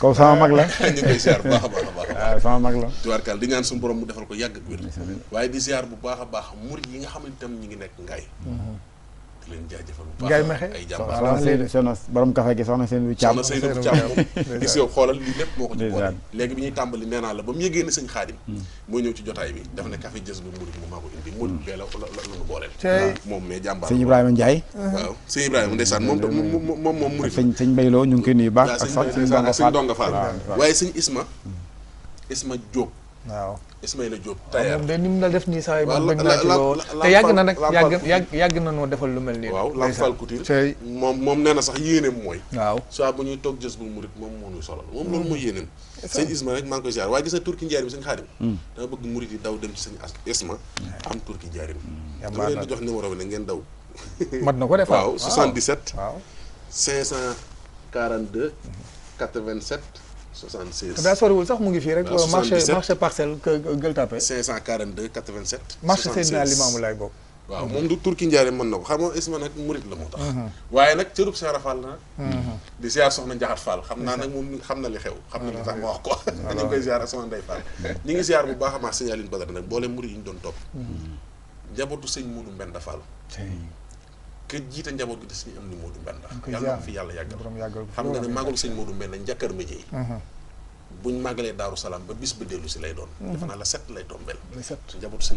ko sama mag la. <laughs> ñu ngi koy ziar bu baax a baax a baax. waaw ah, sama mag la. tubaarkaal di ñaan suñu borom mu defal ko yàgg ak wér. waaye di ziar bu baax a baax murid yi nga xam ne itam ñu ngi nekk Ngaye. Mm-hmm. di leen jaajëfal bu baax. ngay mexe ay jàmbaar soxna Seydou soxna borom kafe gi soxna Seydou Thiam. soxna Seydou Thiam moom <laughs> gis yow xoolal lii lépp moo ko ci boole. léegi bi ñuy tàmbali nee naa la ba mu yëgee ne sëñ Xaadim. Hmm. moo ñëw ci jotaay bi dafa ne café jës bu murid mu maa ko indi. murid hmm. bee la la ñu booleel. tey moom mais jàmbaar sëñ Ibrahima Ndiaye. waaw sëñ Ibrahima ndeysaan moom moom moom moom murid. sëñ sëñ Bayloo ñu ngi koy nuyu baax. ak sax sëñ Donga Fall waaye sëñ Isma hmm. Isma Diop waaw Ismaïla Diop. Ah, tailleur waaw moom mu la def nii saa yi moom bëgg naa ci lool te yàgg na nag yàgg na noo defal lu mel nii. waaw Lamfal Couture tey moom moom nee na sax yéeneem mooy. waaw soit bu ñuy toog jës bu murit moom moo ñu solal moom loolu mooy yéeneem. sëñ Isma rek maa ngi koy ziar waaye gis na turki njaarim sëñ Xaadim. Hmm. dama bëgg murit yi daw dem ci sëñ Isma hmm. am turki njaarim. Hmm. dama leen di jox numéro bi ne ngeen daw. <laughs> mat na ko def waaw 77. waaw 542. 87. 76 te daa soriwul sax mu ngi fii rek. marché marché parcelle Gueule Tapée. 542 87. 76 marché Seydina waaw moom du turki njaare mën na ko xam nga Isma murit la moo tax. Uh-huh. waaye nag cërub Seera Fall na. Uh-huh. di ziar soxna Njaxat Fall xam naa nag moom xam na li xew. xam na li tax uh-huh. ma wax ko <laughs> dañu koy ziar ak soxna Ndeye Fall. ñu ngi ziar bu baax a baax Serigne Aline Badara nag boole murit yi ñu doon ke jiite njaboot gi di sëñ am ni Modou Mbenda yàlla na fi yàlla yàggal xam nga ne ma jëy buñ màggalee ba bis naa la set lay tombel njabootu sëñ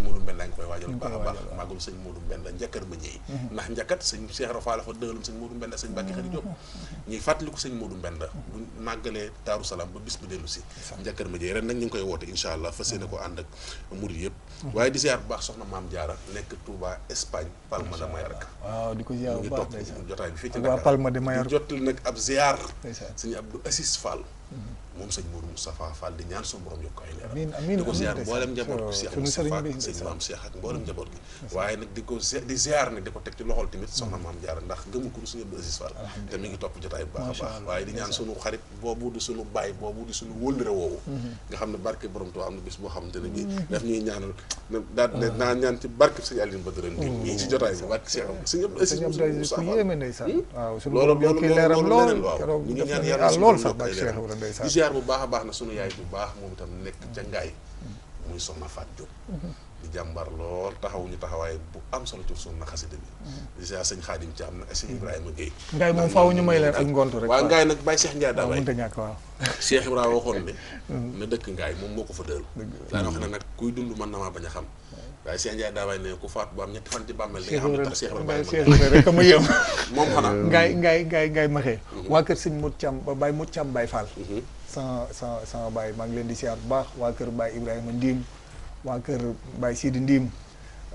Modou Mbenda ngi a njakkar ma jëy ndax njakkat sëñ Cheikh Rafa la fa dëgalam sëñ Modou Mbenda sëñ Bakki Xari Diop ñuy fàttaliku sëñ Modou Mbenda buñ màggalee Daaru Salaam ba bis ba dellu si njakkar ma jëy ren nag ñu ngi koy woote incha allah fas yéene ko ànd ak murid yëpp Mmh. waaye di ziar bu baax soxna maam Diarra nekk Touba Espagne Palma de Mallorca. waaw di ko ziar bu baax ngi toog jotaay bi fii ci Dakar waa Palma de Mallorca di jottali nag ab ziar. suñu Abdou Assis Fall. moom sëñ Mourou Moustapha Fall di ñaan suñu borom yokk ay leeram amiin amiin di ko ziar mboolem njaboot gi Cheikh Moustapha ak sëñ Maam Cheikh ak mboolem mm-hmm. njaboot gi waaye nag di ko di ziar nag di ko teg ci loxol tamit soxna maam Jaara ndax gëmul ko suñu Abdou Aziz Fall te mi ngi topp jotaay bu baax a baax waaye di ñaan suñu xarit boobu di suñu baay boobu di suñu wëllëre woowu mm-hmm. nga xam ne barke borom Tuubaa am na bis boo xamante ne bi mm-hmm. daf ñuy ñaanal daal ne naa ñaan ci barke sëñ Aliou Badara ñii ci jotaay bi barke Cheikh sëñ Abdou Aziz Moustapha Fall hmm? loolu loolu loolu leneen waaw ñu ngi ñaan yàlla suñu borom yokk ay leeram bu baax a baax na sunu yaay bu baax moom itam nekk ca ngaay muy soxna Faat Diop di jàmbar lool taxaw ñu taxawaay bu am solo ci suñu xasida bi di ziar sëñ Xaadim Thiam nag ak sëñ Ibrahima Guèye ngaay moom faaw ñu may leen ak ngont rek waaw ngaay nag Baye Cheikh Ndiaye daa mënta ñàkk waaw Cheikh na mm. dëkk ngaay moom moo ko fa dël daana wax ne nag kuy dund mën na maa a xam waaye Cheikh Ndiaye daa ne ku faatu ba am ñetti fan ci bàmmeel nga xam ne tax Cheikh Ibrahima Cheikh Ibrahima rek mu yëm <laughs> moom xanaa ngaay ngaay ngaay ngaay maxee mm-hmm. waa kër sëñ Modou Thiam ba Baye Modou Thiam Baye sama sama sama baay maa ngi leen di siyaar bu baax waa kër Baye Ibrahima Ndiim waa kër Baye Sidi Ndiim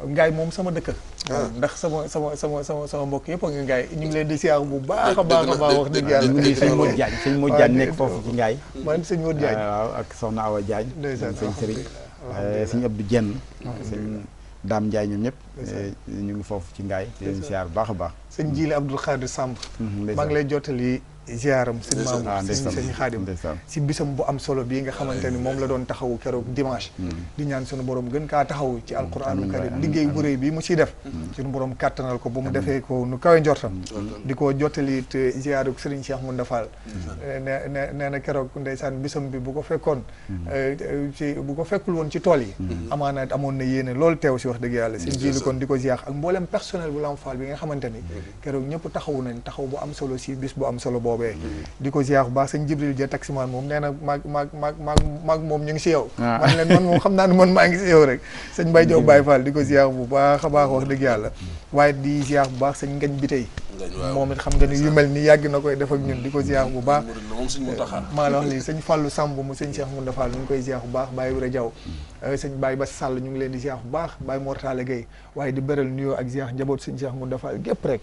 ngaay moom sama dëkk ah. ndax sama sama sama sama sama mbokk yëpp a ngi ñu ngi leen di siyaar bu baax a baax a baax yàlla ñu ngi sëñ Modou Diagne sëñ Modou Diagne nekk foofu ci ngaay man sëñ Modou jaañ ah, waaw ak soxna Awa Diagne sëñ Sëriñ eh, sëñ Abdou Dieng sëñ Dame Ndiaye ñoom ñëpp eh, ñu ngi foofu ci ngaay di siyaar baax baax sëñ Jili Abdoul Khadir Samb mm-hmm, maa ngi lay jottali ziaram sëñ maamu ah, sëñ sëñ xaadim si bisam bu am solo bii nga xamante ni moom la doon taxawu keroog dimanche mm. di ñaan sunu borom gën kaa taxaw ci mm. alquraanul karim liggéey bu réy bi mu siy def mm. sunu borom kàttanal ko ba mu defee ko nu kawe njortam di ko jottalit eh, ziaru sëriñ Cheikh Mounda Fall ne eh, ne nee na keroog ndeysaan bisam bi bu ko fekkoon eh, ci bu ko fekkul woon ci tool yi amaana amoon na yéene loolu teew si wax dëgg yàlla seen jiili kon di ko ziar ak mboolem personnel bu Lamp Fall bi nga xamante ni keroog ñëpp taxawu nañ taxaw bu am solo si bis bu am solo boobu boobee di ko ziar bu baax sëñ Jibril Dia taximaan moom nee na maag maag moom ñu ngi si yow ah. man leen man moom xam naa ne man maa ngi si yow rek sëñ Mbaye Diop baax a baax wax dëgg yàlla waaye di ziar bu baax sëñ Ngañ bi tey moom it xam nga ni ni yàgg na koy def ak ñun di ko ziar bu baax maa la wax lii sëñ Fallou mu sëñ Cheikh Mounda Fall ñu ngi koy ziar bu baax Baye Wura Diaw eh, sëñ Baye Bass leen di ziar bu baax Baye Mortale Gueye waaye di beral nuyoo ak ziar njaboot sëñ Cheikh Mounda Fall gépp rek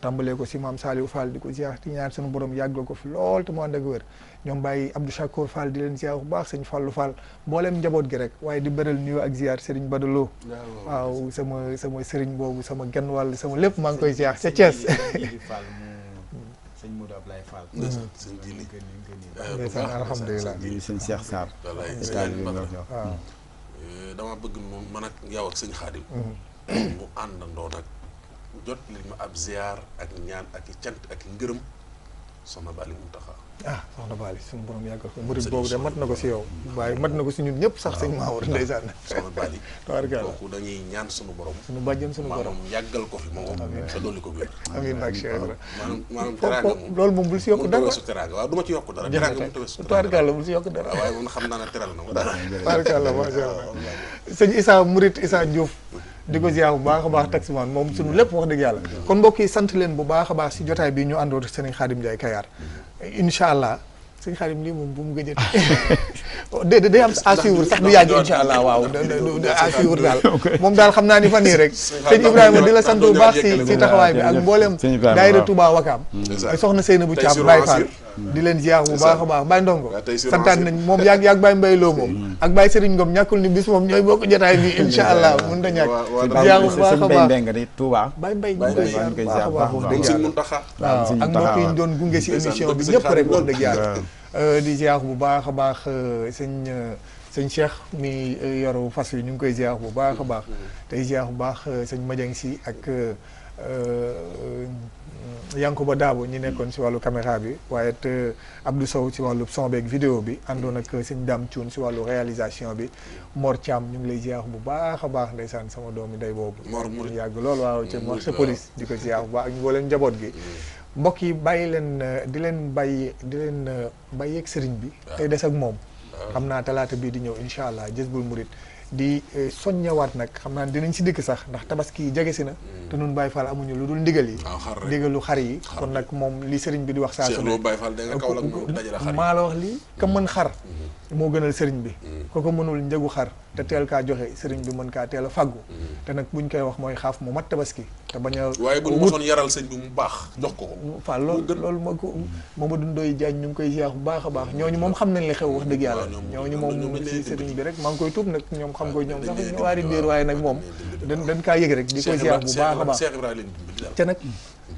tambale ko si mam salihu Fall di ko ziar di ñaan sunu borom yaggo ko fi lol to mo ànd ak wér ñom baye Abdou Chakour Fall di len ziar bu baax señ fallu Fall mboolem njabot gi rek waye di bëral nuyu ak ziar Serigne Badalo. Ya waaw sama sama Serigne bobu sama genn wal sama lepp mang koy ziar ci ties sëñ Modou Ablaye Fall. sëñ Jili ndeysaan alhamdulilah sëñ Cheikh Sarr. dama bëgg moom man ak yow ak sëñ Xaadim. mu àndandoo nag. jot li ma ab ziar ak ñaan ak i cant ak ngërëm soxna Bali Muntaxa ah soxna Bali suñu borom yàggal ko murid boobu de mat na ko si yow waaye mat na ko si ñun ñëpp sax sëñ Mamour ndeysaan soxna Bali kooku dañuy ñaan suñu borom suñu suñu borom yàggal ko fi moom te dolli ko wér amiin moom moom bul si yokk dara su teraanga waaw du ma ci yokk dara teraanga mu tawee su tabarkàlla bul si yokk dara waaye moom xam naa ne teral na ma tabarkàlla macha allah <laughs> sëñ Issa murid Issa Diouf mm-hmm. di ko ziar bu baax a si taximaan moom suñu lépp wax dëgg yàlla kon mbokk yi sant leen bu baax a baax si jotaay bi ñu àndoon Serigne Khadim Ndiaye Kayar incha allah Serigne Khadim lii moom bu mu gëjët <laughs> déedéet day am à suivre sax du yàgg incha allah waaw à suivre daal <laughs> moom daal xam naa ni fan yii rek sëñ Ibrahima di la sant bu baax si si taxawaay bi ak mboolem daayira Touba Wakaam soxna Seynabou Thiam Baye Fall di leen ziar bu baax a baax Baye Ndongo santaat nañ moom yaag yaag Baye Mbaye Lo moom ak Baye Serigne Ngom ñàkkul ni bis moom ñooy bokk jotaay bi incha allah mën ta ñàkk ziar bu baax a baax nga di Touba Baye Mbaye ñu koy ziar bu baax a baax wax dëgg doon gunge si émission bi ñëpp rek wax dëgg di ziar bu baax a baax euh, sëñ euh, sëñ Cheikh mi euh, yoru fas yi ñu ngi koy ziar bu baax a baax mm-hmm. tey ziar bu baax sëñ Madiang si ak Yankuba Daabo ñi nekkoon si wàllu caméra bi waaye te Abdou Sow ci wàllu son beeg vidéo bi àndoon ak sëñ Dame Thioune si wàllu réalisation bi Mor Thiam ñu ngi lay ziar bu baax a baax ndeysaan sama doomi day boobu ñu yàgg loolu waaw ci marché police di ko ziar bu baax ak ñu leen njaboot gi mm. mbokk yi bàyyi leen di leen bàyyi di leen bàyyi ak sëriñ bi tey des ak moom xam naa talaata bii di ñëw incha allah Jazboul Mouride di eh, soññawaat nag xam naa dinañ si dikk sax ndax tabaski jege si na hmm. te nun Baye Fall amuñu lu dul ndigal yi ah, ndigalu xar yi kon nag moom li sëriñ bi di wax saa su ne maa la wax lii ka mën xar hmm. moo gënal sëriñ bi mm. ko ko mënul njëgu xar te teel kaa joxe sëriñ bi mën kaa teela fàggu mm. te nag buñ koy wax mooy xaaf mu mat tabaski te bañ a waaye bu mosoon sëñ bi mu baax jox ko fa loolu loolu ma ko Mamadou Ndoye Diagne ñu ngi koy ziar bu baax a baax ñooñu moom xam nañ li xew wax dëgg yàlla ñooñu moom si sëriñ bi rek maa ngi koy tuub nag ñoom xam ko ñoom sax ñu waari biir waaye nag moom dañ kaa yëg rek di koy ziar bu baax a baax te nag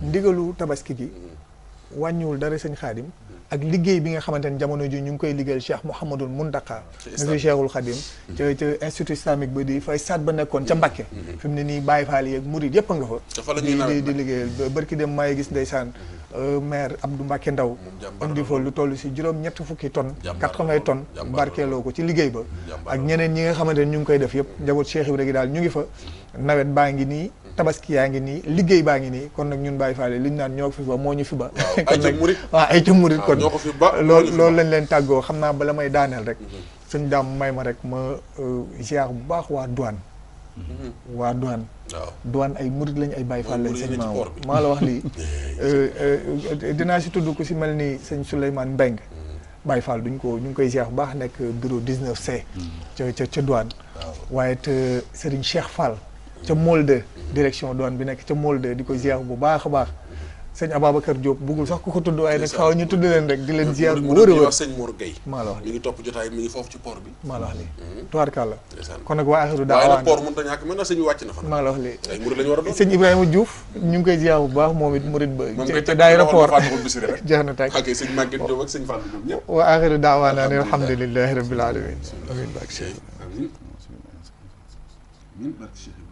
ndigalu tabaski gi mm. wàññiwul dara sëñ xaadim ak liggéey bi nga xamante ne jamono ji ñu ngi koy liggéeyal Cheikh Mouhamadul Moundaka mu fi Cheikhul Khadim ca ca institut islamique ba di fay saat ba nekkoon ca Mbakke mm-hmm. fi mu ne nii Baye Fall yeeg murid yëpp a nga fa di di liggéeyal barki gis ndeysaan mm-hmm. euh, maire Abdou Mbacké Ndaw indi fa lu toll si juróom ñett fukki tonnes quatre-vingts tonnes barkeeloo ko ci liggéey ba ak ñeneen ñi nga xamante ne ñu ngi koy def yëpp njaboot Cheikh Ibrahima daal ñu ngi fa nawet baa ngi nii tabaski yaa ngi nii liggéey baa ngi nii kon nag ñun Baye Fall li ñu naan ñoo fi ba moo ñu fi ba <laughs> kon nag waaw ay jëmurit ah, kon loolu loolu leen tàggoo xam naa bala may daaneel rek mhm. suñ daam may ma rek ma euh, ziar bu baax waa douane mhm. waa ay murit lañ ay Baye Fall lañ maam maa la wax lii <laughs> euh, euh, dinaa si tudd ku si mel ni sëñ Souleymane Mbeng mhm. Baye Fall duñ ko ñu ngi koy ziar bu baax nekk bureau 19C ca ca ca waaye te Serigne Cheikh Fall ca Molde direction douane bi nekk ca Molde di ko ziar bu baax a baax sëñ Ababacar Diop buggul sax ku ko tudd waaye nag xaw ñu tudd leen rek di leen ziar bu wër a wër sëñ Mor Gueye maa foofu ci port bi maa la wax li mhm. tubaarkàlla kon nag waa axiru daawaa port mën ta la wax li ay murid lañu ñu ngi koy ziar bu baax moom it murid ba ca daay rapport <laughs> jeex na tàkk ak sëñ Maguette Diop ak sëñ Fallou Diop ñëpp waa axiru daawaa naa rabbil alamin